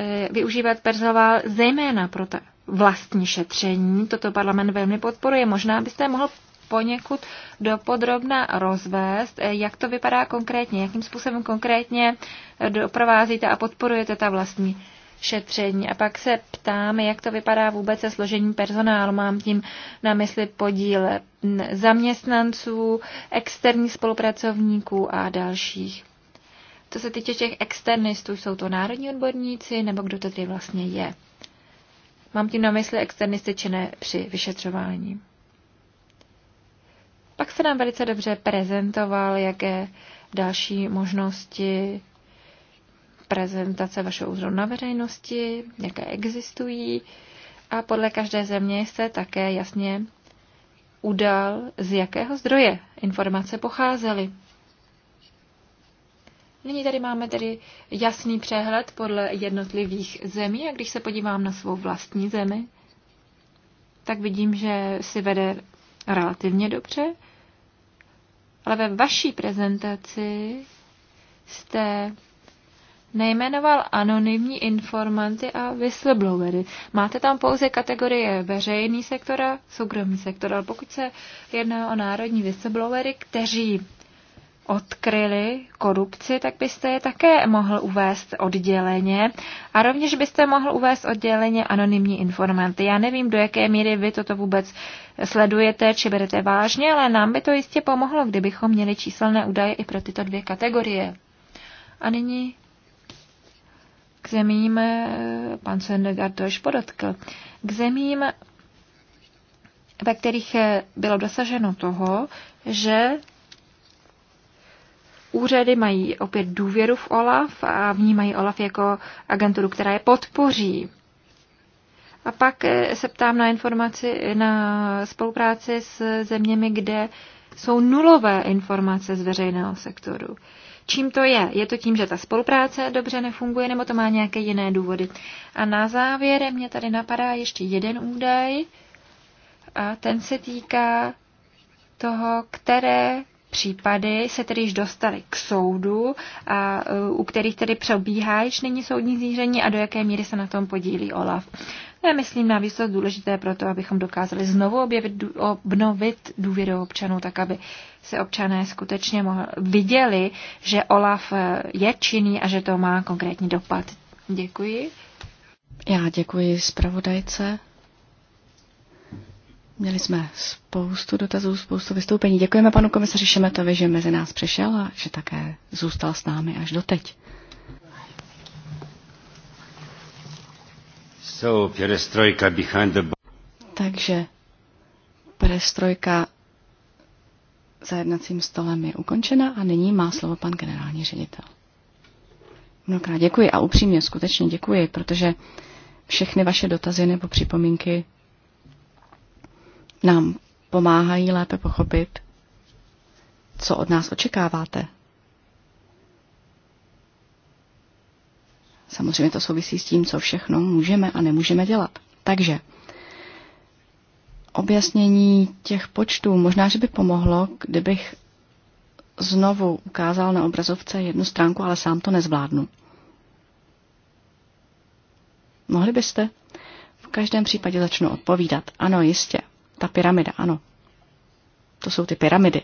Eh, využívat personál zejména pro ta vlastní šetření. Toto parlament velmi podporuje. Možná byste mohl poněkud dopodrobna rozvést, eh, jak to vypadá konkrétně, jakým způsobem konkrétně eh, doprovázíte a podporujete ta vlastní šetření. A pak se ptám, jak to vypadá vůbec se složením personálu. Mám tím na mysli podíl zaměstnanců, externích spolupracovníků a dalších. Co se týče těch externistů, jsou to národní odborníci, nebo kdo to tady vlastně je? Mám tím na mysli externisty či ne při vyšetřování. Pak se nám velice dobře prezentoval, jaké další možnosti prezentace vašeho úřadu na veřejnosti, jaké existují. A podle každé země jste také jasně udal, z jakého zdroje informace pocházely. Nyní tady máme tedy jasný přehled podle jednotlivých zemí a když se podívám na svou vlastní zemi, tak vidím, že si vede relativně dobře, ale ve vaší prezentaci jste nejmenoval anonymní informanty a whistleblowery. Máte tam pouze kategorie veřejný sektor a soukromý sektor, ale pokud se jedná o národní whistleblowery, kteří odkryli korupci, tak byste je také mohl uvést odděleně a rovněž byste mohl uvést odděleně anonymní informanty. Já nevím, do jaké míry vy toto vůbec sledujete či berete vážně, ale nám by to jistě pomohlo, kdybychom měli číselné údaje i pro tyto dvě kategorie. A nyní k zemím, eh, pan Sendegard to již podotkl, k zemím, ve kterých eh, bylo dosaženo toho, že úřady mají opět důvěru v OLAF a vnímají OLAF jako agenturu, která je podpoří. A pak eh, se ptám na informaci, na spolupráci s zeměmi, kde jsou nulové informace z veřejného sektoru. Čím to je? Je to tím, že ta spolupráce dobře nefunguje, nebo to má nějaké jiné důvody? A na závěr mě tady napadá ještě jeden údaj, a ten se týká toho, které případy se tedy již dostaly k soudu, a, u kterých tedy probíhá již není soudní zíření a do jaké míry se na tom podílí OLAF. To je, myslím, navíc to důležité pro to, abychom dokázali znovu objevit, obnovit důvěru občanů, tak aby se občané skutečně mohli, viděli, že OLAF eh, je činný a že to má konkrétní dopad. Děkuji. Já děkuji zpravodajce. Měli jsme spoustu dotazů, spoustu vystoupení. Děkujeme panu komisaři Šemetovi, že mezi nás přišel a že také zůstal s námi až doteď. So, perestrojka behind the... Takže perestrojka za jednacím stolem je ukončena a nyní má slovo pan generální ředitel. Mnohokrát děkuji a upřímně skutečně děkuji, protože všechny vaše dotazy nebo připomínky nám pomáhají lépe pochopit, co od nás očekáváte. Samozřejmě to souvisí s tím, co všechno můžeme a nemůžeme dělat. Takže objasnění těch počtů možná, že by pomohlo, kdybych znovu ukázal na obrazovce jednu stránku, ale sám to nezvládnu. Mohli byste? V každém případě začnu odpovídat. Ano, jistě. Ta pyramida, ano. To jsou ty pyramidy,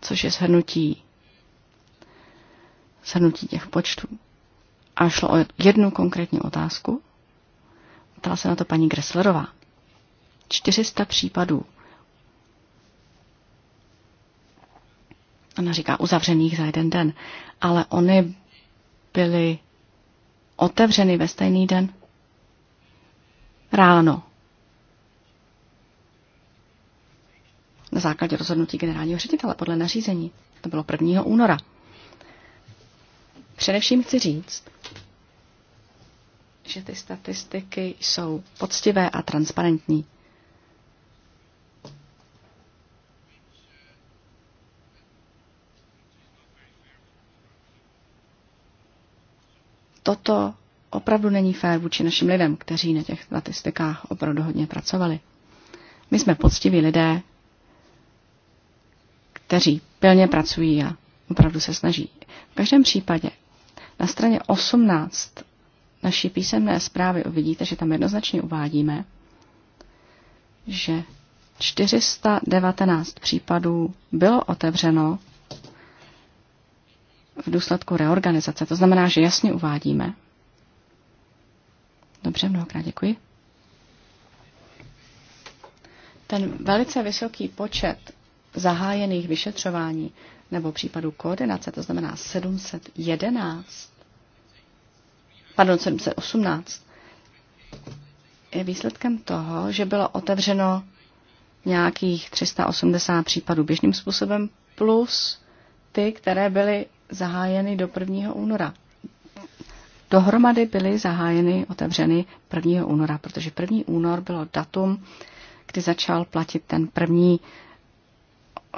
což je shrnutí, shrnutí těch počtů. A šlo o jednu konkrétní otázku. Ptala se na to paní Gresslerová. 400 případů. Ona říká uzavřených za jeden den, ale oni byly otevřeny ve stejný den? Ráno. na základě rozhodnutí generálního ředitele podle nařízení. To bylo 1. února. Především chci říct, že ty statistiky jsou poctivé a transparentní. Toto opravdu není fér vůči našim lidem, kteří na těch statistikách opravdu hodně pracovali. My jsme poctiví lidé, kteří pilně pracují a opravdu se snaží. V každém případě na straně 18 naší písemné zprávy uvidíte, že tam jednoznačně uvádíme, že 419 případů bylo otevřeno v důsledku reorganizace. To znamená, že jasně uvádíme. Dobře, mnohokrát děkuji. Ten velice vysoký počet zahájených vyšetřování nebo případů koordinace, to znamená 711, pardon, 718, je výsledkem toho, že bylo otevřeno nějakých 380 případů běžným způsobem plus ty, které byly zahájeny do 1. února. Dohromady byly zahájeny, otevřeny 1. února, protože 1. únor bylo datum, kdy začal platit ten první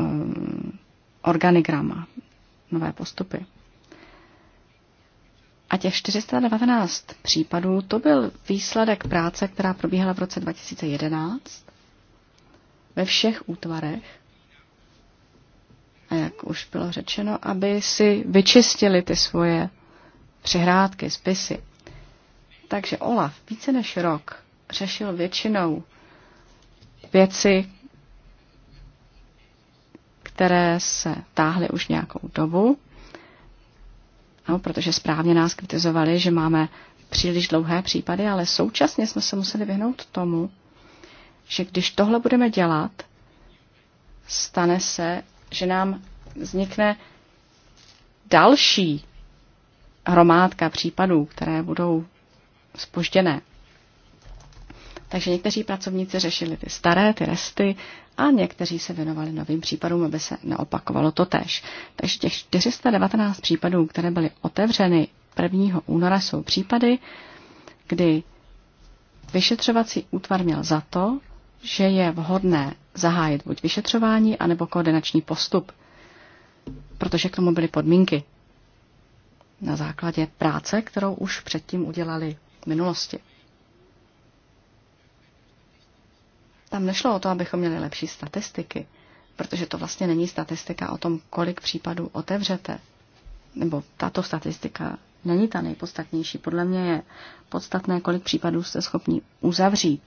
Um, organigrama, nové postupy. A těch 419 případů, to byl výsledek práce, která probíhala v roce 2011 ve všech útvarech. A jak už bylo řečeno, aby si vyčistili ty svoje přihrádky, spisy. Takže Olaf více než rok řešil většinou věci, které se táhly už nějakou dobu, no, protože správně nás kritizovali, že máme příliš dlouhé případy, ale současně jsme se museli vyhnout tomu, že když tohle budeme dělat, stane se, že nám vznikne další hromádka případů, které budou spožděné. Takže někteří pracovníci řešili ty staré, ty resty a někteří se věnovali novým případům, aby se neopakovalo to tež. Takže těch 419 případů, které byly otevřeny 1. února, jsou případy, kdy vyšetřovací útvar měl za to, že je vhodné zahájit buď vyšetřování, anebo koordinační postup, protože k tomu byly podmínky na základě práce, kterou už předtím udělali v minulosti. Tam nešlo o to, abychom měli lepší statistiky, protože to vlastně není statistika o tom, kolik případů otevřete. Nebo tato statistika není ta nejpodstatnější. Podle mě je podstatné, kolik případů jste schopni uzavřít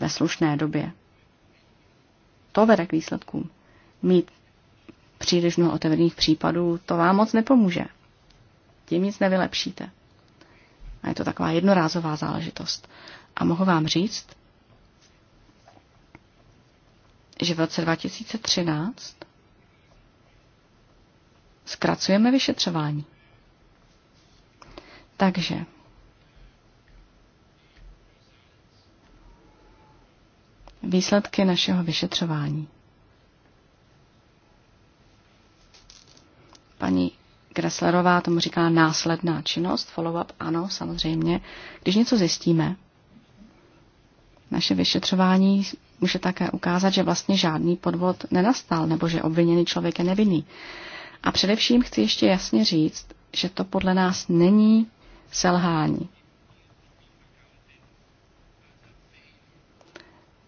ve slušné době. To vede k výsledkům. Mít příliš mnoho otevřených případů, to vám moc nepomůže. Tím nic nevylepšíte. A je to taková jednorázová záležitost. A mohu vám říct, že v roce 2013 zkracujeme vyšetřování. Takže výsledky našeho vyšetřování. Paní Gresslerová tomu říká následná činnost, follow-up, ano, samozřejmě. Když něco zjistíme, naše vyšetřování může také ukázat, že vlastně žádný podvod nenastal, nebo že obviněný člověk je nevinný. A především chci ještě jasně říct, že to podle nás není selhání.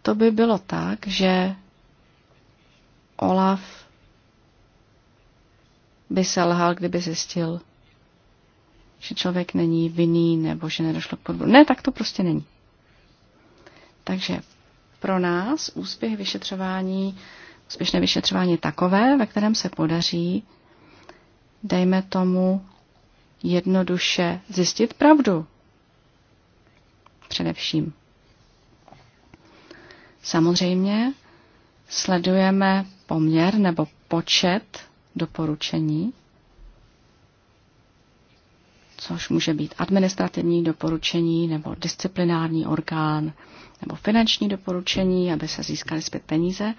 To by bylo tak, že Olaf by se lhal, kdyby zjistil, že člověk není vinný nebo že nedošlo k podvodu. Ne, tak to prostě není. Takže pro nás úspěch vyšetřování, úspěšné vyšetřování je takové, ve kterém se podaří, dejme tomu, jednoduše zjistit pravdu. Především. Samozřejmě sledujeme poměr nebo počet doporučení, což může být administrativní doporučení nebo disciplinární orgán nebo finanční doporučení, aby se získaly zpět peníze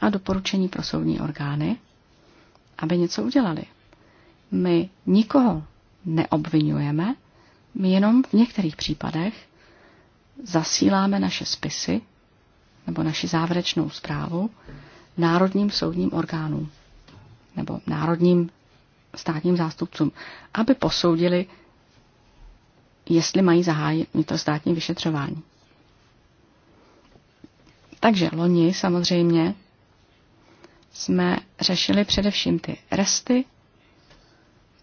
a doporučení pro soudní orgány, aby něco udělali. My nikoho neobvinujeme, my jenom v některých případech zasíláme naše spisy nebo naši závěrečnou zprávu národním soudním orgánům nebo národním státním zástupcům, aby posoudili, jestli mají zahájit státní vyšetřování. Takže loni samozřejmě jsme řešili především ty resty.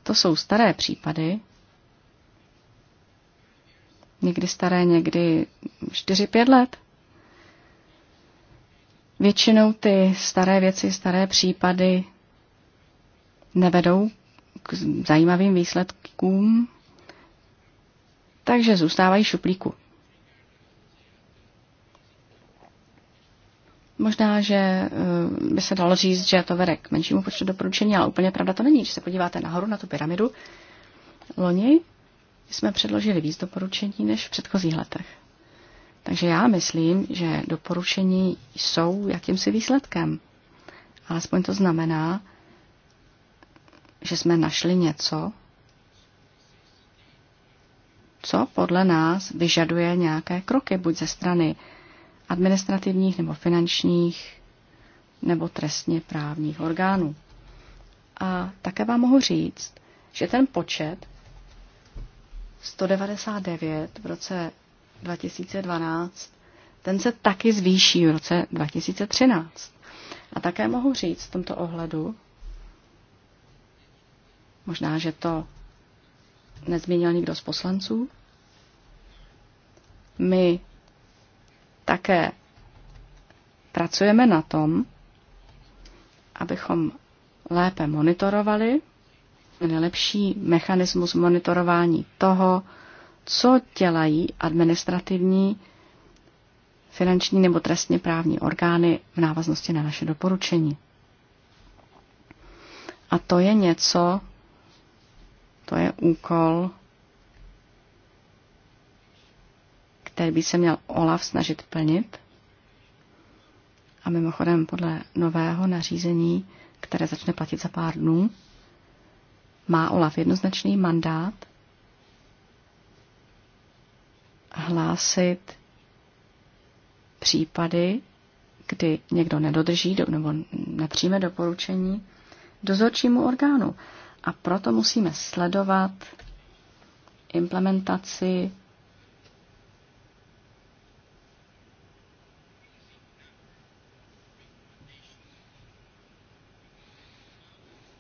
To jsou staré případy, někdy staré, někdy 4-5 let. Většinou ty staré věci, staré případy nevedou k zajímavým výsledkům, takže zůstávají šuplíku. Možná, že eh, by se dalo říct, že to vede k menšímu počtu doporučení, ale úplně pravda to není. Když se podíváte nahoru na tu pyramidu, loni jsme předložili víc doporučení než v předchozích letech. Takže já myslím, že doporučení jsou jakýmsi výsledkem. Alespoň to znamená, že jsme našli něco, co podle nás vyžaduje nějaké kroky, buď ze strany administrativních nebo finančních nebo trestně právních orgánů. A také vám mohu říct, že ten počet 199 v roce 2012, ten se taky zvýší v roce 2013. A také mohu říct v tomto ohledu, Možná, že to nezmínil nikdo z poslanců. My také pracujeme na tom, abychom lépe monitorovali, nejlepší mechanismus monitorování toho, co dělají administrativní, finanční nebo trestně právní orgány v návaznosti na naše doporučení. A to je něco, to je úkol, který by se měl OLAF snažit plnit. A mimochodem, podle nového nařízení, které začne platit za pár dnů, má OLAF jednoznačný mandát hlásit případy, kdy někdo nedodrží nebo nepřijme doporučení dozorčímu orgánu. A proto musíme sledovat implementaci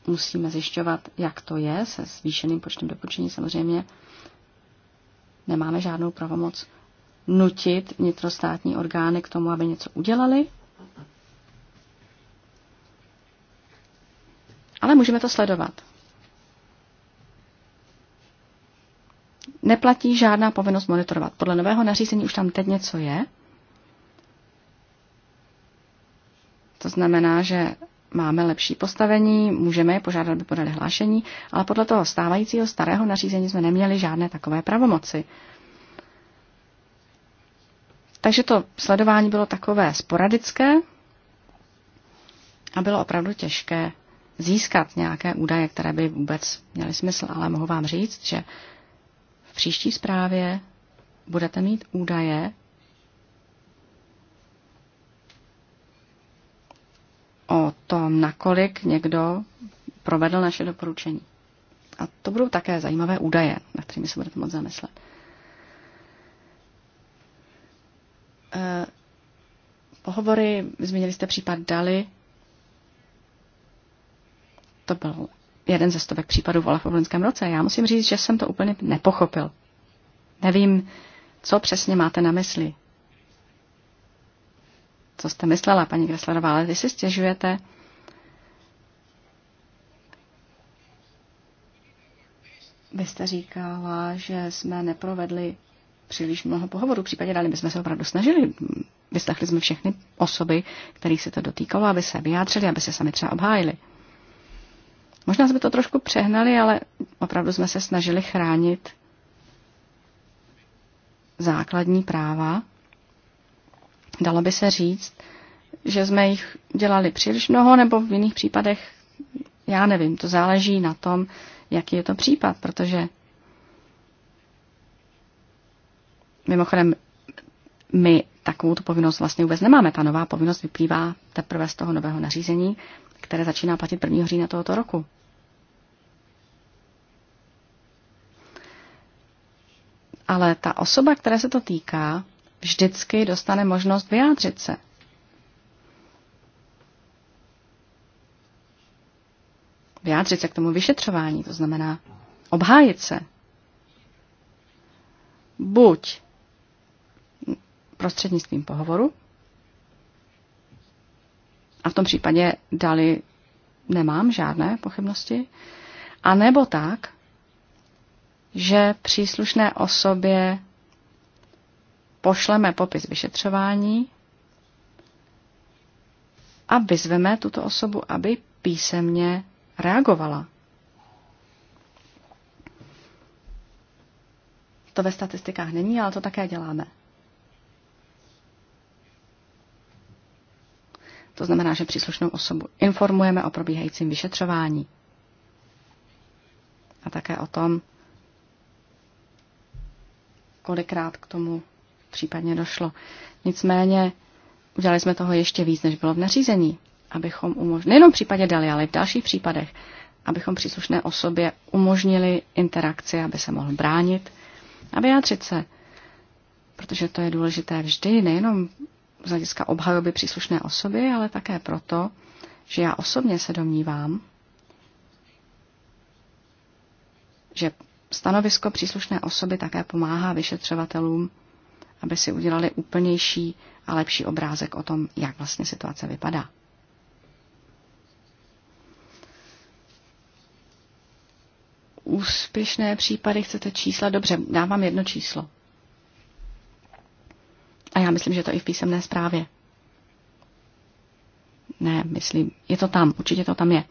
musíme zjišťovat, jak to je se zvýšeným počtem doporučení. Samozřejmě nemáme žádnou pravomoc nutit vnitrostátní orgány k tomu, aby něco udělali. Ale můžeme to sledovat. neplatí žádná povinnost monitorovat. Podle nového nařízení už tam teď něco je. To znamená, že máme lepší postavení, můžeme je požádat, aby podali hlášení, ale podle toho stávajícího starého nařízení jsme neměli žádné takové pravomoci. Takže to sledování bylo takové sporadické a bylo opravdu těžké získat nějaké údaje, které by vůbec měly smysl, ale mohu vám říct, že příští zprávě budete mít údaje o tom, nakolik někdo provedl naše doporučení. A to budou také zajímavé údaje, na kterými se budete moc zamyslet. Eh, pohovory, zmínili jste případ Dali, to byl jeden ze stovek případů v Olafu v loňském roce. Já musím říct, že jsem to úplně nepochopil. Nevím, co přesně máte na mysli. Co jste myslela, paní Kreslerová, ale vy si stěžujete, Vy jste říkala, že jsme neprovedli příliš mnoho pohovorů. Případně dali, my jsme se opravdu snažili. Vyslechli jsme všechny osoby, kterých se to dotýkalo, aby se vyjádřili, aby se sami třeba obhájili. Možná jsme to trošku přehnali, ale opravdu jsme se snažili chránit základní práva. Dalo by se říct, že jsme jich dělali příliš mnoho, nebo v jiných případech, já nevím, to záleží na tom, jaký je to případ, protože mimochodem my takovou tu povinnost vlastně vůbec nemáme. Ta nová povinnost vyplývá teprve z toho nového nařízení které začíná platit 1. října tohoto roku. Ale ta osoba, které se to týká, vždycky dostane možnost vyjádřit se. Vyjádřit se k tomu vyšetřování, to znamená obhájit se. Buď prostřednictvím pohovoru, a v tom případě dali nemám žádné pochybnosti. A nebo tak, že příslušné osobě pošleme popis vyšetřování a vyzveme tuto osobu, aby písemně reagovala. To ve statistikách není, ale to také děláme. To znamená, že příslušnou osobu informujeme o probíhajícím vyšetřování a také o tom, kolikrát k tomu případně došlo. Nicméně udělali jsme toho ještě víc, než bylo v nařízení, abychom umožnili, nejenom v případě Dali, ale i v dalších případech, abychom příslušné osobě umožnili interakci, aby se mohl bránit a vyjádřit se. Protože to je důležité vždy, nejenom z hlediska obhajoby příslušné osoby, ale také proto, že já osobně se domnívám, že stanovisko příslušné osoby také pomáhá vyšetřovatelům, aby si udělali úplnější a lepší obrázek o tom, jak vlastně situace vypadá. Úspěšné případy chcete čísla? Dobře, dávám jedno číslo. A já myslím, že to i v písemné zprávě. Ne, myslím, je to tam, určitě to tam je.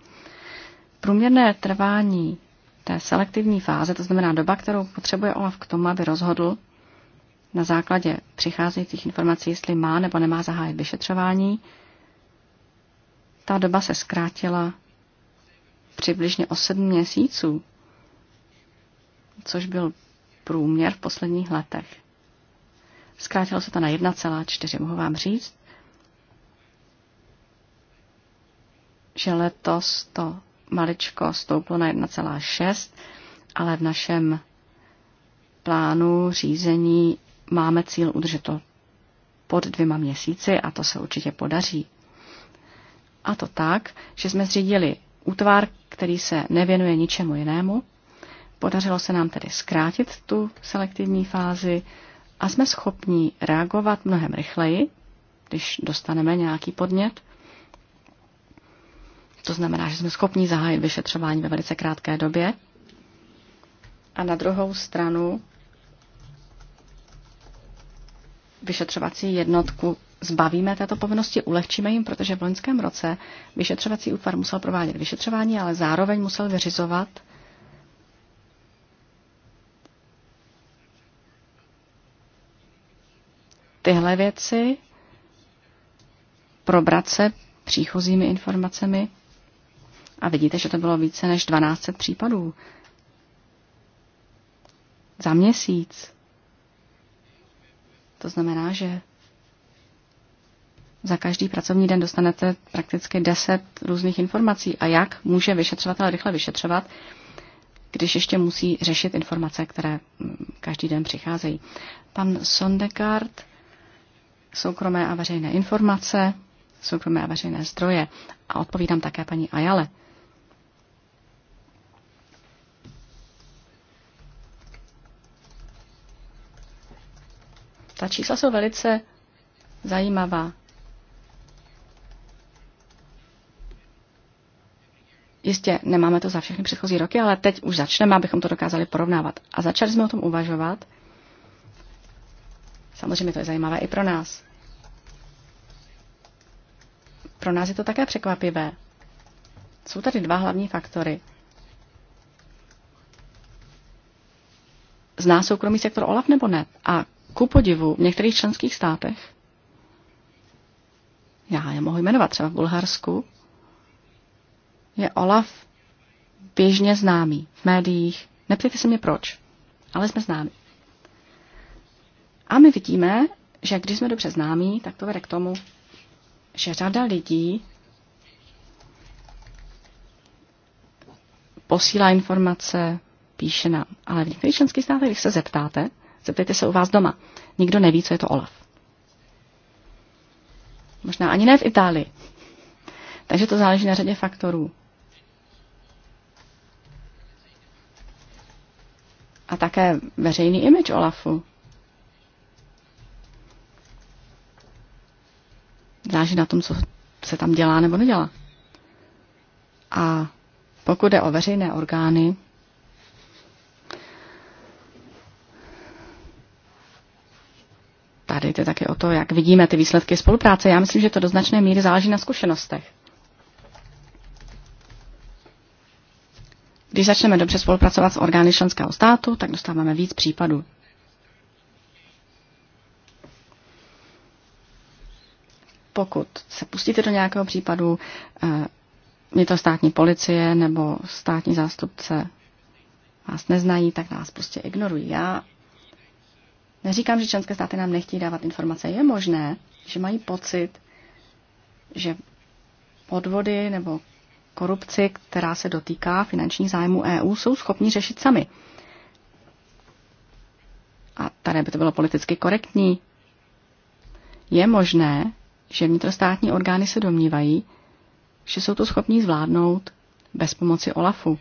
Průměrné trvání té selektivní fáze, to znamená doba, kterou potřebuje OLAF k tomu, aby rozhodl na základě přicházejících informací, jestli má nebo nemá zahájit vyšetřování, ta doba se zkrátila přibližně o sedm měsíců, což byl průměr v posledních letech. Zkrátilo se to na 1,4. Mohu vám říct, že letos to maličko stouplo na 1,6, ale v našem plánu řízení máme cíl udržet to pod dvěma měsíci a to se určitě podaří. A to tak, že jsme zřídili útvar, který se nevěnuje ničemu jinému. Podařilo se nám tedy zkrátit tu selektivní fázi, a jsme schopní reagovat mnohem rychleji, když dostaneme nějaký podnět. To znamená, že jsme schopni zahájit vyšetřování ve velice krátké době. A na druhou stranu vyšetřovací jednotku zbavíme této povinnosti, ulehčíme jim, protože v loňském roce vyšetřovací útvar musel provádět vyšetřování, ale zároveň musel vyřizovat tyhle věci, probrat se příchozími informacemi a vidíte, že to bylo více než 1200 případů. Za měsíc. To znamená, že za každý pracovní den dostanete prakticky 10 různých informací. A jak může vyšetřovatel rychle vyšetřovat, když ještě musí řešit informace, které mm, každý den přicházejí. Pan Sondekart soukromé a veřejné informace, soukromé a veřejné zdroje. A odpovídám také paní Ajale. Ta čísla jsou velice zajímavá. Jistě nemáme to za všechny předchozí roky, ale teď už začneme, abychom to dokázali porovnávat. A začali jsme o tom uvažovat. Samozřejmě to je zajímavé i pro nás. Pro nás je to také překvapivé. Jsou tady dva hlavní faktory. Zná soukromý sektor OLAF nebo ne? A ku podivu v některých členských státech, já je mohu jmenovat třeba v Bulharsku, je OLAF běžně známý v médiích. Nepřijte se mě proč, ale jsme známí. A my vidíme, že když jsme dobře známí, tak to vede k tomu, že řada lidí posílá informace, píše nám. Ale v některých členských státech, když se zeptáte, zeptejte se u vás doma. Nikdo neví, co je to OLAF. Možná ani ne v Itálii. Takže to záleží na řadě faktorů. A také veřejný image OLAFu. záleží na tom, co se tam dělá nebo nedělá. A pokud jde o veřejné orgány, tady jde taky o to, jak vidíme ty výsledky spolupráce. Já myslím, že to do značné míry záleží na zkušenostech. Když začneme dobře spolupracovat s orgány členského státu, tak dostáváme víc případů. pokud se pustíte do nějakého případu, eh, je to státní policie nebo státní zástupce vás neznají, tak nás prostě ignorují. Já neříkám, že členské státy nám nechtějí dávat informace. Je možné, že mají pocit, že podvody nebo korupci, která se dotýká finančních zájmů EU, jsou schopni řešit sami. A tady by to bylo politicky korektní. Je možné, že vnitrostátní orgány se domnívají, že jsou to schopní zvládnout bez pomoci OLAFu.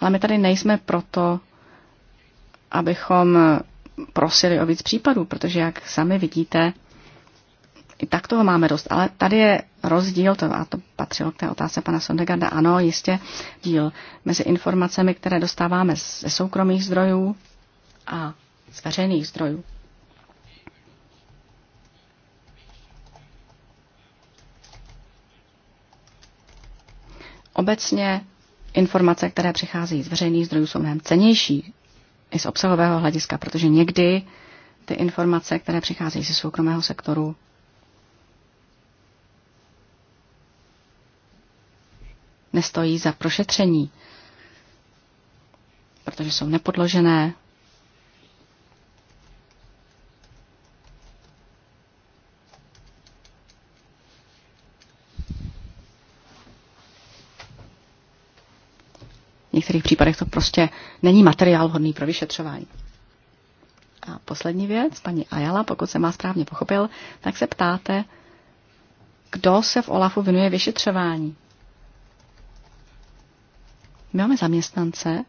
Ale my tady nejsme proto, abychom prosili o víc případů, protože jak sami vidíte, i tak toho máme dost. Ale tady je rozdíl, to, a to patřilo k té otázce pana Sondegarda, ano, jistě díl mezi informacemi, které dostáváme ze soukromých zdrojů a z veřejných zdrojů. Obecně informace, které přicházejí z veřejných zdrojů, jsou mnohem cenější i z obsahového hlediska, protože někdy ty informace, které přicházejí ze soukromého sektoru, nestojí za prošetření, protože jsou nepodložené, některých případech to prostě není materiál vhodný pro vyšetřování. A poslední věc, paní Ayala, pokud se má správně pochopil, tak se ptáte, kdo se v OLAFu věnuje vyšetřování. My máme zaměstnance.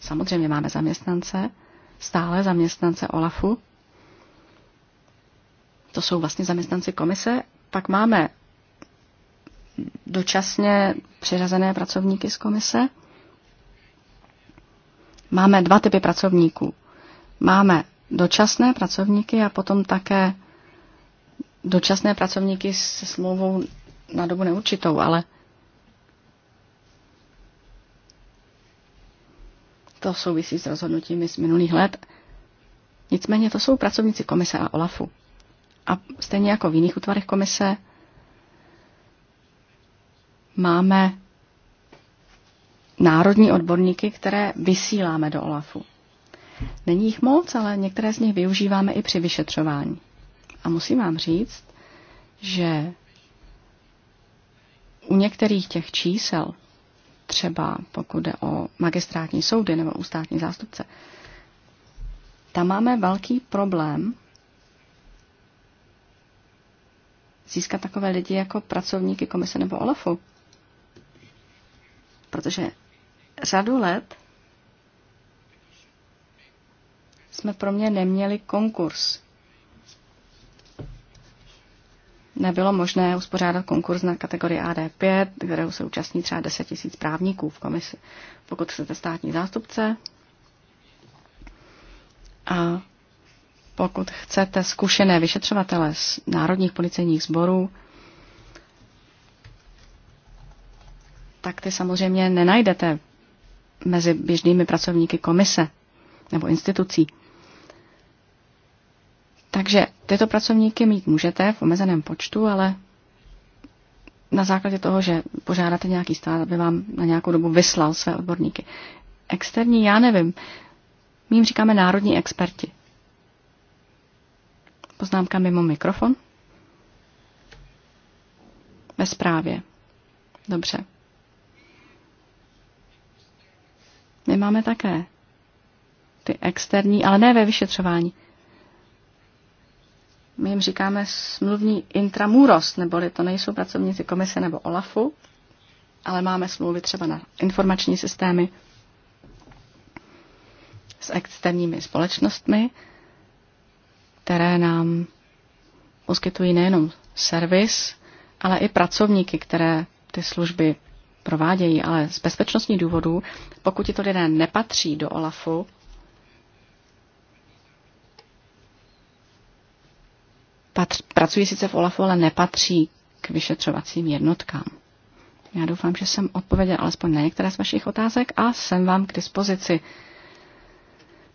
Samozřejmě máme zaměstnance, stále zaměstnance OLAFu. To jsou vlastně zaměstnanci komise. Pak máme dočasně přiřazené pracovníky z komise. Máme dva typy pracovníků. Máme dočasné pracovníky a potom také dočasné pracovníky se smlouvou na dobu neurčitou, ale to souvisí s rozhodnutími z minulých let. Nicméně to jsou pracovníci komise a OLAFu. A stejně jako v jiných útvarech komise, máme národní odborníky, které vysíláme do OLAFu. Není jich moc, ale některé z nich využíváme i při vyšetřování. A musím vám říct, že u některých těch čísel, třeba pokud jde o magistrátní soudy nebo u státní zástupce, tam máme velký problém získat takové lidi jako pracovníky komise nebo OLAFu protože řadu let jsme pro mě neměli konkurs. Nebylo možné uspořádat konkurs na kategorii AD5, kterého se účastní třeba 10 tisíc právníků v komisi, pokud chcete státní zástupce. A pokud chcete zkušené vyšetřovatele z národních policejních sborů, tak ty samozřejmě nenajdete mezi běžnými pracovníky komise nebo institucí. Takže tyto pracovníky mít můžete v omezeném počtu, ale na základě toho, že požádáte nějaký stát, aby vám na nějakou dobu vyslal své odborníky. Externí, já nevím. My jim říkáme národní experti. Poznámka mimo mikrofon. Ve zprávě. Dobře. My máme také ty externí, ale ne ve vyšetřování. My jim říkáme smluvní intramuros, neboli to nejsou pracovníci komise nebo OLAFu, ale máme smlouvy třeba na informační systémy s externími společnostmi, které nám poskytují nejenom servis, ale i pracovníky, které ty služby provádějí, ale z bezpečnostních důvodů, pokud to lidé nepatří do OLAFu, patř, pracují sice v OLAFu, ale nepatří k vyšetřovacím jednotkám. Já doufám, že jsem odpověděl alespoň na některé z vašich otázek a jsem vám k dispozici.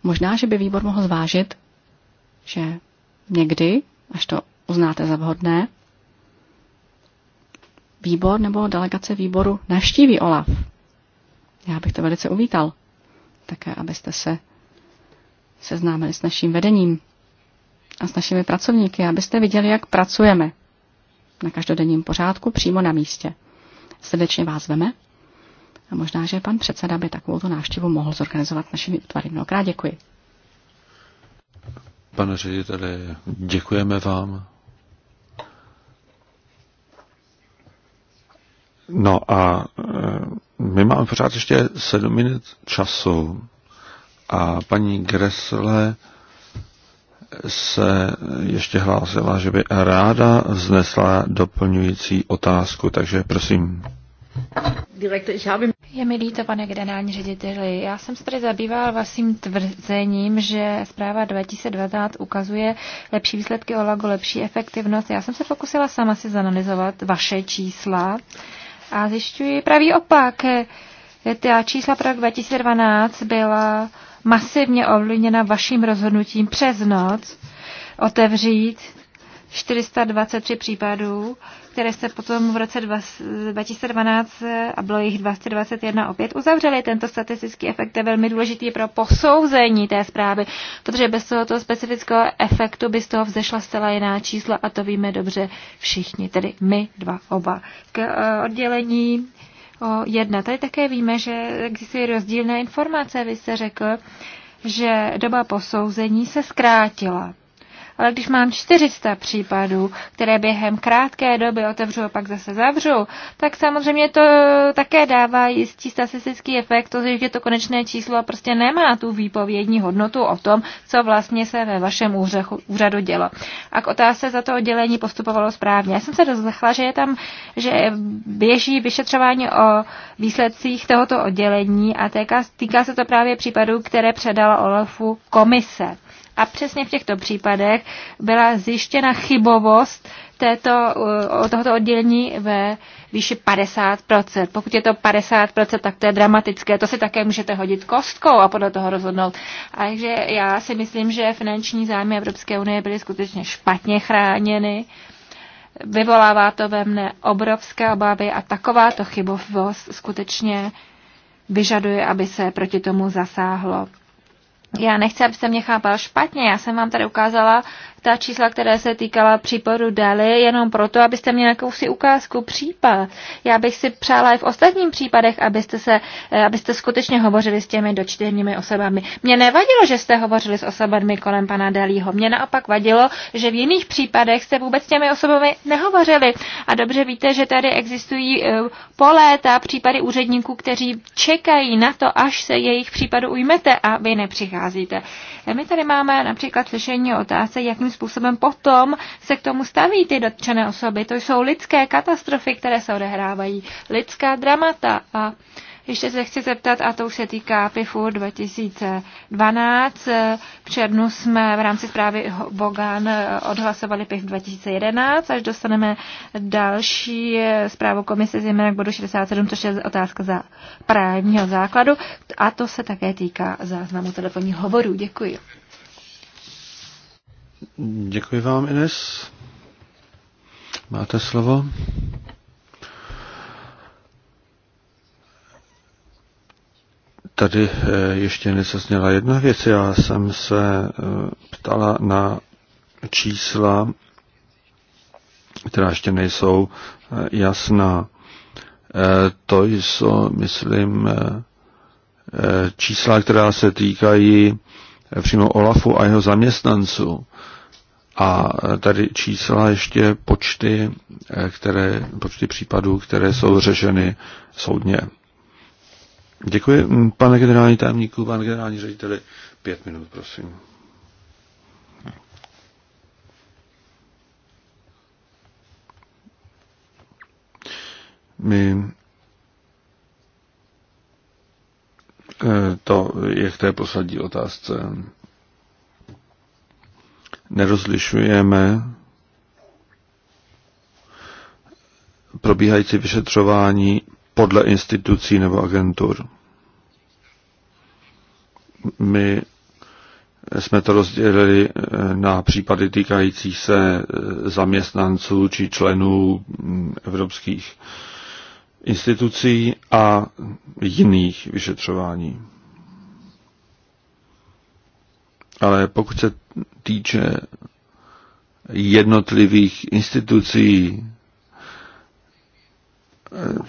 Možná, že by výbor mohl zvážit, že někdy, až to uznáte za vhodné, výbor nebo delegace výboru navštíví OLAF. Já bych to velice uvítal. Také, abyste se seznámili s naším vedením a s našimi pracovníky, abyste viděli, jak pracujeme na každodenním pořádku přímo na místě. Srdečně vás veme a možná, že pan předseda by takovou návštěvu mohl zorganizovat našimi útvary. Mnohokrát děkuji. Pane řediteli, děkujeme vám. No a eh, my máme pořád ještě sedm minut času a paní Gresle se ještě hlásila, že by ráda vznesla doplňující otázku, takže prosím. Je mi líto, pane generální řediteli. Já jsem se tady zabýval vaším tvrzením, že zpráva 2020 ukazuje lepší výsledky OLAGu, lepší efektivnost. Já jsem se pokusila sama si zanalizovat vaše čísla a zjišťuji pravý opak. Ta čísla pro rok 2012 byla masivně ovlivněna vaším rozhodnutím přes noc otevřít 423 případů, které se potom v roce 2012 a bylo jich 221 opět uzavřely. Tento statistický efekt je velmi důležitý pro posouzení té zprávy, protože bez tohoto specifického efektu by z toho vzešla zcela jiná čísla a to víme dobře všichni, tedy my dva oba. K eh, oddělení o jedna. Tady také víme, že existují rozdílné informace. Vy jste řekl, že doba posouzení se zkrátila ale když mám 400 případů, které během krátké doby otevřu a pak zase zavřu, tak samozřejmě to také dává jistý statistický efekt, to, že to konečné číslo prostě nemá tu výpovědní hodnotu o tom, co vlastně se ve vašem úřadu, úřadu dělo. A k otázce za to oddělení postupovalo správně. Já jsem se dozvěděla, že je tam, že běží vyšetřování o výsledcích tohoto oddělení a týká se to právě případů, které předala Olafu komise. A přesně v těchto případech byla zjištěna chybovost této, eh, tohoto oddělení ve výši 50%. Pokud je to 50%, tak to je dramatické. To si také můžete hodit kostkou a podle toho rozhodnout. A takže já si myslím, že finanční zájmy Evropské unie byly skutečně špatně chráněny. Vyvolává to ve mne obrovské obavy a takováto chybovost skutečně vyžaduje, aby se proti tomu zasáhlo já nechci, abyste mě chápal špatně. Já jsem vám tady ukázala ta čísla, které se týkala případu dali, jenom proto, abyste měli jakousi ukázku případ. Já bych si přála i v ostatních případech, abyste, se, eh, abyste skutečně hovořili s těmi dočtěnými osobami. Mně nevadilo, že jste hovořili s osobami kolem pana Dalího. Mně naopak vadilo, že v jiných případech jste vůbec s těmi osobami nehovořili. A dobře víte, že tady existují eh, poléta případy úředníků, kteří čekají na to, až se jejich případu ujmete a vy nepřicházíte přicházíte. Eh, my tady máme například slyšení otázce, jakým způsobem potom se k tomu staví ty dotčené osoby. To jsou lidské katastrofy, které se odehrávají, lidská dramata a ještě se chci zeptat, a to už se týká PIFu 2012. V černu jsme v rámci zprávy Bogan odhlasovali PIF 2011, až dostaneme další zprávu komise zejména k bodu 67, což je otázka za právního základu. A to se také týká záznamu telefonních hovorů. Děkuji. Děkuji vám, Ines. Máte slovo. Tady eh, ještě nezazněla jedna věc. Já jsem se eh, ptala na čísla, která ještě nejsou eh, jasná. To jsou, myslím, čísla, která se týkají přímo Olafu a jeho zaměstnanců. A tady čísla ještě počty, které, počty případů, které jsou řešeny soudně. Děkuji, mm, pane generální tajemníku, pane generální řediteli. Pět minut, prosím. My eh, to je k té poslední otázce. Nerozlišujeme probíhající vyšetřování podle institucí nebo agentur. My jsme to rozdělili eh, na případy týkající se eh, zaměstnanců či členů mm, evropských institucí a jiných vyšetřování. Ale pokud se týče jednotlivých institucí, eh,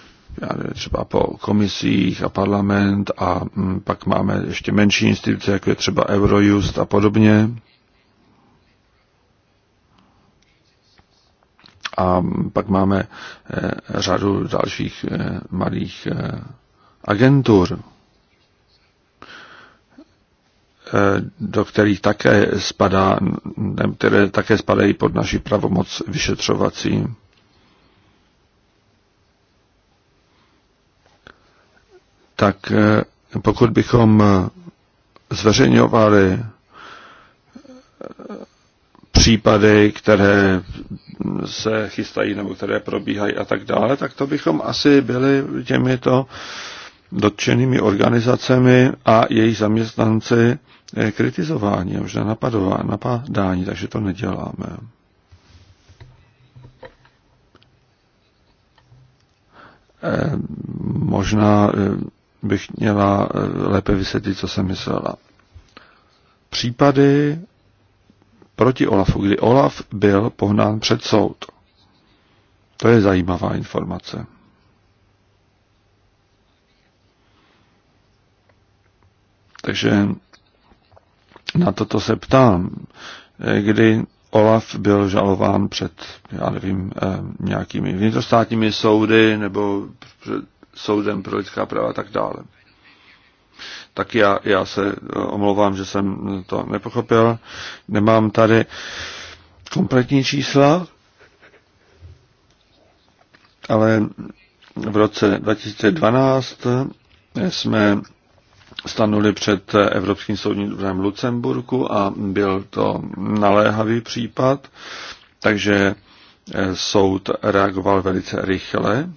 třeba po komisích a parlament a mm, pak máme ještě menší instituce, jako je třeba Eurojust a podobně. A mm, pak máme eh, řadu dalších eh, malých eh, agentur, do kterých také spadá, které také spadají pod naši pravomoc vyšetřovací. tak eh, pokud bychom eh, zveřejňovali eh, případy, které se chystají nebo které probíhají a tak dále, tak to bychom asi byli těmito dotčenými organizacemi a jejich zaměstnanci kritizování, možná napadování, napadání, takže to neděláme. Možná bych měla eh, lépe vysvětlit, co jsem myslela. Případy proti Olafu, kdy Olaf byl pohnán před soud. To je zajímavá informace. Takže na toto se ptám, eh, kdy Olaf byl žalován před, já nevím, eh, nějakými vnitrostátními soudy nebo před soudem pro lidská práva a tak dále. Tak já, já se eh, omlouvám, že jsem to nepochopil. Nemám tady kompletní čísla, ale v roce 2012 eh, jsme stanuli před Evropským soudním dvorem Lucemburku a byl to naléhavý případ, takže eh, soud reagoval velice rychle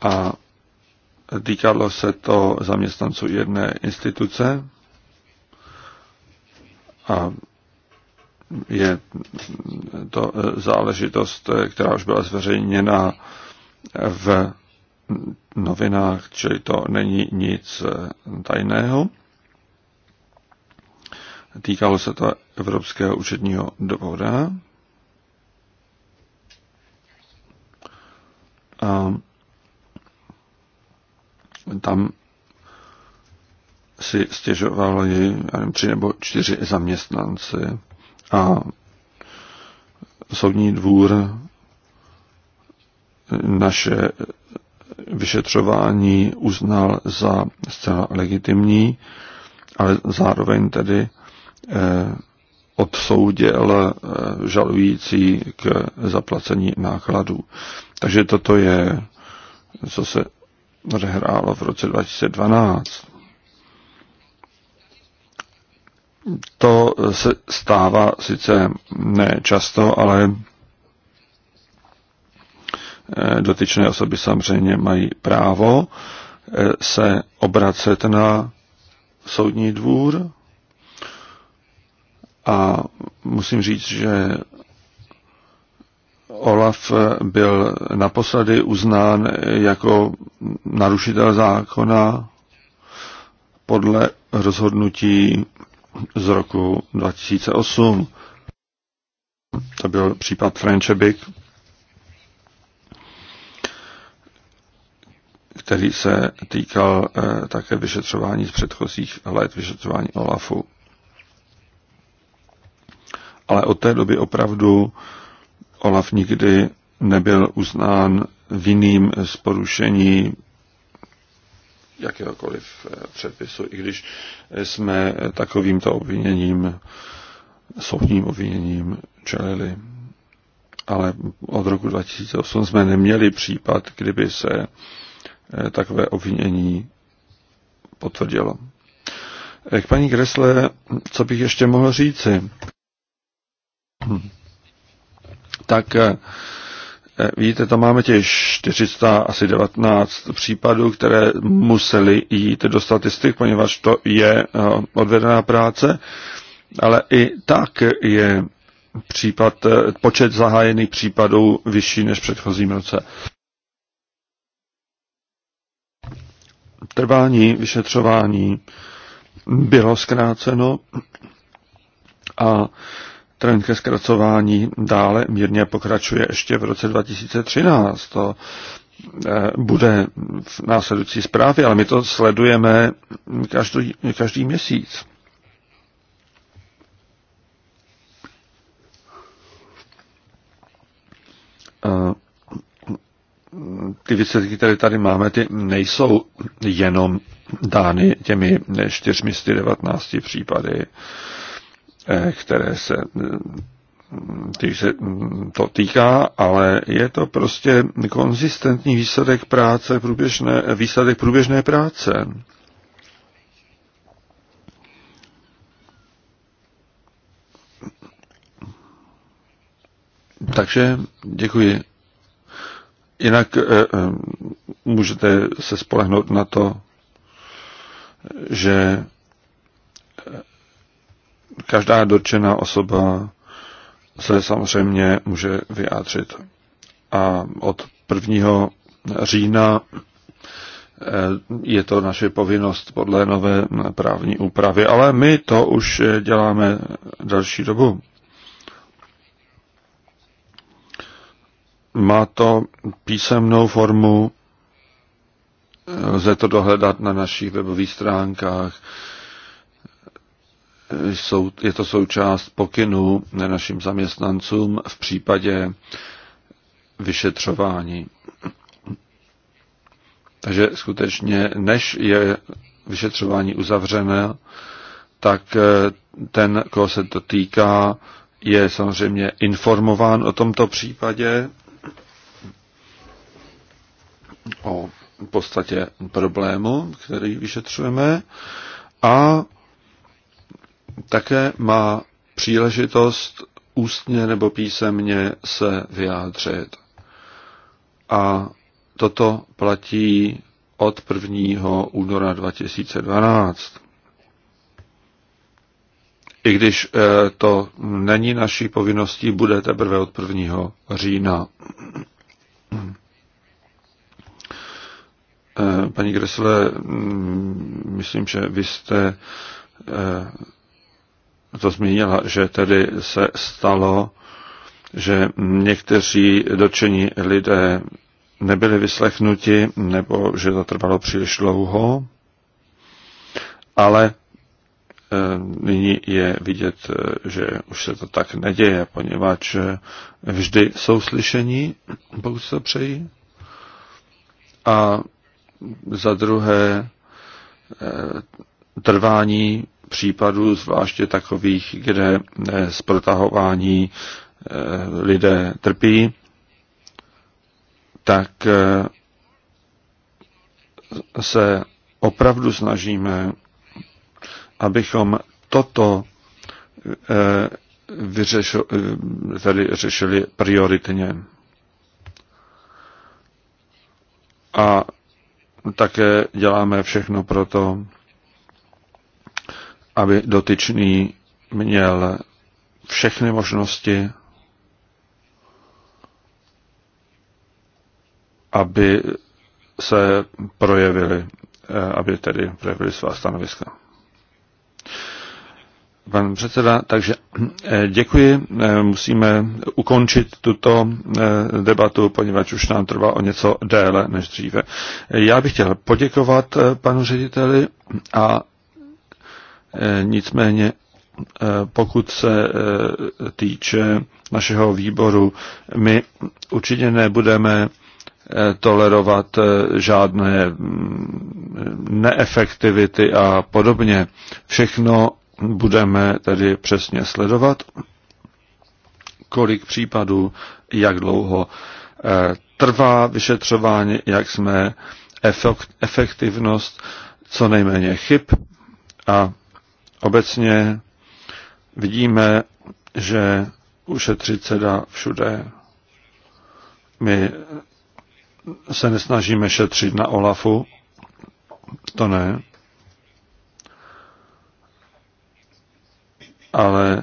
a týkalo se to zaměstnanců jedné instituce a je to e, záležitost, e, která už byla zveřejněna v novinách, čili to není nic e, tajného. Týkalo se to Evropského účetního dvora. A tam si stěžovali tři nebo čtyři zaměstnanci a soudní dvůr naše vyšetřování uznal za zcela legitimní, ale zároveň tedy eh, odsoudil eh, žalující k zaplacení nákladů. Takže toto je, co se odehrálo v roce 2012. To se stává sice ne často, ale eh, dotyčné osoby samozřejmě mají právo eh, se obracet na soudní dvůr a musím říct, že Olaf byl naposledy uznán jako narušitel zákona podle rozhodnutí z roku 2008. To byl případ Frenchebik, který se týkal eh, také vyšetřování z předchozích let, vyšetřování OLAFu. Ale od té doby opravdu Olaf nikdy nebyl uznán vinným z porušení jakéhokoliv eh, předpisu, i když jsme takovýmto obviněním, soudním obviněním čelili. Ale od roku 2008 jsme neměli případ, kdyby se eh, takové obvinění potvrdilo. Eh, k paní Kresle, co bych ještě mohl říci? Hm tak eh, eh, Víte, tam máme těch 400 asi 19 případů, které museli jít do statistik, poněvadž to je eh, odvedená práce, ale i tak je případ, počet zahájených případů vyšší než v předchozím roce. Trvání vyšetřování bylo zkráceno a Trend ke zkracování dále mírně pokračuje ještě v roce 2013. To eh, bude v následující zprávě, ale my to sledujeme každý, každý měsíc. Eh, ty výsledky, které tady máme, ty nejsou jenom dány těmi 419 případy. Eh, které se když mm, se mm, to týká, ale je to prostě konzistentní výsledek práce, průběžné, výsledek průběžné práce. Takže děkuji. Jinak eh, eh, můžete se spolehnout na to, že každá dotčená osoba se samozřejmě může vyjádřit. A od 1. října eh, je to naše povinnost podle nové právní úpravy, ale my to už eh, děláme další dobu. Má to písemnou formu, eh, lze to dohledat na našich webových stránkách, jsou, je to součást pokynů našim zaměstnancům v případě vyšetřování. Takže skutečně, než je vyšetřování uzavřené, tak eh, ten, koho se to týká, je samozřejmě informován o tomto případě, o podstatě problému, který vyšetřujeme, a také má příležitost ústně nebo písemně se vyjádřit. A toto platí od 1. února 2012. I když eh, to není naší povinností, bude teprve od 1. října. Eh, paní Gresle, mm, myslím, že vy jste eh, to zmínila, že tedy se stalo, že někteří dočení lidé nebyli vyslechnuti, nebo že to trvalo příliš dlouho, ale eh, nyní je vidět, eh, že už se to tak neděje, poněvadž eh, vždy jsou slyšení, pokud se přejí. A za druhé trvání případů, zvláště takových, kde eh, z protahování eh, lidé trpí, tak eh, se opravdu snažíme, abychom toto vyřešili tedy řešili prioritně. A také děláme všechno pro to, aby dotyčný měl všechny možnosti, aby se projevili, eh, aby tedy projevili svá stanoviska. Pan předseda, takže eh, děkuji. Eh, musíme ukončit tuto debatu, poněvadž už nám trvá o něco déle než dříve. Já bych chtěl poděkovat panu řediteli a E, nicméně e, pokud se e, týče našeho výboru, my určitě nebudeme tolerovat žádné mm, neefektivity a podobně. Všechno budeme tedy přesně sledovat, kolik případů, jak dlouho trvá vyšetřování, jak jsme efektivnost, co nejméně chyb a Obecně vidíme, že ušetřit se dá všude. My se nesnažíme šetřit na Olafu, to ne. Ale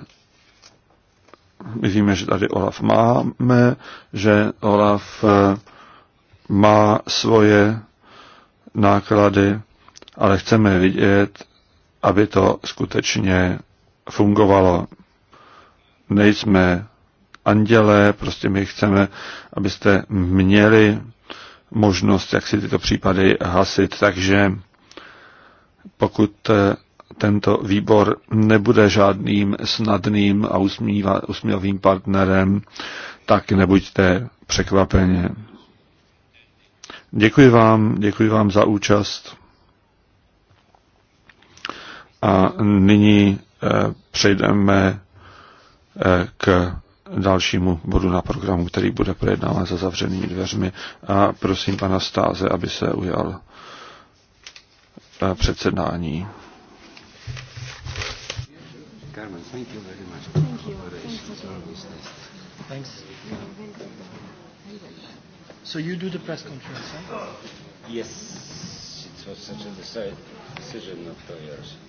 my víme, že tady Olaf máme, že Olaf eh, má svoje náklady, ale chceme vidět, aby to skutečně fungovalo. Nejsme andělé, prostě my chceme, abyste měli možnost, jak si tyto případy hasit. Takže pokud eh, tento výbor nebude žádným snadným a usmíva, partnerem, tak nebuďte překvapeně. Děkuji vám, děkuji vám za účast. A nyní eh, přejdeme eh, k dalšímu bodu na programu, který bude projednáván za zavřenými dveřmi. A prosím pana Stáze, aby se ujal eh, předsedání. So you do the press conference, huh? Yes, it was such a decision of two years.